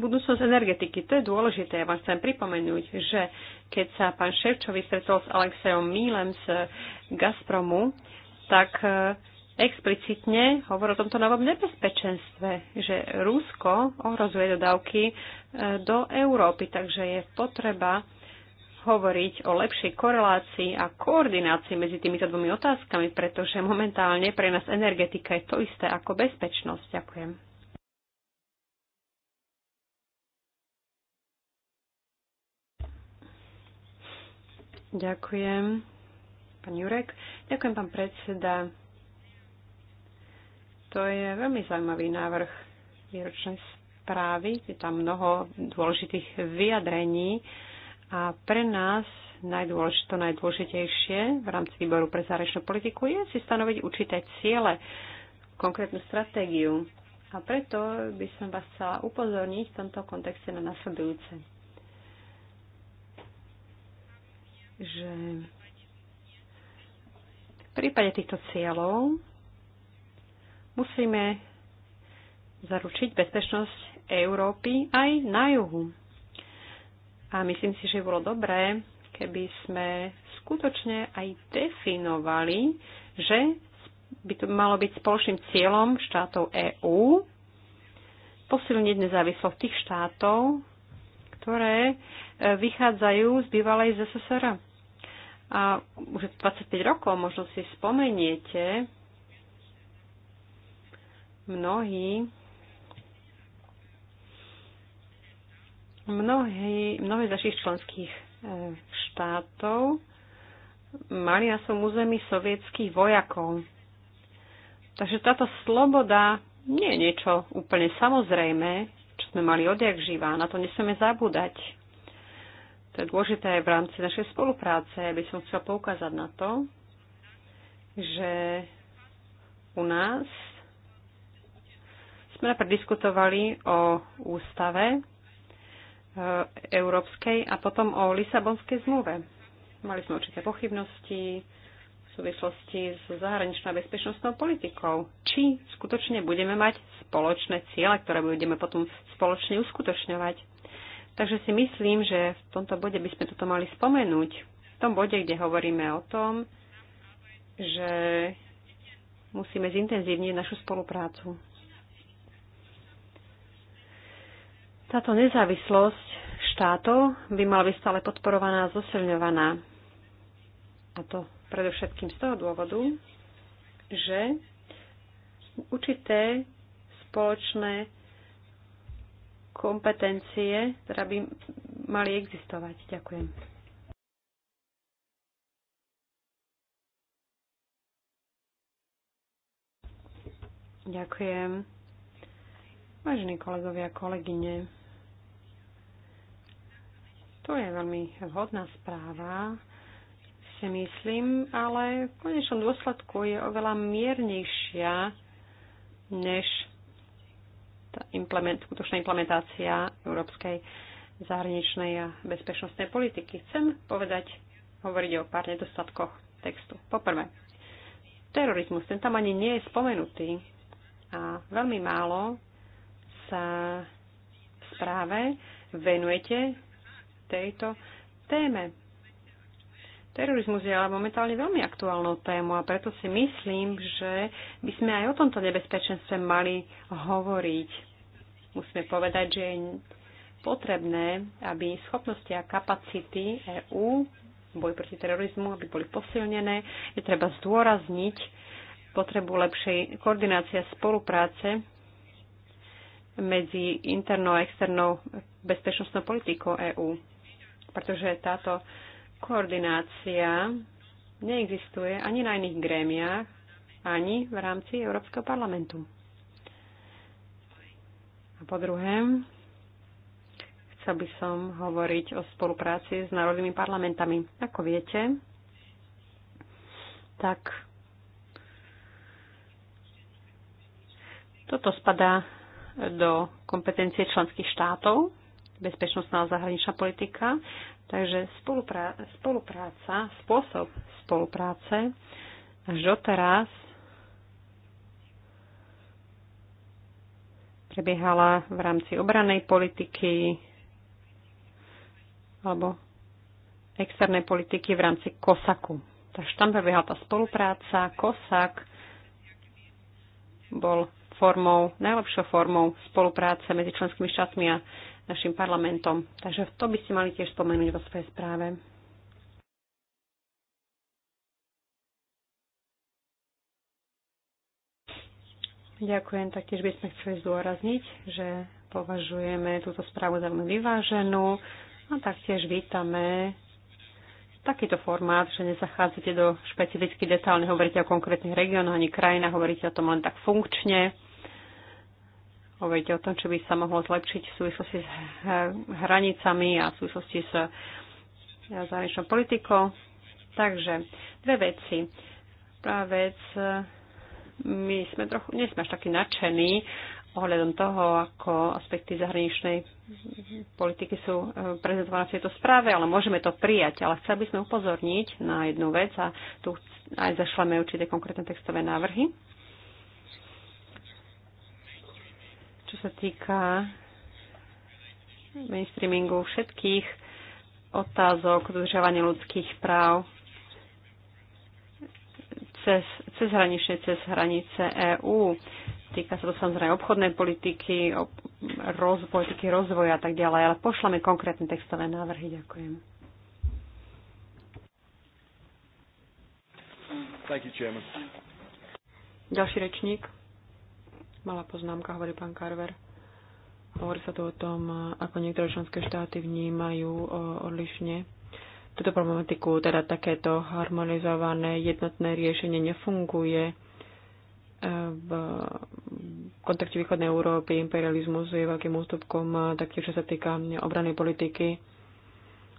budúcnosť energetiky. To je dôležité. Ja vám chcem pripomenúť, že keď sa pán Ševčovi stretol s Alexejom Mílem z Gazpromu, tak e, explicitne hovoril o tomto novom nebezpečenstve, že Rusko ohrozuje dodávky e, do Európy, takže je potreba hovoriť o lepšej korelácii a koordinácii medzi týmito dvomi otázkami, pretože momentálne pre nás energetika je to isté ako bezpečnosť. Ďakujem. Ďakujem. Pán Jurek. Ďakujem, pán predseda. To je veľmi zaujímavý návrh výročnej správy. Je tam mnoho dôležitých vyjadrení a pre nás najdôležité, najdôležitejšie v rámci výboru pre zárečnú politiku je si stanoviť určité ciele, konkrétnu stratégiu. A preto by som vás chcela upozorniť v tomto kontexte na nasledujúce. že v prípade týchto cieľov musíme zaručiť bezpečnosť Európy aj na juhu. A myslím si, že bolo dobré, keby sme skutočne aj definovali, že by to malo byť spoločným cieľom štátov EÚ posilniť nezávislosť tých štátov, ktoré e, vychádzajú z bývalej ZSSR. A už je to 25 rokov, možno si spomeniete, mnohí mnohí, mnohí z našich členských e, štátov mali na svojom území sovietských vojakov. Takže táto sloboda nie je niečo úplne samozrejme, čo sme mali odjak živá, na to nesmieme zabúdať. To je dôležité aj v rámci našej spolupráce. aby som chcela poukázať na to, že u nás sme prediskutovali o ústave e, európskej a potom o Lisabonskej zmluve. Mali sme určité pochybnosti v súvislosti s zahraničnou bezpečnostnou politikou. Či skutočne budeme mať spoločné ciele, ktoré budeme potom spoločne uskutočňovať. Takže si myslím, že v tomto bode by sme toto mali spomenúť. V tom bode, kde hovoríme o tom, že musíme zintenzívniť našu spoluprácu. Táto nezávislosť štátov by mala byť stále podporovaná a zosilňovaná. A to predovšetkým z toho dôvodu, že určité spoločné kompetencie, ktoré by mali existovať. Ďakujem. Ďakujem. Vážení kolegovia a kolegyne, to je veľmi vhodná správa, si myslím, ale v konečnom dôsledku je oveľa miernejšia než tá implement, skutočná implementácia európskej zahraničnej a bezpečnostnej politiky. Chcem povedať, hovoriť o pár nedostatkoch textu. Poprvé, terorizmus, ten tam ani nie je spomenutý a veľmi málo sa v správe venujete tejto téme. Terorizmus je ale momentálne veľmi aktuálnou tému a preto si myslím, že by sme aj o tomto nebezpečenstve mali hovoriť. Musíme povedať, že je potrebné, aby schopnosti a kapacity EÚ boj proti terorizmu, aby boli posilnené. Je treba zdôrazniť potrebu lepšej koordinácie a spolupráce medzi internou a externou bezpečnostnou politikou EÚ, pretože táto Koordinácia neexistuje ani na iných grémiách, ani v rámci Európskeho parlamentu. A po druhé, chcel by som hovoriť o spolupráci s národnými parlamentami. Ako viete, tak toto spadá do kompetencie členských štátov, bezpečnostná zahraničná politika. Takže spoluprá- spolupráca, spôsob spolupráce až doteraz prebiehala v rámci obranej politiky alebo externej politiky v rámci KOSAKu. Takže tam prebiehala tá spolupráca. Kosak bol formou, najlepšou formou spolupráce medzi členskými štátmi a našim parlamentom. Takže to by ste mali tiež spomenúť vo svojej správe. Ďakujem. Taktiež by sme chceli zdôrazniť, že považujeme túto správu za veľmi vyváženú a taktiež vítame takýto formát, že nezachádzate do špecificky detálne, hovoríte o konkrétnych regiónoch ani krajinách, hovoríte o tom len tak funkčne povede o tom, čo by sa mohlo zlepšiť v súvislosti s hranicami a v súvislosti s e, zahraničnou politikou. Takže dve veci. Prvá vec, e, my sme trochu, nie sme až takí nadšení ohľadom toho, ako aspekty zahraničnej politiky sú e, prezentované v tejto správe, ale môžeme to prijať. Ale chcel by sme upozorniť na jednu vec a tu aj zašleme určité konkrétne textové návrhy. sa týka mainstreamingu všetkých otázok dodržiavania ľudských práv cez, cez hranične, cez hranice EÚ. Týka sa to samozrejme obchodnej politiky, roz, politiky rozvoja a tak ďalej, ale pošlame konkrétne textové návrhy. Ďakujem. Thank you, Ďalší rečník. Malá poznámka, hovorí pán Carver. Hovorí sa tu o tom, ako niektoré členské štáty vnímajú odlišne túto problematiku, teda takéto harmonizované jednotné riešenie nefunguje. E, v kontakte východnej Európy imperializmus je veľkým ústupkom, e, taktiež sa týka obranej politiky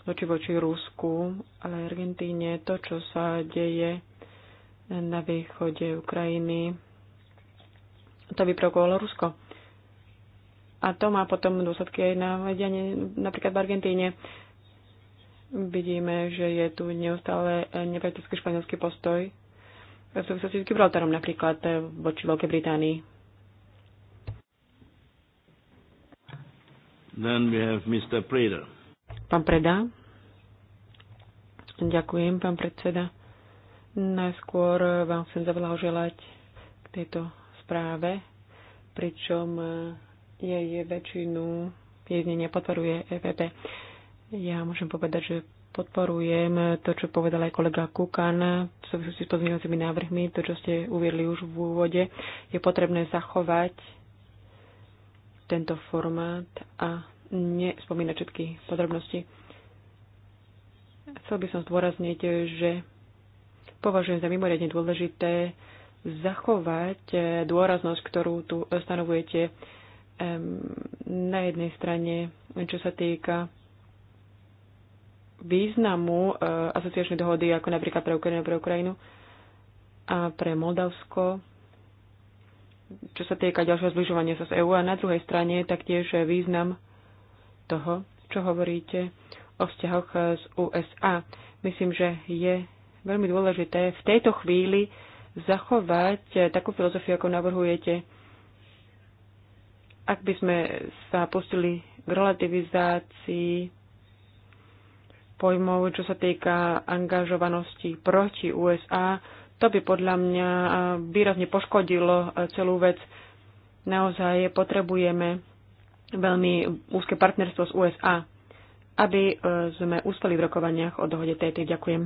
voči voči Rusku, ale Argentíne to, čo sa deje na východe Ukrajiny, to vyprokovalo Rusko. A to má potom dôsledky aj na vedenie, napríklad v Argentíne. Vidíme, že je tu neustále nepriateľský španielský postoj v súvislosti s Gibraltarom napríklad eh, voči Veľkej Británii. Then we have Mr. Preda. Pán Preda. Ďakujem, pán predseda. Najskôr vám chcem zablahoželať k tejto správe, pričom e, jej väčšinu jedne nepodporuje EPP. Ja môžem povedať, že podporujem to, čo povedal aj kolega Kukan v súvislosti s pozmeňovacími návrhmi. To, čo ste uviedli už v úvode, je potrebné zachovať tento formát a nespomínať všetky podrobnosti. Chcel by som zdôrazniť, že považujem za mimoriadne dôležité zachovať eh, dôraznosť, ktorú tu stanovujete na jednej strane, čo sa týka významu eh, asociačnej dohody, ako napríklad pre Ukrajinu, pre Ukrajinu a pre Moldavsko, čo sa týka ďalšieho zbližovania sa s EÚ a na druhej strane taktiež význam toho, čo hovoríte o vzťahoch z USA. Myslím, že je veľmi dôležité v tejto chvíli zachovať eh, takú filozofiu, ako navrhujete. Ak by sme sa pustili k relativizácii pojmov, čo sa týka angažovanosti proti USA, to by podľa mňa eh, výrazne poškodilo eh, celú vec. Naozaj potrebujeme veľmi úzke partnerstvo s USA, aby sme uspeli v rokovaniach o dohode TTIP. Ďakujem.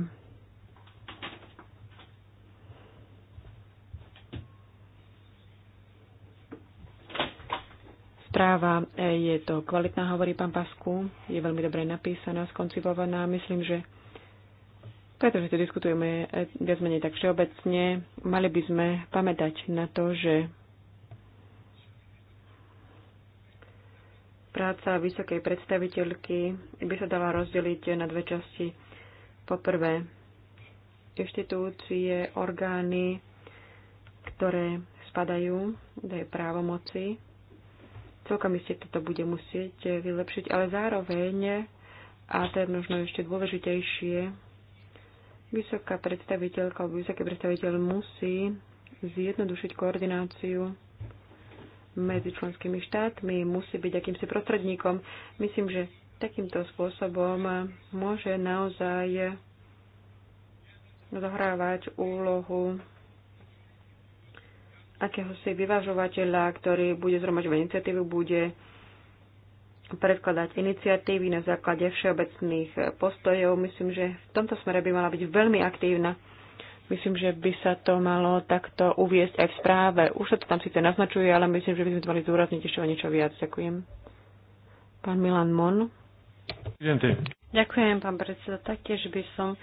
Správa e, je to kvalitná, hovorí pán Pasku. Je veľmi dobre napísaná, skoncipovaná. Myslím, že pretože to diskutujeme e, viac menej tak všeobecne, mali by sme pamätať na to, že práca vysokej predstaviteľky by sa dala rozdeliť na dve časti. Poprvé, inštitúcie, orgány, ktoré spadajú do jej právomoci Celkom isté toto bude musieť eh, vylepšiť, ale zároveň, a to je možno ešte dôležitejšie, vysoká predstaviteľka alebo vysoký predstaviteľ musí zjednodušiť koordináciu medzi členskými štátmi, musí byť akýmsi prostredníkom. Myslím, že takýmto spôsobom môže naozaj zohrávať úlohu akéhosi vyvážovateľa, ktorý bude zhromažďovať iniciatívy, bude predkladať iniciatívy na základe všeobecných postojov. Myslím, že v tomto smere by mala byť veľmi aktívna. Myslím, že by sa to malo takto uviesť aj v správe. Už sa to tam síce naznačuje, ale myslím, že by sme to mali zúrazniť ešte o niečo viac. Ďakujem. Pán Milan Mon. Ďakujem, pán predseda. Taktiež by som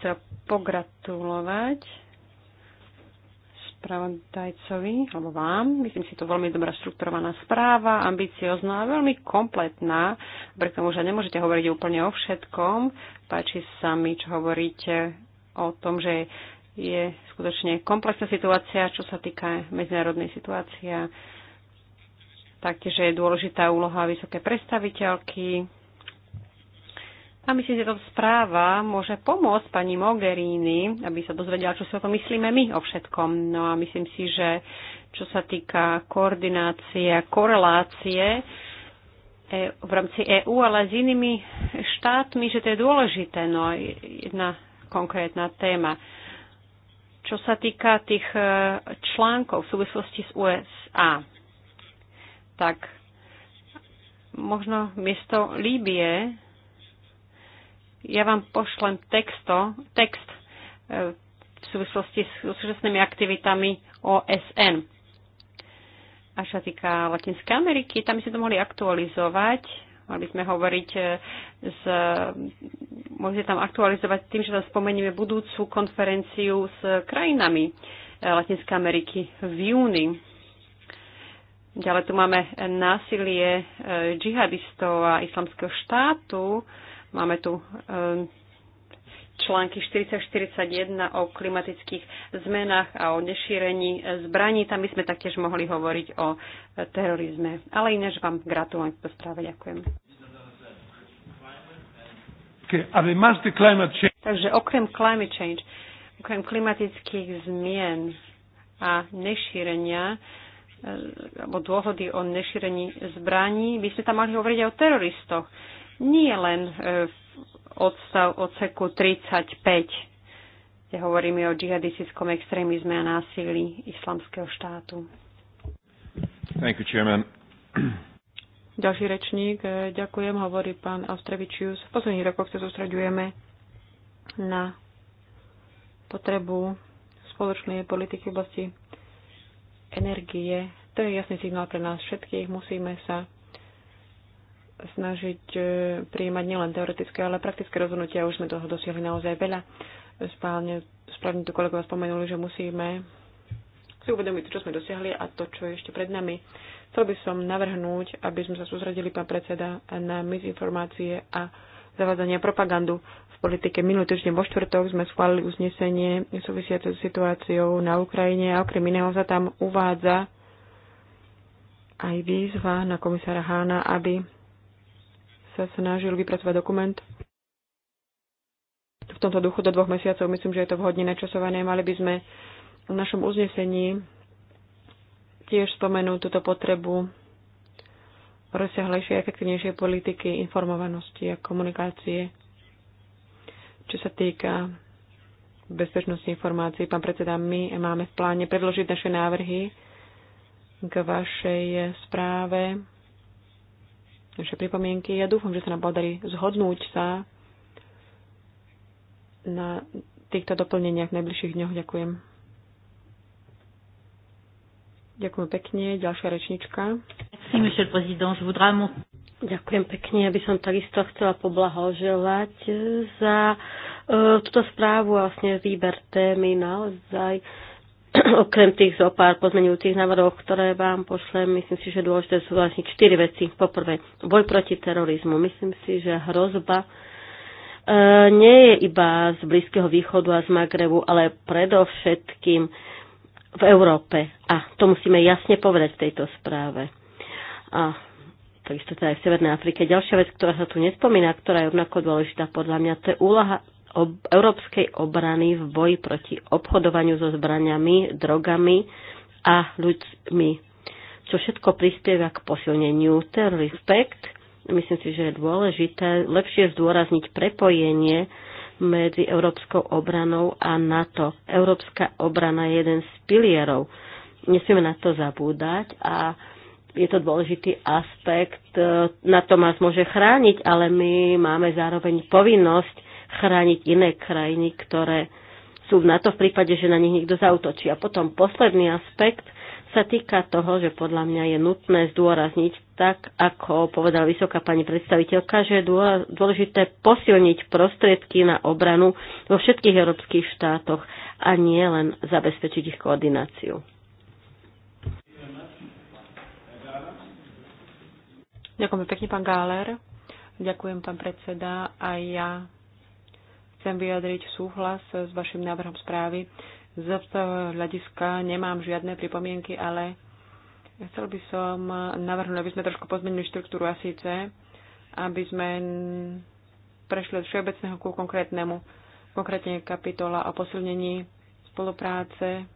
chcel pogratulovať spravodajcovi, alebo vám. Myslím si, to veľmi dobrá štrukturovaná správa, ambiciozná veľmi kompletná. Pre tomu, že nemôžete hovoriť úplne o všetkom, páči sa mi, čo hovoríte o tom, že je skutočne komplexná situácia, čo sa týka medzinárodnej situácia. Taktiež je dôležitá úloha vysoké predstaviteľky, a myslím, že táto správa môže pomôcť pani Mogherini, aby sa dozvedela, čo si o tom myslíme my o všetkom. No a myslím si, že čo sa týka koordinácie a korelácie e, v rámci EÚ, ale s inými štátmi, že to je dôležité. No a jedna konkrétna téma. Čo sa týka tých e, článkov v súvislosti s USA, tak možno miesto Líbie ja vám pošlem texto, text e, v súvislosti s súčasnými aktivitami OSN. A čo sa týka Latinskej Ameriky, tam by sme to mohli aktualizovať. Mali by sme hovoriť e, s... Môžete tam aktualizovať tým, že tam spomenieme budúcu konferenciu s krajinami e, Latinskej Ameriky v júni. Ďalej tu máme násilie džihadistov a islamského štátu. Máme tu ehm, články 40-41 o klimatických zmenách a o nešírení zbraní. Tam by sme taktiež mohli hovoriť o e, terorizme. Ale ináč vám gratulujem to správe. Ďakujem. Takže okrem climate change, okrem klimatických zmien a nešírenia, e, alebo dôhody o nešírení zbraní, by sme tam mali hovoriť aj o teroristoch nie len e, v odstav odseku 35 kde hovoríme o džihadistickom extrémizme a násilí islamského štátu. Thank you, chairman. Ďalší rečník, e, ďakujem, hovorí pán Austrevičius. V posledných rokoch sa sústredujeme na potrebu spoločnej politiky v oblasti energie. To je jasný signál pre nás všetkých. Musíme sa snažiť e, prijímať nielen teoretické, ale praktické rozhodnutia. Už sme toho dosiahli naozaj veľa. Spálne, správne tu kolegovia spomenuli, že musíme si uvedomiť, čo sme dosiahli a to, čo je ešte pred nami. Chcel by som navrhnúť, aby sme sa súzradili, pán predseda, na mizinformácie a zavádzanie propagandu v politike. Minulý týždeň vo štvrtok sme schválili uznesenie súvisiace s situáciou na Ukrajine a okrem iného sa tam uvádza aj výzva na komisára Hána, aby sa snažil vypracovať dokument v tomto duchu do dvoch mesiacov. Myslím, že je to vhodne načasované. Mali by sme v našom uznesení tiež spomenúť túto potrebu rozsiahlejšej a efektívnejšej politiky informovanosti a komunikácie, čo sa týka bezpečnosti informácií. Pán predseda, my máme v pláne predložiť naše návrhy k vašej správe naše pripomienky. Ja dúfam, že sa nám podarí zhodnúť sa na týchto doplneniach v najbližších dňoch. Ďakujem. Ďakujem pekne. Ďalšia rečnička. Ďakujem pekne. Ja by som takisto chcela poblahoželať za e, túto správu a vlastne výber témy naozaj [clears throat] okrem tých zo pár pozmeňujúcich návrhov, ktoré vám pošlem, myslím si, že dôležité sú vlastne čtyri veci. Poprvé, boj proti terorizmu. Myslím si, že hrozba e, nie je iba z Blízkeho východu a z Magrebu, ale predovšetkým v Európe. A to musíme jasne povedať v tejto správe. A takisto teda aj v Severnej Afrike. Ďalšia vec, ktorá sa tu nespomína, ktorá je rovnako dôležitá podľa mňa, to je úloha ob- európskej obrany v boji proti obchodovaniu so zbraniami, drogami a ľuďmi, čo všetko prispieva k posilneniu ten respekt. Myslím si, že je dôležité lepšie zdôrazniť prepojenie medzi európskou obranou a NATO. Európska obrana je jeden z pilierov. Nesmieme na to zabúdať a je to dôležitý aspekt. Na to nás môže chrániť, ale my máme zároveň povinnosť chrániť iné krajiny, ktoré sú na to v prípade, že na nich niekto zautočí. A potom posledný aspekt sa týka toho, že podľa mňa je nutné zdôrazniť, tak ako povedala vysoká pani predstaviteľka, že je dôležité posilniť prostriedky na obranu vo všetkých európskych štátoch a nie len zabezpečiť ich koordináciu. Ďakujem pekne, pán Gáler. Ďakujem, pán predseda. A ja Chcem vyjadriť súhlas s vašim návrhom správy. Z toho hľadiska nemám žiadne pripomienky, ale chcel by som navrhnúť, aby sme trošku pozmenili štruktúru a síce, aby sme prešli od všeobecného ku konkrétnemu, konkrétne kapitola o posilnení spolupráce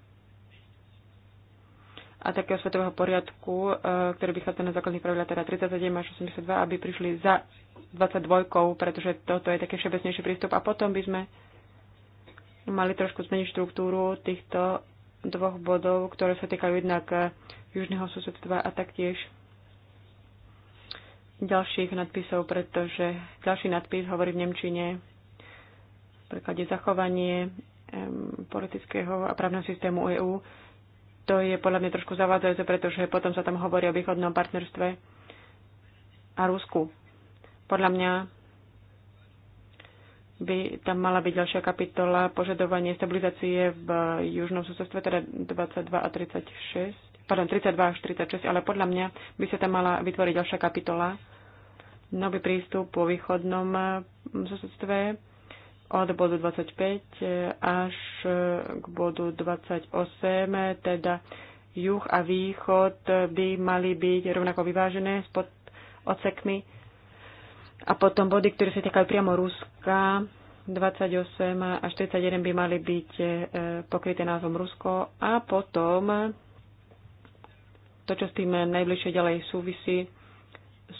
a takého svetového poriadku, e, ktorý vychádza na základných pravidlách teda 37 až 82, aby prišli za 22, pretože toto je taký všeobecnejší prístup. A potom by sme mali trošku zmeniť štruktúru týchto dvoch bodov, ktoré sa týkajú jednak e, južného susedstva a taktiež ďalších nadpisov, pretože ďalší nadpis hovorí v Nemčine v preklade zachovanie politického a právneho systému EÚ to je podľa mňa trošku zavádzajúce, pretože potom sa tam hovorí o východnom partnerstve a Rusku. Podľa mňa by tam mala byť ďalšia kapitola požadovanie stabilizácie v južnom susedstve, teda 22 a 36, pardon, 32 až 36, ale podľa mňa by sa tam mala vytvoriť ďalšia kapitola, nový prístup po východnom susedstve, od bodu 25 e, až e, k bodu 28, e, teda juh a východ by mali byť rovnako vyvážené s ocekmi. A potom body, ktoré sa týkajú priamo Ruska, 28 až 31 by mali byť pokryté názvom Rusko a potom to, čo s tým najbližšie ďalej súvisí,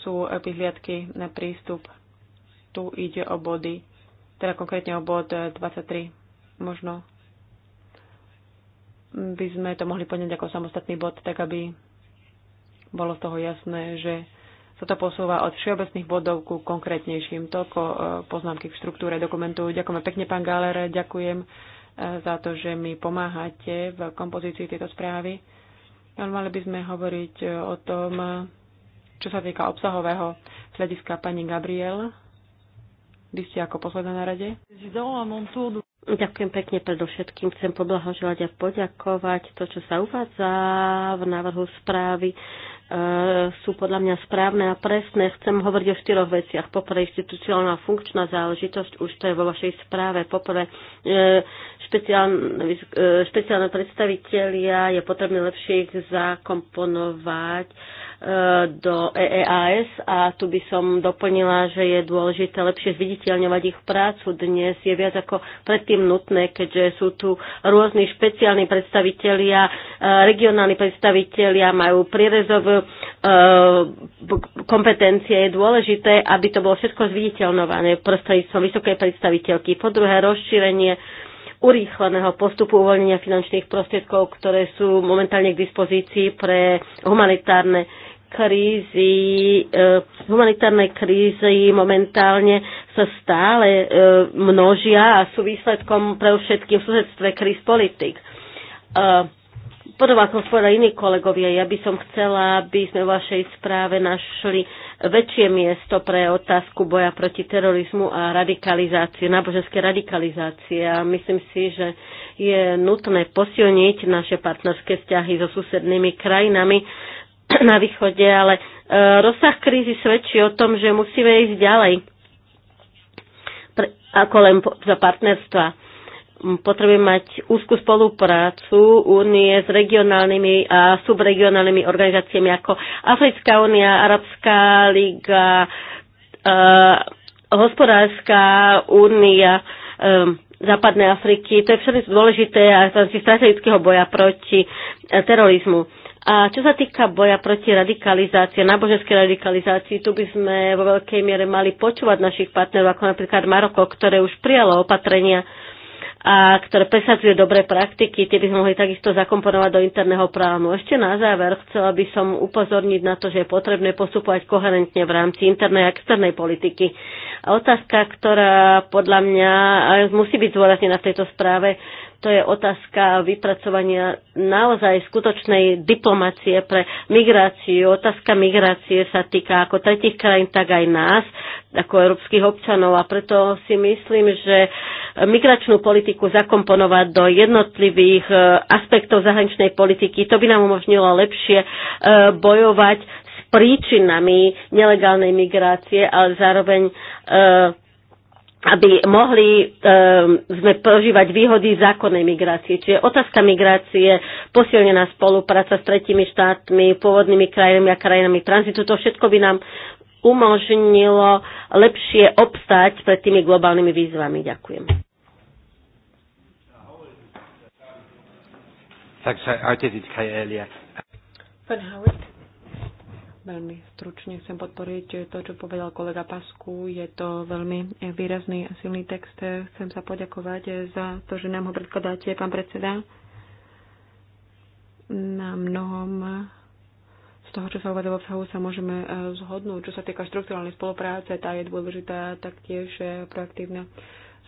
sú vyhliadky na prístup. Tu ide o body teda konkrétne o bod 23. E, možno by sme to mohli podneť ako samostatný bod, tak aby bolo z toho jasné, že sa to posúva od všeobecných bodov ku konkrétnejším. Toľko e, poznámky k štruktúre dokumentu. Ďakujeme pekne, pán Galer, ďakujem e, za to, že mi pomáhate v kompozícii tejto správy. Mali by sme hovoriť o tom, čo sa týka obsahového hľadiska pani Gabriel vy ste ako posledná na rade. Ďakujem pekne predovšetkým. Chcem poblahoželať a poďakovať to, čo sa uvádza v návrhu správy. E, sú podľa mňa správne a presné. Chcem hovoriť o štyroch veciach. Poprvé, institucionálna funkčná záležitosť, už to je vo vašej správe. Poprvé, e, špeciálne, e, špeciálne predstavitelia je potrebné lepšie ich zakomponovať. E, do EEAS a tu by som doplnila, že je dôležité lepšie zviditeľňovať ich prácu. Dnes je viac ako predtým nutné, keďže sú tu rôzni špeciálni predstavitelia, e, regionálni predstavitelia, majú prierezové e, kompetencie. Je dôležité, aby to bolo všetko zviditeľnované prostredníctvom vysokej predstaviteľky. Po druhé, rozšírenie urýchleného postupu uvoľnenia finančných prostriedkov, ktoré sú momentálne k dispozícii pre humanitárne krízy, e, humanitárnej krízy momentálne sa stále e, množia a sú výsledkom pre všetkým v susedstve kríz politik. E, Potom, ako povedali iní kolegovia, ja by som chcela, aby sme v vašej správe našli väčšie miesto pre otázku boja proti terorizmu a radikalizácie, náboženské radikalizácie. A myslím si, že je nutné posilniť naše partnerské vzťahy so susednými krajinami [clears throat] na východe, ale e, rozsah krízy svedčí o tom, že musíme ísť ďalej ako len za partnerstva. Potrebujeme mať úzkú spoluprácu únie s regionálnymi a subregionálnymi organizáciami ako Africká únia, Arabská liga, e, hospodárska únia e, Západnej Afriky. To je všetko dôležité a v strategického boja proti e, terorizmu a čo sa týka boja proti radikalizácii, náboženskej radikalizácii, tu by sme vo veľkej miere mali počúvať našich partnerov, ako napríklad Maroko, ktoré už prijalo opatrenia, a ktoré presadzuje dobré praktiky, tie by sme mohli takisto zakomponovať do interného právu. Ešte na záver chcela by som upozorniť na to, že je potrebné postupovať koherentne v rámci internej a externej politiky. A otázka, ktorá podľa mňa musí byť zdôraznená v tejto správe, to je otázka vypracovania naozaj skutočnej diplomácie pre migráciu. Otázka migrácie sa týka ako tretich krajín, tak aj nás, ako európskych občanov. A preto si myslím, že migračnú politiku zakomponovať do jednotlivých e, aspektov zahraničnej politiky, to by nám umožnilo lepšie e, bojovať s príčinami nelegálnej migrácie, ale zároveň e, aby mohli um, sme prožívať výhody zákonnej migrácie. Čiže otázka migrácie, posilnená spolupráca s tretimi štátmi, pôvodnými krajinami a krajinami tranzitu, to všetko by nám umožnilo lepšie obstať pred tými globálnymi výzvami. Ďakujem. Pán Howard. Veľmi stručne chcem podporiť to, čo povedal kolega Pasku. Je to veľmi výrazný a silný text. Chcem sa poďakovať za to, že nám ho predkladáte, pán predseda. Na mnohom z toho, čo sa uvádza v obsahu, sa môžeme eh, zhodnúť. Čo sa týka štruktúralnej spolupráce, tá je dôležitá, taktiež eh, proaktívna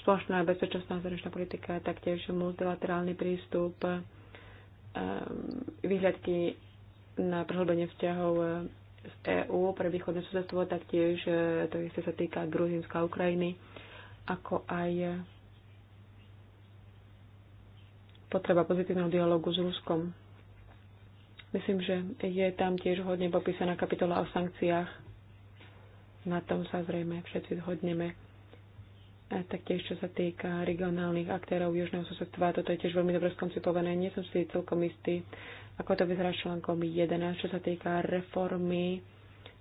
spoločná bezpečnostná zahraničná politika, taktiež multilaterálny prístup, eh, výhľadky na prehlbenie vzťahov z EÚ pre východné susedstvo, taktiež e, to isté sa týka Gruzínska Ukrajiny, ako aj potreba pozitívneho dialogu s Ruskom. Myslím, že je tam tiež hodne popísaná kapitola o sankciách. Na tom sa zrejme všetci zhodneme. A taktiež, čo sa týka regionálnych aktérov južného susedstva, toto je tiež veľmi dobre skoncipované. Nie som si celkom istý, ako to vyzerá s článkom 11, čo sa týka reformy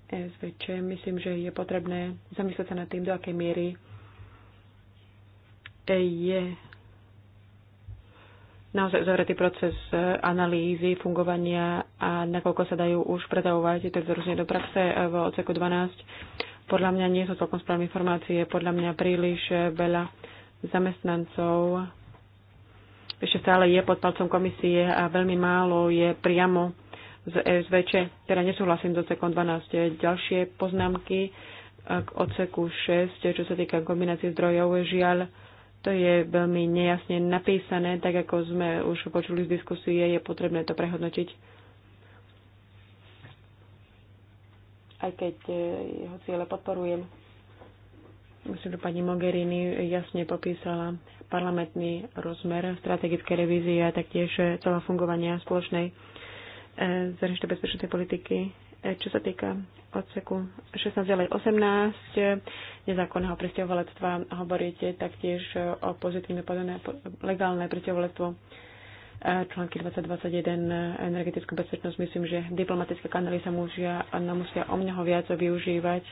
SVČ. Myslím, že je potrebné zamyslieť sa nad tým, do akej miery je naozaj uzavretý proces analýzy fungovania a nakoľko sa dajú už predavovať tieto vzorčne do praxe v odseku 12 podľa mňa nie sú celkom správne informácie, podľa mňa príliš veľa zamestnancov ešte stále je pod palcom komisie a veľmi málo je priamo z SVČ. Teda nesúhlasím s odsekom 12. Ďalšie poznámky k odseku 6, čo sa týka kombinácie zdrojov, žiaľ, to je veľmi nejasne napísané, tak ako sme už počuli z diskusie, je potrebné to prehodnotiť aj keď e, jeho ciele podporujem. Myslím, že pani Mogherini jasne popísala parlamentný rozmer strategické revízie a taktiež e, celá fungovania spoločnej e, zrešte bezpečnej politiky. Čo sa týka odseku 16.18 nezákonného presťahovalectva, hovoríte taktiež o pozitívne legálne presťahovalectvo články 2021 eh, energetickú bezpečnosť, myslím, že diplomatické kanály sa musia, musia o mnoho viac využívať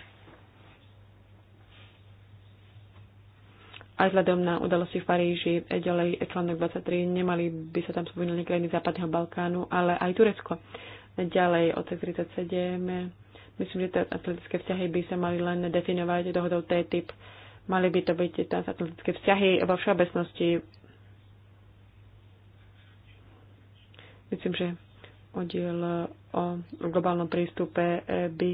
aj vzhľadom na udalosti v Paríži, eh, ďalej eh, článok 23, nemali by sa tam spomínali krajiny Západného Balkánu, ale aj Turecko. Ďalej od 37, myslím, že atletické vzťahy by sa mali len definovať dohodou typ, Mali by to byť atletické vzťahy vo všeobecnosti Myslím, že oddiel o globálnom prístupe eh, by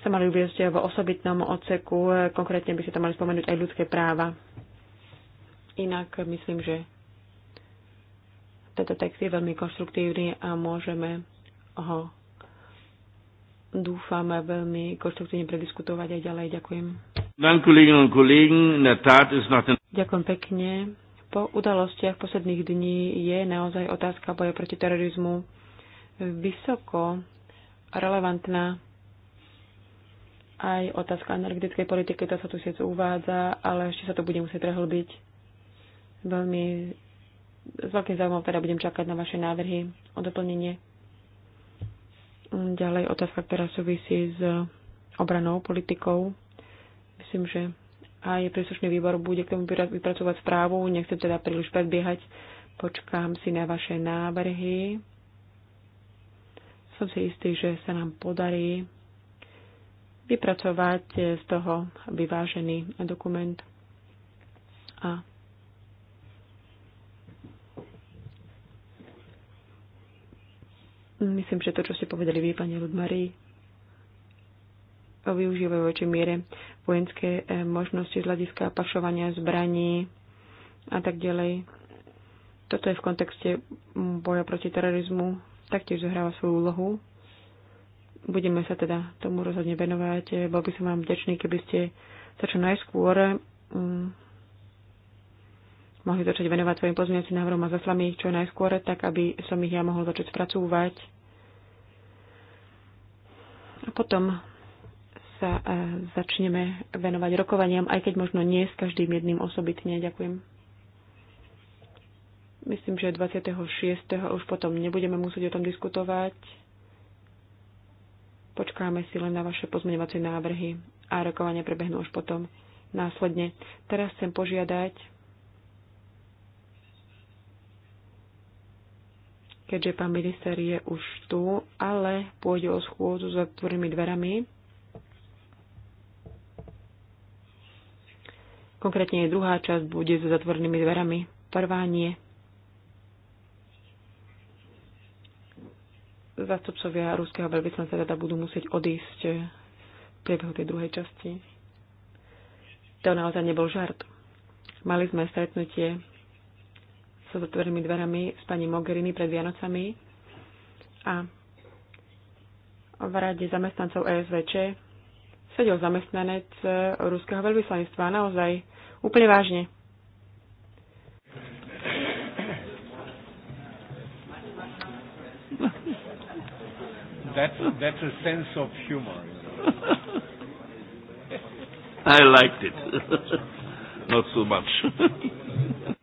sa mali uviezť v osobitnom odseku. Eh, konkrétne by si tam mali spomenúť aj ľudské práva. Inak myslím, že tento text je veľmi konštruktívny a môžeme ho dúfame veľmi konštruktívne prediskutovať aj ďalej. Ďakujem. Ďakujem pekne. Po udalostiach posledných dní je naozaj otázka boja proti terorizmu vysoko relevantná. Aj otázka energetickej politiky, to sa tu sice uvádza, ale ešte sa to bude musieť prehlbiť. Veľmi s veľkým zaujímavým teda budem čakať na vaše návrhy o doplnenie. Ďalej otázka, ktorá súvisí s obranou politikou. Myslím, že a je príslušný výbor bude k tomu vypracovať správu. Nechcem teda príliš predbiehať. Počkám si na vaše návrhy. Som si istý, že sa nám podarí vypracovať z toho vyvážený dokument. A myslím, že to, čo ste povedali vy, pani Ludmarí, využívajú väčšej miere vojenské e, možnosti z hľadiska pašovania zbraní a tak ďalej. Toto je v kontexte boja proti terorizmu, taktiež zohráva svoju úlohu. Budeme sa teda tomu rozhodne venovať. E, bol by som vám vďačný, keby ste sa čo najskôr mm, mohli začať venovať svojim pozmeňovacím návrhom a zaslami ich čo najskôr, tak aby som ich ja mohol začať spracúvať. A potom sa e, začneme venovať rokovaniam, aj keď možno nie s každým jedným osobitne. Ďakujem. Myslím, že 26. už potom nebudeme musieť o tom diskutovať. Počkáme si len na vaše pozmeňovacie návrhy a rokovania prebehnú už potom následne. Teraz chcem požiadať, keďže pán minister je už tu, ale pôjde o schôdzu s otvorenými dverami, Konkrétne jej druhá časť bude so zatvornými dverami. Prvá nie. Zástupcovia rúského veľvyslanca teda budú musieť odísť v priebehu tej druhej časti. To naozaj nebol žart. Mali sme stretnutie so zatvorenými dverami s pani Mogherini pred Vianocami a v rade zamestnancov ESVČ sedel zamestnanec eh, ruského veľvyslanectva. Naozaj, úplne vážne. That's, that's a sense of humor. I liked it. [laughs] Not so much. [laughs]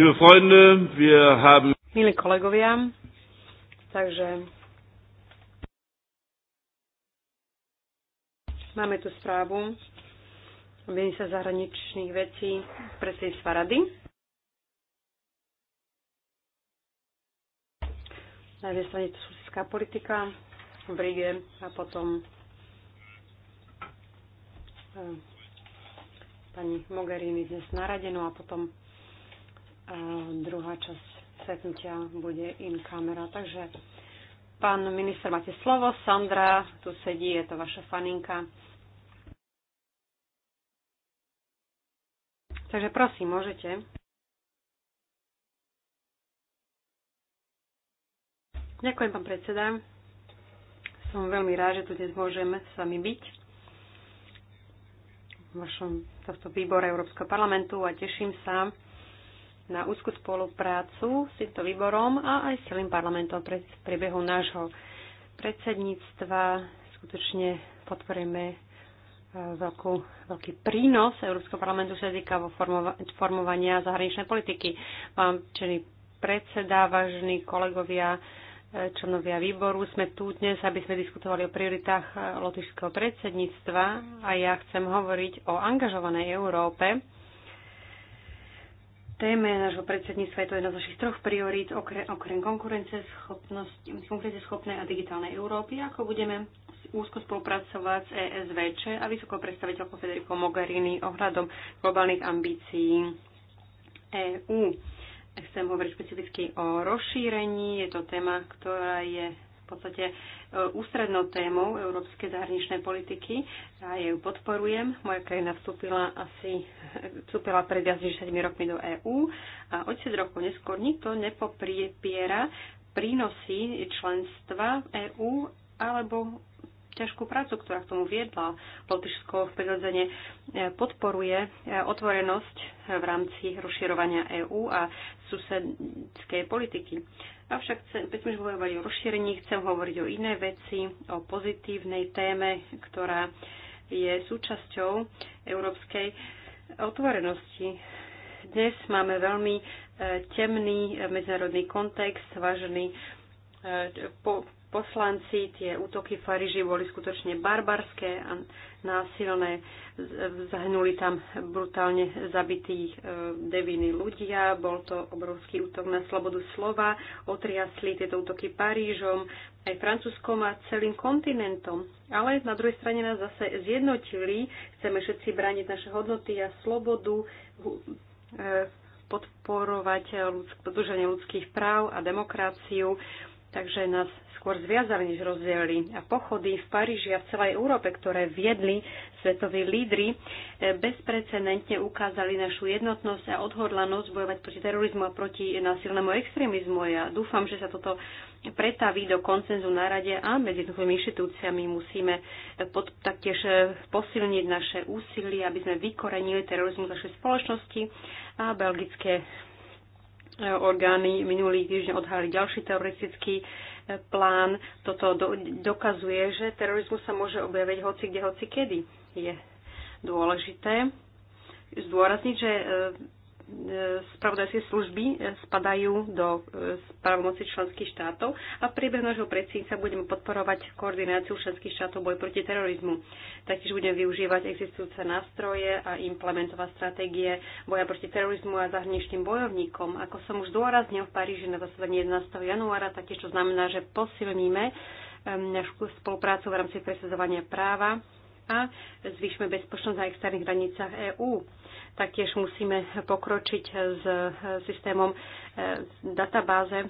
Liebe Freunde, wir haben... Milí kolegovia, takže máme tu správu sa zahraničných vecí predsedníctva rady. Na jednej strane to súdská politika v Ríge a potom eh, pani Mogherini dnes naradenú no a potom druhá časť stretnutia bude in kamera. Takže pán minister, máte slovo. Sandra tu sedí, je to vaša faninka. Takže prosím, môžete. Ďakujem, pán predseda. Som veľmi rád, že tu dnes môžeme s vami byť v vašom tohto výbore Európskeho parlamentu a teším sa, na úzku spoluprácu s týmto výborom a aj s celým parlamentom pre priebehu nášho predsedníctva. Skutočne podporujeme e, veľkú, veľký prínos Európskeho parlamentu, čo sa týka formova- formovania zahraničnej politiky. Vám, čili predseda, vážení kolegovia, e, členovia výboru. Sme tu dnes, aby sme diskutovali o prioritách e, lotyšského predsedníctva a ja chcem hovoriť o angažovanej Európe, téme nášho predsedníctva. Je to jedna z našich troch priorít, okrem, okrem schopnej a digitálnej Európy, ako budeme úzko spolupracovať s ESVČ a vysokou predstaviteľkou Federico Mogherini ohľadom globálnych ambícií EÚ. Chcem hovoriť špecificky o rozšírení. Je to téma, ktorá je podstate e, ústrednou témou európskej zahraničnej politiky. Ja ju podporujem. Moja krajina vstúpila asi vstúpila pred viac než 7 rokmi do EÚ a od 7 rokov neskôr nikto nepopriepiera prínosy členstva v e EÚ alebo ťažkú prácu, ktorá k tomu viedla. Lotyšsko prirodzene e, podporuje otvorenosť v rámci rozširovania EÚ a susedskej politiky. Avšak, keď sme už hovorili o rozšírení, chcem hovoriť o iné veci, o pozitívnej téme, ktorá je súčasťou európskej otvorenosti. Dnes máme veľmi e, temný e, medzinárodný kontext, vážený e, poslanci. Tie útoky v Paríži boli skutočne barbarské a násilné. Zahnuli tam brutálne zabití e, deviny ľudia. Bol to obrovský útok na slobodu slova. Otriasli tieto útoky Parížom, aj Francúzskom a celým kontinentom. Ale na druhej strane nás zase zjednotili. Chceme všetci brániť naše hodnoty a slobodu e, podporovať ľudsk- podruženie ľudských práv a demokraciu takže nás skôr zviazali, než rozdielili. A pochody v Paríži a v celej Európe, ktoré viedli svetoví lídry, e, bezprecedentne ukázali našu jednotnosť a odhodlanosť bojovať proti terorizmu a proti násilnému extrémizmu. Ja dúfam, že sa toto pretaví do koncenzu na rade a medzi jednotlivými inštitúciami musíme e, pod, taktiež e, posilniť naše úsilie, aby sme vykorenili terorizmus našej spoločnosti a belgické orgány minulý týždeň odhalili ďalší teroristický e, plán. Toto do, dokazuje, že terorizmus sa môže objaviť hoci kde, hoci kedy. Je dôležité zdôrazniť, že e, spravodajské služby spadajú do e, právomoci členských štátov a v priebehu nášho predsednica budeme podporovať koordináciu členských štátov boj proti terorizmu. Taktiež budeme využívať existujúce nástroje a implementovať stratégie boja proti terorizmu a zahraničným bojovníkom. Ako som už dôraznil v Paríži na zasadení 11. januára, taktiež to znamená, že posilníme e, našu spoluprácu v rámci presadzovania práva a zvýšme bezpečnosť na externých hranicách EÚ Taktiež musíme pokročiť s e, systémom e, databáze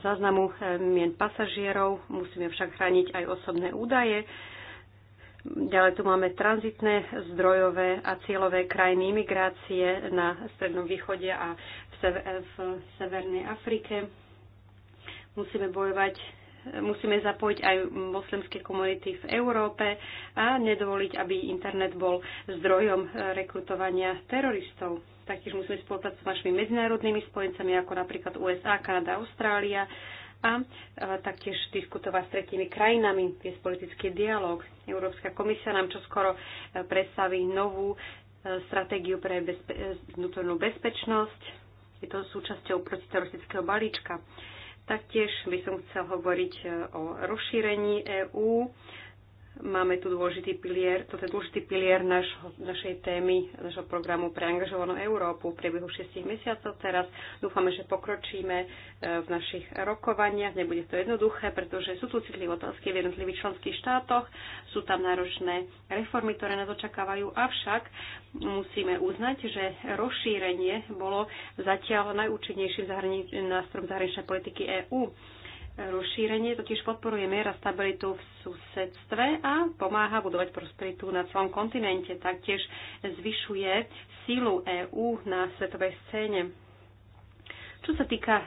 záznamu e, mien pasažierov. Musíme však chrániť aj osobné údaje. Ďalej tu máme tranzitné, zdrojové a cieľové krajiny imigrácie na Strednom východe a v, v Severnej Afrike. Musíme bojovať musíme zapojiť aj moslimské komunity v Európe a nedovoliť, aby internet bol zdrojom rekrutovania teroristov. Taktiež musíme spolupracovať s našimi medzinárodnými spojencami, ako napríklad USA, Kanada, Austrália a taktiež diskutovať s tretími krajinami, viesť politický dialog. Európska komisia nám čoskoro e, predstaví novú e, stratégiu pre bezpe- vnútornú bezpečnosť. Je to súčasťou protiteroristického balíčka. Taktiež by som chcel hovoriť e, o rozšírení EÚ Máme tu dôležitý pilier, toto je dôležitý pilier naš, našej témy, našho programu pre angažovanú Európu v priebehu 6 mesiacov. Teraz dúfame, že pokročíme e, v našich rokovaniach. Nebude to jednoduché, pretože sú tu citlivé otázky v jednotlivých členských štátoch, sú tam náročné reformy, ktoré nás očakávajú, avšak musíme uznať, že rozšírenie bolo zatiaľ najúčinnejším nástrojom zahraničnej politiky EÚ rozšírenie totiž podporuje miera stabilitu v susedstve a pomáha budovať prosperitu na celom kontinente. Taktiež zvyšuje sílu EÚ na svetovej scéne. Čo sa týka e,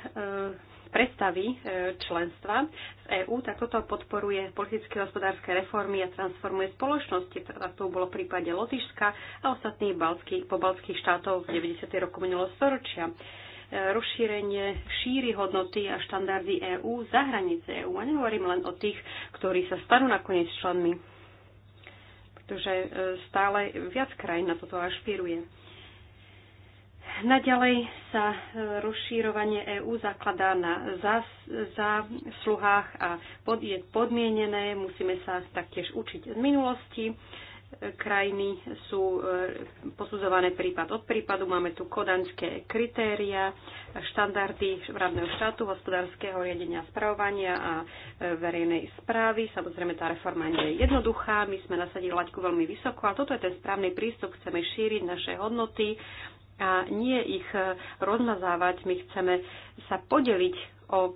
predstavy e, členstva v EÚ, tak toto podporuje politické a hospodárske reformy a transformuje spoločnosti. Tak teda to bolo v prípade Lotyšska a ostatných balských, pobalských štátov v 90. roku minulého storočia rozšírenie šíri hodnoty a štandardy EÚ za hranice EÚ. A nehovorím len o tých, ktorí sa stanú nakoniec členmi, pretože e, stále viac krajín na toto ašpiruje. Naďalej sa e, rozšírovanie EÚ zakladá na zásluhách a pod, je podmienené. Musíme sa taktiež učiť z minulosti krajiny sú e, posudzované prípad od prípadu. Máme tu kodaňské kritéria, štandardy právneho štátu, hospodárskeho riadenia spravovania a e, verejnej správy. Samozrejme, tá reforma nie je jednoduchá. My sme nasadili laťku veľmi vysoko a toto je ten správny prístup. Chceme šíriť naše hodnoty a nie ich e, rozmazávať. My chceme sa podeliť o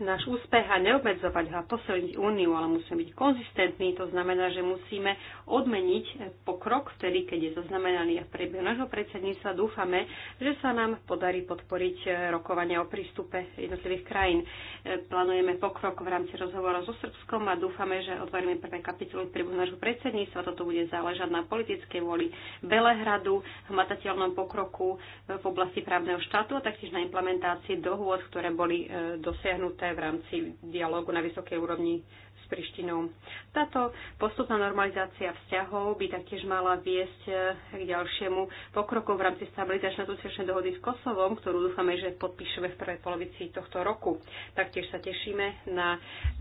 náš úspech a neobmedzovať ho a posilniť úniu, ale musíme byť konzistentní. To znamená, že musíme odmeniť pokrok vtedy, keď je zaznamenaný a v priebehu nášho predsedníctva dúfame, že sa nám podarí podporiť eh, rokovania o prístupe jednotlivých krajín. Eh, plánujeme pokrok v rámci rozhovora so Srbskom a dúfame, že otvoríme prvé kapitoly v priebehu nášho predsedníctva. Toto bude záležať na politickej voli Belehradu, hmatateľnom pokroku eh, v oblasti právneho štátu a taktiež na implementácii dohôd, ktoré boli dosiahnuté dosiahnuté v rámci dialógu na vysokej úrovni s Prištinou. Táto postupná normalizácia vzťahov by taktiež mala viesť eh, k ďalšiemu pokroku v rámci stabilizačnej asociačnej dohody s Kosovom, ktorú dúfame, že podpíšeme v prvej polovici tohto roku. Taktiež sa tešíme na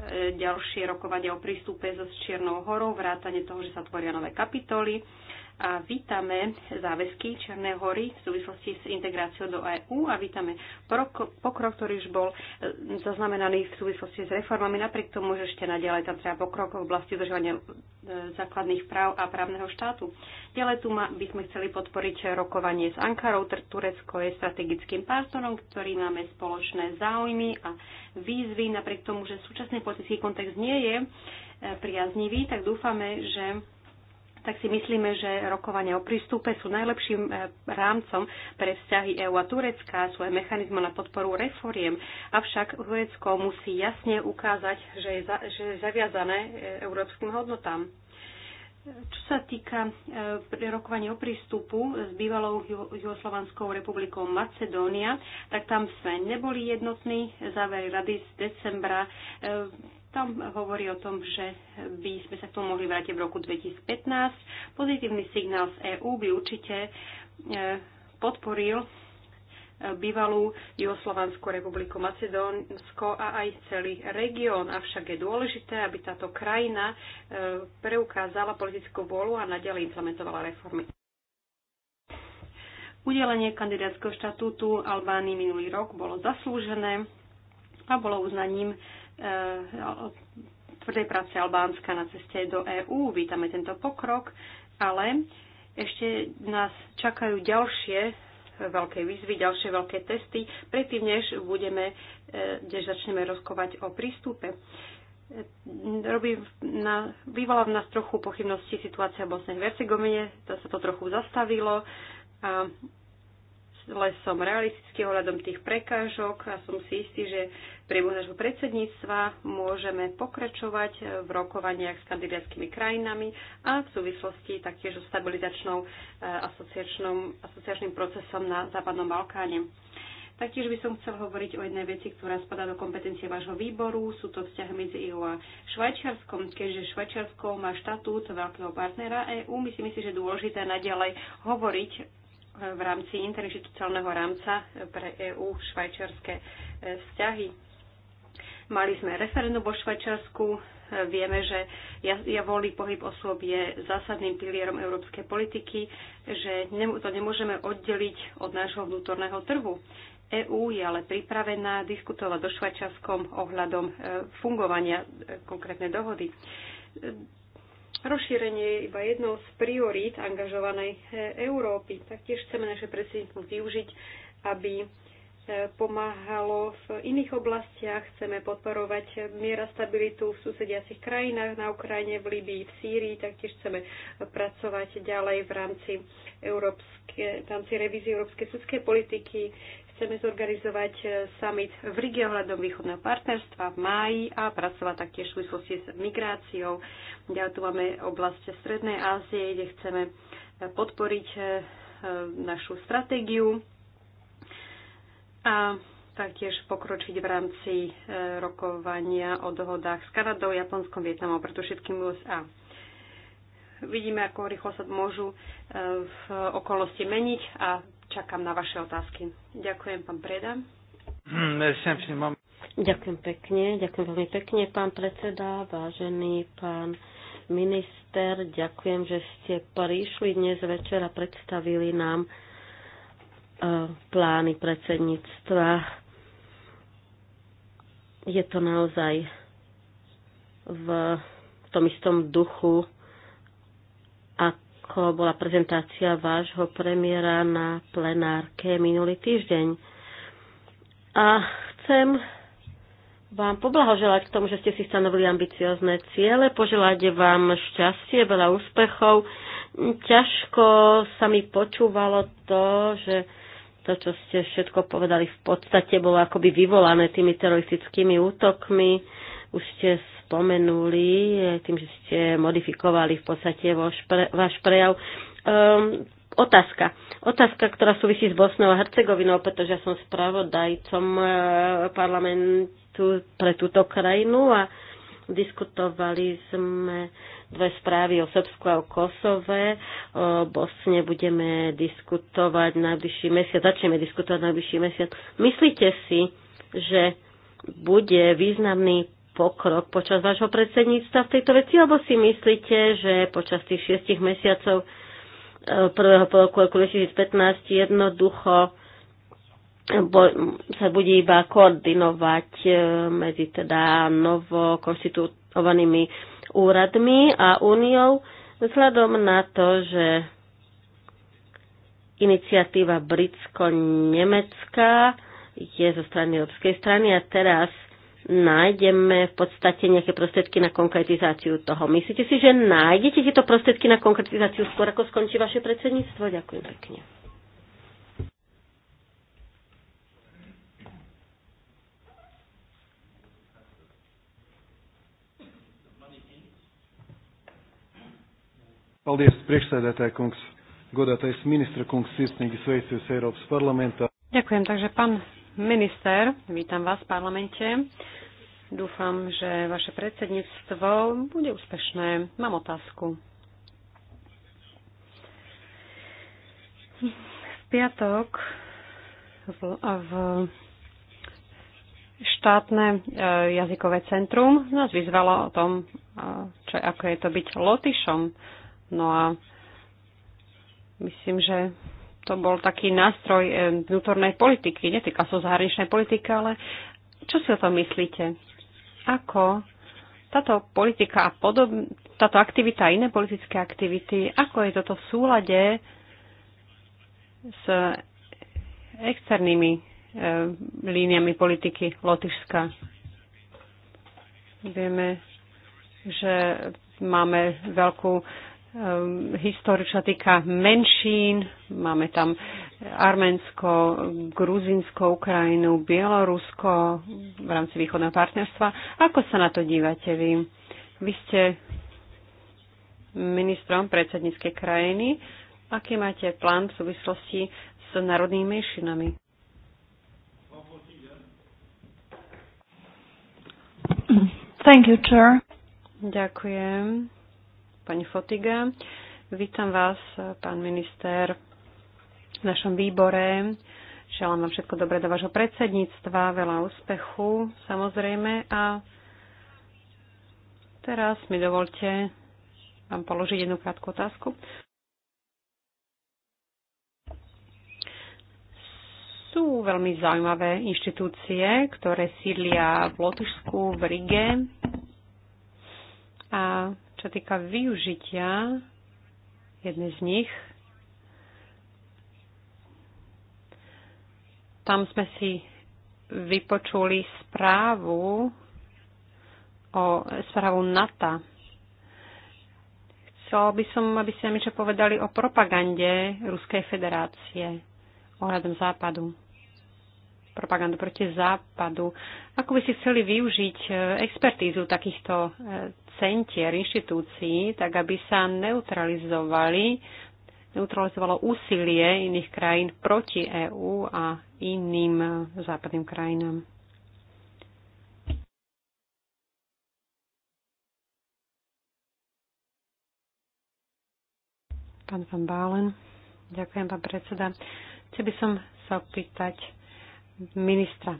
eh, ďalšie rokovania o prístupe so Čiernou horou, vrátane toho, že sa tvoria nové kapitoly a vítame záväzky Černej hory v súvislosti s integráciou do EÚ a vítame pokrok, ktorý už bol e, zaznamenaný v súvislosti s reformami. Napriek tomu, že ešte naďalej tam treba pokrok v oblasti udržovania e, základných práv a právneho štátu. Ďalej tu by sme chceli podporiť rokovanie s Ankarou. Turecko je strategickým partnerom, ktorý máme spoločné záujmy a výzvy. Napriek tomu, že súčasný politický kontext nie je e, priaznivý, tak dúfame, že tak si myslíme, že rokovania o prístupe sú najlepším e, rámcom pre vzťahy EÚ a Turecka, sú aj mechanizmy na podporu reforiem. Avšak Turecko musí jasne ukázať, že je, za, že je zaviazané e, európskym hodnotám. Čo sa týka e, rokovania o prístupu s bývalou Juhoslovanskou republikou Macedónia, tak tam sme neboli jednotní. Závery rady z decembra tam hovorí o tom, že by sme sa k tomu mohli vrátiť v roku 2015. Pozitívny signál z EÚ by určite e, podporil e, bývalú Jugoslovanskú republiku Macedónsko a aj celý región. Avšak je dôležité, aby táto krajina e, preukázala politickú vôľu a nadalej implementovala reformy. Udelenie kandidátskeho štatútu Albánii minulý rok bolo zaslúžené a bolo uznaním Eh, no, tvrdej práce Albánska na ceste do EÚ. Vítame tento pokrok, ale ešte nás čakajú ďalšie veľké výzvy, ďalšie veľké testy, predtým než budeme, eh, než začneme rozkovať o prístupe. Eh, robí na, vyvolá v nás trochu pochybnosti situácia v Bosnej Hercegovine, to sa to trochu zastavilo a ale som realistický ohľadom tých prekážok a som si istý, že pri nášho predsedníctva môžeme pokračovať v rokovaniach s kandidátskymi krajinami a v súvislosti taktiež so stabilizačnou eh, asociačným procesom na Západnom Balkáne. Taktiež by som chcel hovoriť o jednej veci, ktorá spadá do kompetencie vášho výboru. Sú to vzťahy medzi EU a Švajčiarskom. Keďže Švajčiarsko má štatút veľkého partnera EU, my si že je dôležité naďalej hovoriť v rámci interinstitucionálneho rámca pre EÚ švajčiarske e, vzťahy. Mali sme referendum vo Švajčiarsku, vieme, že ja voľný pohyb osôb je zásadným pilierom európskej politiky, že to nemôžeme oddeliť od nášho vnútorného trhu. EÚ je ale pripravená diskutovať so Švajčiarskom ohľadom e, fungovania e, konkrétnej dohody Rozšírenie je iba jednou z priorít angažovanej e, Európy. Taktiež chceme naše predsedníctvo využiť, aby e, pomáhalo v iných oblastiach. Chceme podporovať miera stabilitu v susediacich krajinách na Ukrajine, v Libii, v Sýrii. Taktiež chceme pracovať ďalej v rámci, európske, v rámci revízie európskej sudskej politiky. Chceme zorganizovať e, summit v Rige ohľadom východného partnerstva v máji a pracovať taktiež v súvislosti s migráciou. Ďalej tu máme oblasť Strednej Ázie, kde chceme e, podporiť e, našu stratégiu a taktiež pokročiť v rámci rokovania o dohodách s Kanadou, Japonskom, Vietnamom, preto všetkým USA. Vidíme, ako rýchlo sa môžu v okolnosti meniť a čakám na vaše otázky. Ďakujem, pán Preda. Hmm, ďakujem pekne, ďakujem veľmi pekne, pán predseda, vážený pán minister, ďakujem, že ste prišli dnes večer a predstavili nám e, plány predsedníctva. Je to naozaj v tom istom duchu, ako bola prezentácia vášho premiéra na plenárke minulý týždeň. A chcem vám poblahoželať k tomu, že ste si stanovili ambiciozne ciele, poželať vám šťastie, veľa úspechov. Ťažko sa mi počúvalo to, že to, čo ste všetko povedali, v podstate bolo akoby vyvolané tými teroristickými útokmi už ste spomenuli, eh, tým, že ste modifikovali v podstate váš, pre, prejav. Um, otázka. Otázka, ktorá súvisí s Bosnou a Hercegovinou, pretože ja som spravodajcom eh, parlamentu pre túto krajinu a diskutovali sme dve správy o Srbsku a o Kosove. O Bosne budeme diskutovať najbližší mesiac, začneme diskutovať najbližší mesiac. Myslíte si, že bude významný pokrok počas vášho predsedníctva v tejto veci, alebo si myslíte, že počas tých šiestich mesiacov e, prvého polroku roku 2015 jednoducho bo, sa bude iba koordinovať e, medzi teda novo konštituovanými úradmi a úniou vzhľadom na to, že iniciatíva britsko-nemecká je zo strany Európskej strany a teraz nájdeme v podstate nejaké prostriedky na konkretizáciu toho. Myslíte si, že nájdete tieto prostriedky na konkretizáciu skôr, ako skončí vaše predsedníctvo? Ďakujem pekne. Paldies, priekšsēdētāj kungs, Goda, to je ministr, kungs, sirsnīgi sveicu z Európs parlamenta. Ďakujem, takže pán minister, vítam vás v parlamente. Dúfam, že vaše predsedníctvo bude úspešné. Mám otázku. V piatok v, v štátne e, jazykové centrum nás vyzvalo o tom, e, čo, ako je to byť lotyšom. No a myslím, že to bol taký nástroj e, vnútornej politiky. Netýka sa so zahraničnej politiky, ale čo si o tom myslíte? ako táto politika a podob, táto aktivita a iné politické aktivity, ako je toto v súlade s externými e, líniami politiky Lotyšska. Vieme, že máme veľkú e, históriu, čo sa týka menšín. Máme tam Arménsko, Gruzinsko, Ukrajinu, Bielorusko v rámci východného partnerstva. Ako sa na to dívate vy? Vy ste ministrom predsedníckej krajiny. Aký máte plán v súvislosti s národnými menšinami? Thank you, Chair. Ďakujem, pani Fotiga. Vítam vás, pán minister, v našom výbore. Želám vám všetko dobré do vášho predsedníctva, veľa úspechu samozrejme a teraz mi dovolte vám položiť jednu krátku otázku. Sú veľmi zaujímavé inštitúcie, ktoré sídlia v Lotyšsku, v Rige. A čo týka využitia jednej z nich, Tam sme si vypočuli správu o správu NATO. Chcela by som, aby ste nám niečo povedali o propagande Ruskej federácie ohľadom Západu. Propagandu proti Západu. Ako by ste chceli využiť e, expertízu takýchto e, centier, inštitúcií, tak aby sa neutralizovali neutralizovalo úsilie iných krajín proti EÚ a iným západným krajinám. Pán Van Bálen. Ďakujem, pán predseda. Chcel by som sa opýtať ministra.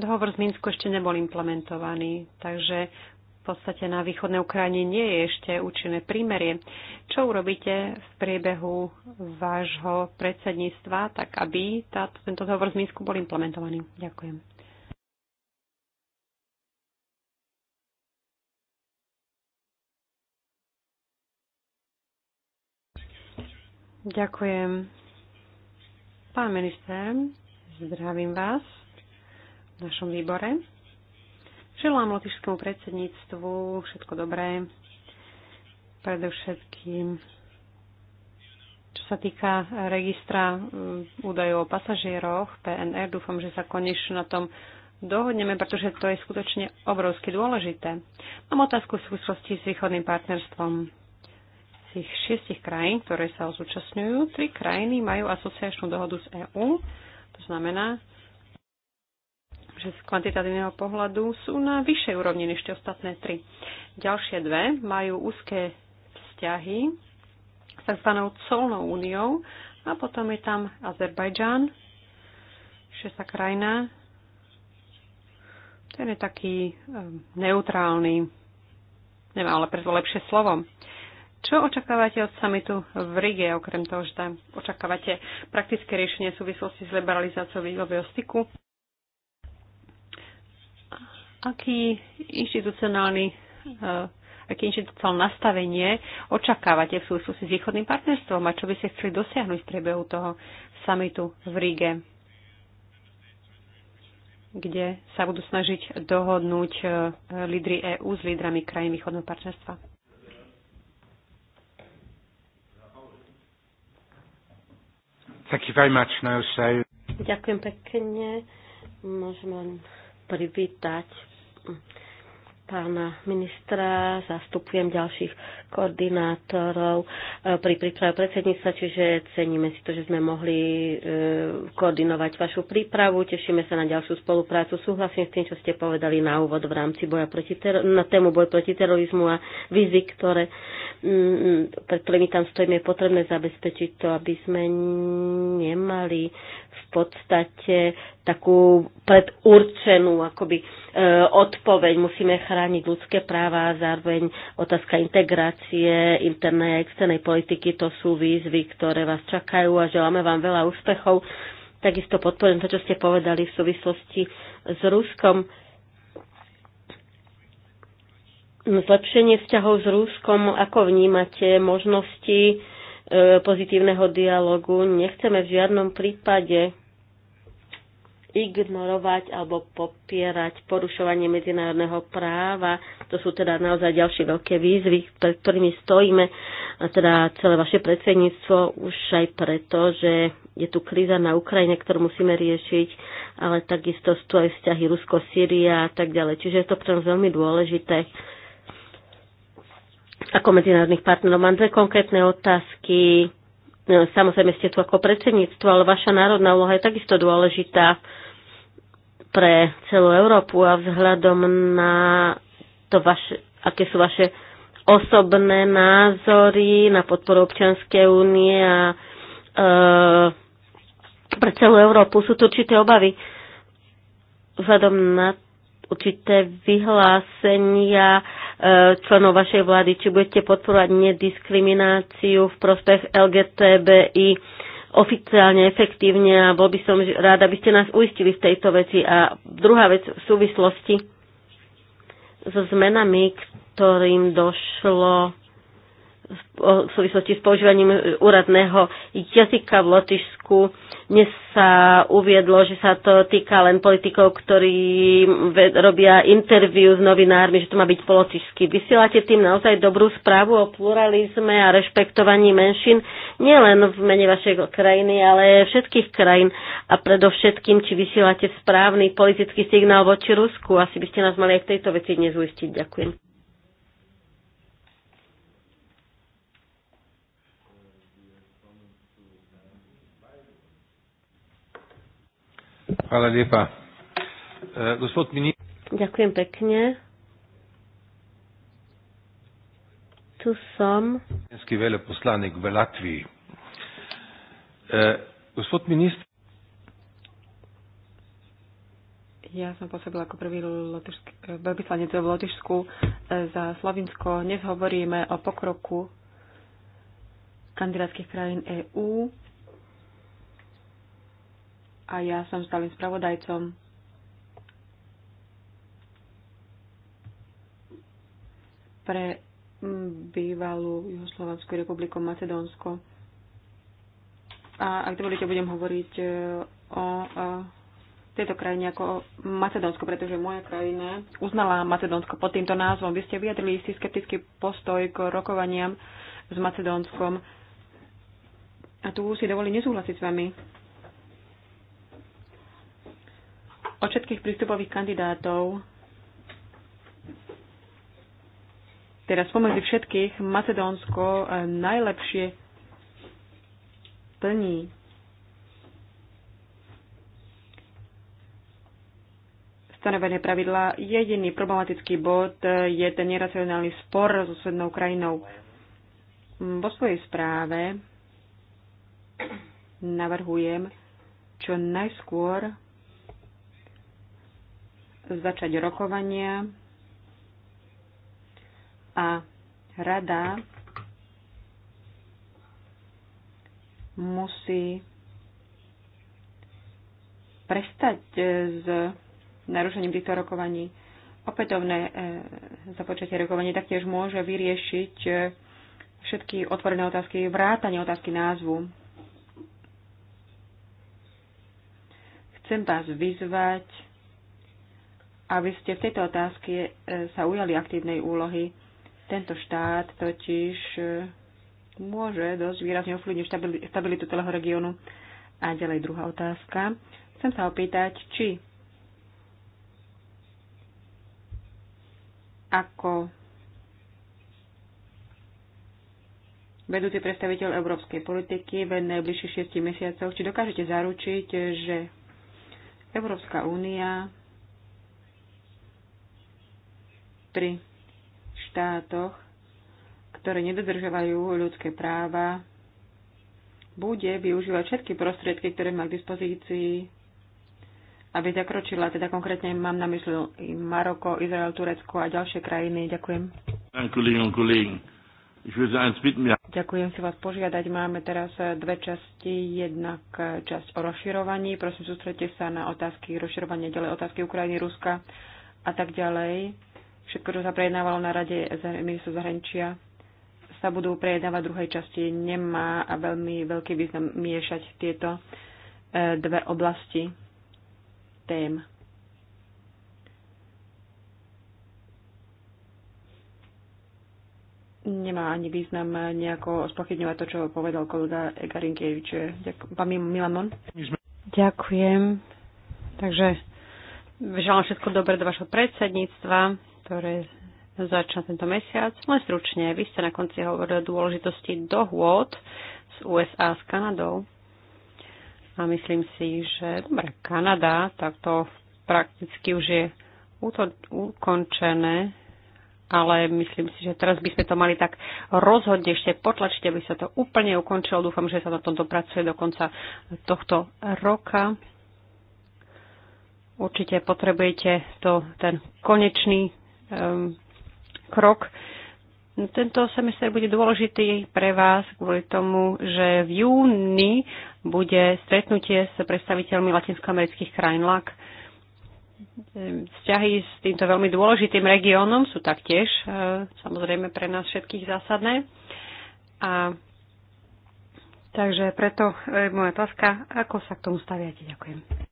Dohovor z Minsku ešte nebol implementovaný, takže podstate na východnej Ukrajine nie je ešte účinné prímerie. Čo urobíte v priebehu vášho predsedníctva, tak aby táto, tento dohovor z Minsku bol implementovaný? Ďakujem. Ďakujem. Pán minister, zdravím vás v našom výbore. Želám lotišskému predsedníctvu všetko dobré. Predovšetkým, čo sa týka registra údajov o pasažieroch, PNR, dúfam, že sa konečne na tom dohodneme, pretože to je skutočne obrovsky dôležité. Mám otázku v súvislosti s východným partnerstvom. Z tých šiestich krajín, ktoré sa zúčastňujú, tri krajiny majú asociačnú dohodu s EÚ. To znamená, že z kvantitatívneho pohľadu sú na vyššej úrovni než tie ostatné tri. Ďalšie dve majú úzke vzťahy s tzv. colnou úniou a potom je tam Azerbajdžan, šesta krajina. Ten je taký ehm, neutrálny, nemá ale preto lepšie slovo. Čo očakávate od samitu v Rige, okrem toho, že tam očakávate praktické riešenie v súvislosti s liberalizáciou výlového styku? aký inštitucionálny eh, aké inštitucionálne nastavenie očakávate v súvislosti s východným partnerstvom a čo by ste chceli dosiahnuť v priebehu toho samitu v Ríge, kde sa budú snažiť dohodnúť eh, lídry EÚ s lídrami krajín východného partnerstva. Thank you very much, Ďakujem pekne. Môžem len privítať pána ministra, zastupujem ďalších koordinátorov e, pri príprave predsedníctva, čiže ceníme si to, že sme mohli e, koordinovať vašu prípravu, tešíme sa na ďalšiu spoluprácu, súhlasím s tým, čo ste povedali na úvod v rámci boja proti ter- na tému boj proti terorizmu a vizi, ktoré, mm, ktoré my tam stojíme, je potrebné zabezpečiť to, aby sme nemali v podstate takú predurčenú akoby E, odpoveď. Musíme chrániť ľudské práva a zároveň otázka integrácie internej a externej politiky. To sú výzvy, ktoré vás čakajú a želáme vám veľa úspechov. Takisto podporím to, čo ste povedali v súvislosti s Ruskom. Zlepšenie vzťahov s Ruskom, ako vnímate možnosti e, pozitívneho dialogu? Nechceme v žiadnom prípade ignorovať alebo popierať porušovanie medzinárodného práva. To sú teda naozaj ďalšie veľké výzvy, pred ktorými stojíme, a teda celé vaše predsedníctvo, už aj preto, že je tu kríza na Ukrajine, ktorú musíme riešiť, ale takisto sú tu aj vzťahy Rusko-Syria a tak ďalej. Čiže je to pre nás veľmi dôležité ako medzinárodných partnerov. Mám dve konkrétne otázky No, samozrejme ste tu ako predsedníctvo, ale vaša národná úloha je takisto dôležitá pre celú Európu a vzhľadom na to, vaše, aké sú vaše osobné názory na podporu občianskej únie a e, pre celú Európu sú tu určité obavy vzhľadom na určité vyhlásenia Eh, členov vašej vlády, či budete podporovať nediskrimináciu v prospech LGTBI oficiálne, efektívne a bol by som rád, aby ste nás uistili v tejto veci. A druhá vec v súvislosti so zmenami, ktorým došlo v súvislosti s používaním úradného jazyka v Lotyšsku. Dnes sa uviedlo, že sa to týka len politikov, ktorí robia interviu s novinármi, že to má byť po lotyšsky. Vysielate tým naozaj dobrú správu o pluralizme a rešpektovaní menšín, nielen v mene vašej krajiny, ale všetkých krajín a predovšetkým, či vysielate správny politický signál voči Rusku. Asi by ste nás mali aj v tejto veci dnes uistiť. Ďakujem. Hvala lepa. E, gospod minister. Ďakujem pekne. Tu som. Slovenský veleposlanik v Latvii. E, gospod minister. Ja som pôsobila ako prvý veľvyslanec v Lotyšsku e, za Slovinsko. Dnes hovoríme o pokroku kandidátskych krajín EÚ a ja som stalým spravodajcom. pre bývalú Juhoslovanskú republiku Macedónsko. A ak dovolíte, budem hovoriť e, o, o e, tejto krajine ako Macedónsko, pretože moja krajina uznala Macedónsko pod týmto názvom. Vy ste vyjadrili si skeptický postoj k rokovaniam s Macedónskom. A tu si dovolí nesúhlasiť s vami. od všetkých prístupových kandidátov, teda pomedzi všetkých, Macedónsko eh, najlepšie plní stanovené pravidla, Jediný problematický bod eh, je ten neracionálny spor so susednou krajinou. Mm, vo svojej správe navrhujem čo najskôr začať rokovania a rada musí prestať e, s narušením týchto rokovaní. Opätovné e, započatie rokovanie taktiež môže vyriešiť e, všetky otvorené otázky, vrátanie otázky názvu. Chcem vás vyzvať, aby ste v tejto otázke e, sa ujali aktívnej úlohy. Tento štát totiž e, môže dosť výrazne ovplyvniť stabilitu celého regiónu. A ďalej druhá otázka. Chcem sa opýtať, či ako vedúci predstaviteľ európskej politiky v najbližších 6 mesiacoch, či dokážete zaručiť, že Európska únia pri štátoch, ktoré nedodržovajú ľudské práva, bude využívať všetky prostriedky, ktoré má k dispozícii, aby zakročila. Teda konkrétne mám na mysli Maroko, Izrael, Turecko a ďalšie krajiny. Ďakujem. Ďakujem si vás požiadať. Máme teraz eh, dve časti. Jednak eh, časť o rozširovaní. Prosím, sústredte sa na otázky rozširovania, ďalej otázky Ukrajiny, Ruska a tak ďalej všetko, čo sa prejednávalo na Rade ministrov zahraničia, sa budú prejednávať v druhej časti. Nemá a veľmi veľký význam miešať tieto e, dve oblasti tém. nemá ani význam nejako spochybňovať to, čo povedal kolega Garinkevič. Ďakujem. Milamon. Ďakujem. Takže želám všetko dobré do vašho predsedníctva ktoré začína tento mesiac. Len stručne, vy ste na konci hovorili o dôležitosti dohôd z USA s Kanadou. A myslím si, že dobre, Kanada, tak to prakticky už je ukončené, ale myslím si, že teraz by sme to mali tak rozhodne ešte potlačiť, aby sa to úplne ukončilo. Dúfam, že sa na tomto pracuje do konca tohto roka určite potrebujete to, ten konečný um, krok. No, tento semester bude dôležitý pre vás kvôli tomu, že v júni bude stretnutie s predstaviteľmi latinskoamerických krajín LAK. Ehm, vzťahy s týmto veľmi dôležitým regiónom sú taktiež e, samozrejme pre nás všetkých zásadné. A Takže preto je moja otázka, ako sa k tomu staviate? Ďakujem.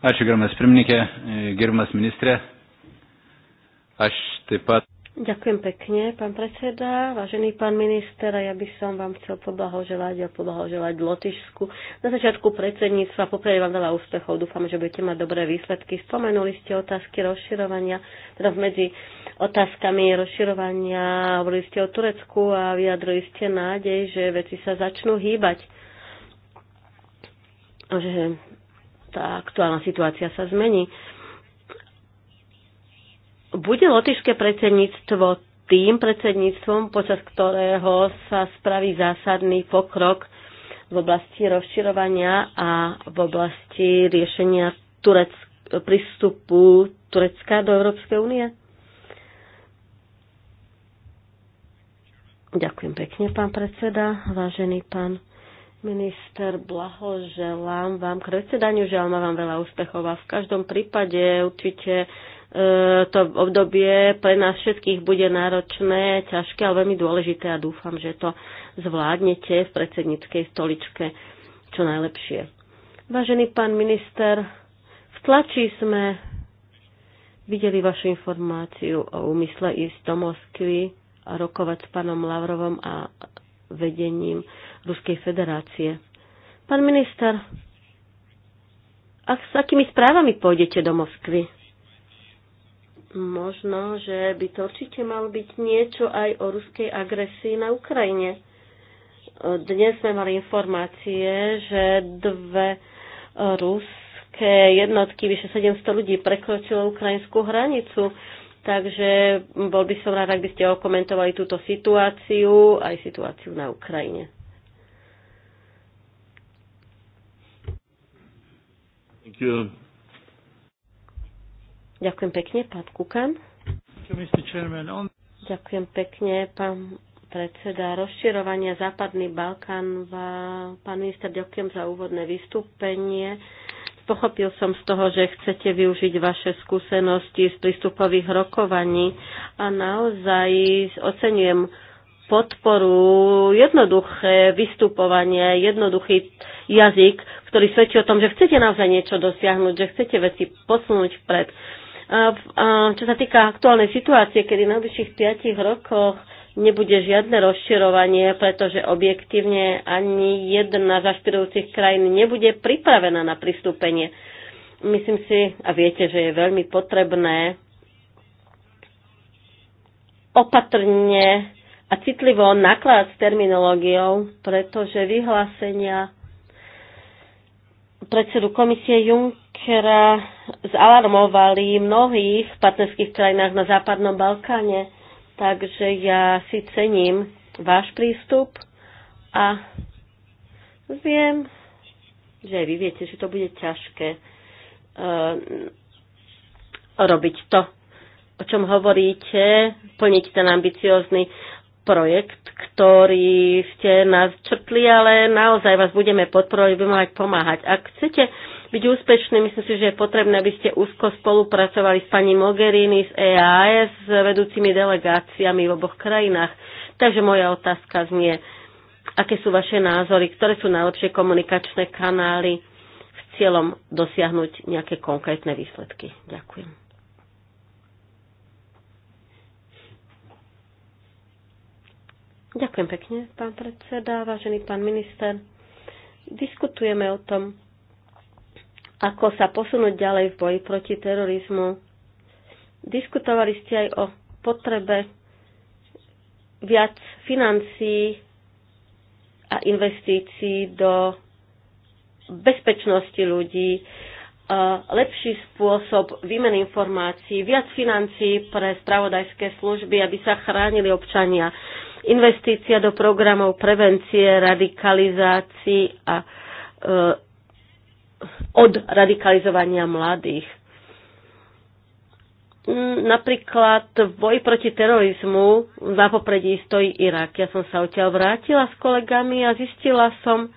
Ačiū, gerbiamas pirmininkė, gerbiamas ministrė. Aš taip pat. Ďakujem pekne, pán predseda, vážený pán minister, a ja by som vám chcel poblahoželať a poblahoželať Lotyšsku. Na začiatku predsedníctva poprvé vám veľa úspechov, dúfam, že budete mať dobré výsledky. Spomenuli ste otázky rozširovania, teda medzi otázkami rozširovania hovorili ste o Turecku a vyjadrili ste nádej, že veci sa začnú hýbať že tá aktuálna situácia sa zmení. Bude lotišské predsedníctvo tým predsedníctvom, počas ktorého sa spraví zásadný pokrok v oblasti rozširovania a v oblasti riešenia Turec, prístupu Turecka do Európskej únie? Ďakujem pekne, pán predseda, vážený pán Minister, blahoželám vám k predsedaniu, želám vám veľa úspechov a v každom prípade určite e, to obdobie pre nás všetkých bude náročné, ťažké, ale veľmi dôležité a dúfam, že to zvládnete v predsedníckej stoličke čo najlepšie. Vážený pán minister, v tlači sme videli vašu informáciu o úmysle ísť do Moskvy a rokovať s pánom Lavrovom a vedením Ruskej federácie. Pán minister, a s akými správami pôjdete do Moskvy? Možno, že by to určite malo byť niečo aj o ruskej agresii na Ukrajine. Dnes sme mali informácie, že dve ruské jednotky, vyše 700 ľudí prekročilo ukrajinskú hranicu. Takže bol by som rád, ak by ste okomentovali túto situáciu, aj situáciu na Ukrajine. Ďakujem pekne, pán Kukan. Ďakujem pekne, pán predseda. Rozširovanie Západný Balkán. Pán minister, ďakujem za úvodné vystúpenie. Pochopil som z toho, že chcete využiť vaše skúsenosti z prístupových rokovaní a naozaj oceňujem podporu jednoduché vystupovanie, jednoduchý jazyk, ktorý svedčí o tom, že chcete naozaj niečo dosiahnuť, že chcete veci posunúť vpred. Čo sa týka aktuálnej situácie, kedy v najbližších 5 rokoch nebude žiadne rozširovanie, pretože objektívne ani jedna z aspirujúcich krajín nebude pripravená na pristúpenie. Myslím si, a viete, že je veľmi potrebné opatrne a citlivo naklad s terminológiou, pretože vyhlásenia predsedu komisie Junckera zalarmovali mnohých v partnerských krajinách na Západnom Balkáne. Takže ja si cením váš prístup a viem, že aj vy viete, že to bude ťažké uh, robiť to, o čom hovoríte, plniť ten ambiciózny projekt, ktorý ste nás črtli, ale naozaj vás budeme podporovať, budeme mať pomáhať. Ak chcete byť úspešný, myslím si, že je potrebné, aby ste úzko spolupracovali s pani Mogherini, e s EAS, s vedúcimi delegáciami v oboch krajinách. Takže moja otázka znie, aké sú vaše názory, ktoré sú najlepšie komunikačné kanály s cieľom dosiahnuť nejaké konkrétne výsledky. Ďakujem. Ďakujem pekne, pán predseda, vážený pán minister. Diskutujeme o tom, ako sa posunúť ďalej v boji proti terorizmu. Diskutovali ste aj o potrebe viac financií a investícií do bezpečnosti ľudí, lepší spôsob výmeny informácií, viac financií pre spravodajské služby, aby sa chránili občania Investícia do programov prevencie, radikalizácií a e, od radikalizovania mladých. Mm, napríklad v boji proti terorizmu na popredí stojí Irak. Ja som sa odtiaľ vrátila s kolegami a zistila som,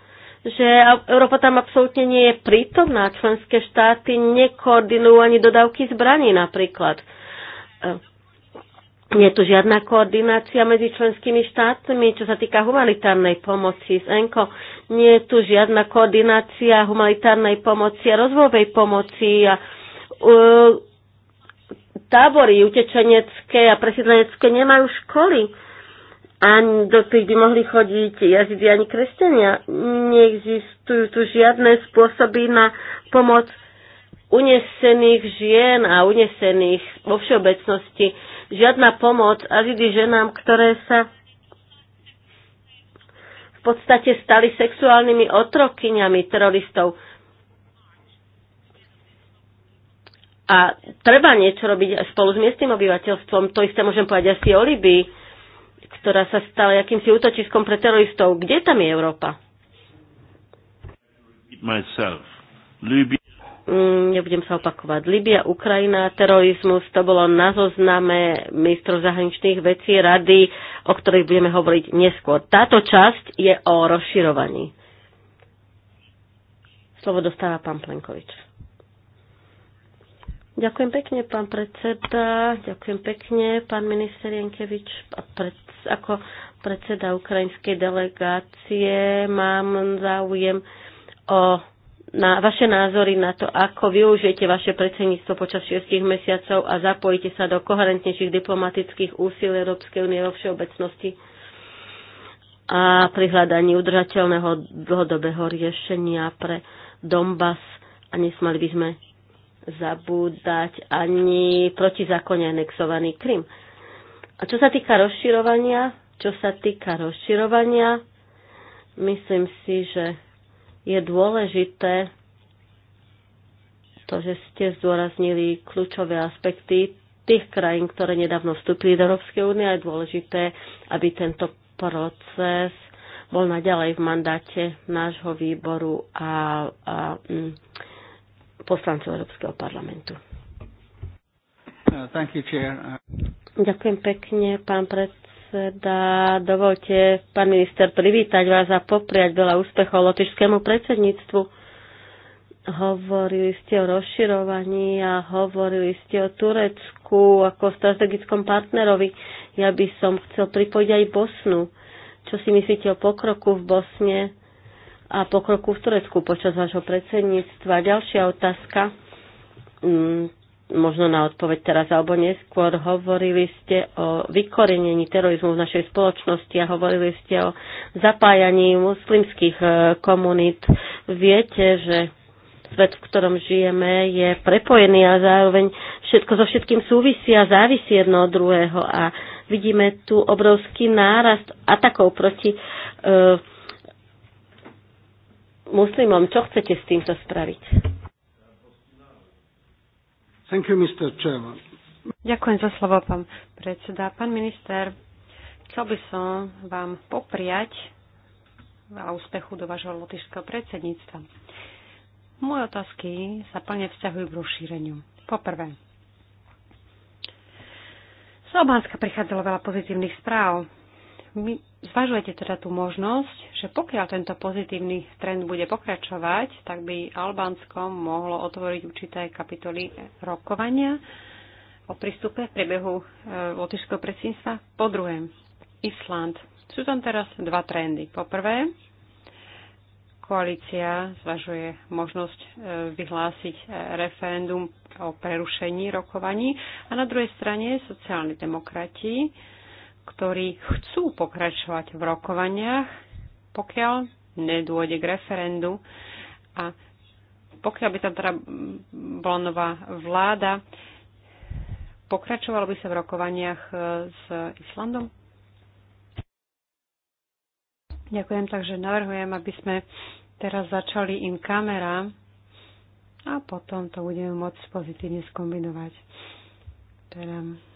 že Európa tam absolútne nie je prítomná. Členské štáty nekoordinujú ani dodávky zbraní napríklad. E, nie je tu žiadna koordinácia medzi členskými štátmi, čo sa týka humanitárnej pomoci z ENKO. Nie je tu žiadna koordinácia humanitárnej pomoci a rozvojovej pomoci a uh, tábory utečenecké a presídlenecké nemajú školy, ani do tých by mohli chodiť jazidi ani kresťania. Neexistujú tu žiadne spôsoby na pomoc unesených žien a unesených vo všeobecnosti žiadna pomoc a vidí ženám, ktoré sa v podstate stali sexuálnymi otrokyňami teroristov. A treba niečo robiť spolu s miestnym obyvateľstvom. To isté môžem povedať asi o Libii, ktorá sa stala jakýmsi útočiskom pre teroristov. Kde tam je Európa? Myself. Libia. Mm, nebudem sa opakovať, Libia, Ukrajina, terorizmus, to bolo na zozname ministrov zahraničných vecí rady, o ktorých budeme hovoriť neskôr. Táto časť je o rozširovaní. Slovo dostáva pán Plenkovič. Ďakujem pekne, pán predseda, ďakujem pekne, pán minister Jenkevič. A pred, ako predseda ukrajinskej delegácie mám záujem o na vaše názory na to, ako využijete vaše predsedníctvo počas šiestich mesiacov a zapojíte sa do koherentnejších diplomatických úsil Európskej únie vo všeobecnosti a pri hľadaní udržateľného dlhodobého riešenia pre Donbass a nesmali by sme zabúdať ani protizákonne anexovaný Krym. A čo sa týka rozširovania, čo sa týka rozširovania, myslím si, že je dôležité to, že ste zdôraznili kľúčové aspekty tých krajín, ktoré nedávno vstúpili do Európskej únie a je dôležité, aby tento proces bol naďalej v mandáte nášho výboru a, a mm, poslancov Európskeho parlamentu. Uh, you, uh, Ďakujem pekne, pán predseda teda Dovolte, pán minister, privítať vás a popriať veľa úspechov lotišskému predsedníctvu. Hovorili ste o rozširovaní a hovorili ste o Turecku ako strategickom partnerovi. Ja by som chcel pripojiť aj Bosnu. Čo si myslíte o pokroku v Bosne a pokroku v Turecku počas vášho predsedníctva? Ďalšia otázka mm, možno na odpoveď teraz alebo neskôr. Hovorili ste o vykorenení terorizmu v našej spoločnosti a hovorili ste o zapájaní muslimských e, komunít. Viete, že svet, v ktorom žijeme, je prepojený a zároveň všetko so všetkým súvisí a závisí jedno od druhého. A vidíme tu obrovský nárast atakov proti uh, muslimom. Čo chcete s týmto spraviť? Thank you, Mr. Chairman. Ďakujem za slovo, pán predseda. Pán minister, chcel by som vám popriať a úspechu do vášho lotišského predsedníctva. Moje otázky sa plne vzťahujú k rozšíreniu. Poprvé, z Albánska prichádzalo veľa pozitívnych správ my zvažujete teda tú možnosť, že pokiaľ tento pozitívny trend bude pokračovať, tak by Albánsko mohlo otvoriť určité kapitoly rokovania o prístupe v priebehu e, Lotyšského predsedníctva. Po druhé, Island. Sú tam teraz dva trendy. Po prvé, koalícia zvažuje možnosť e, vyhlásiť e, referendum o prerušení rokovaní a na druhej strane sociálni demokrati e, ktorí chcú pokračovať v rokovaniach, pokiaľ nedôjde k referendu a pokiaľ by tam teda bola nová vláda, pokračovalo by sa v rokovaniach e, s Islandom? Ďakujem, takže navrhujem, aby sme teraz začali in kamera a potom to budeme môcť pozitívne skombinovať. Teda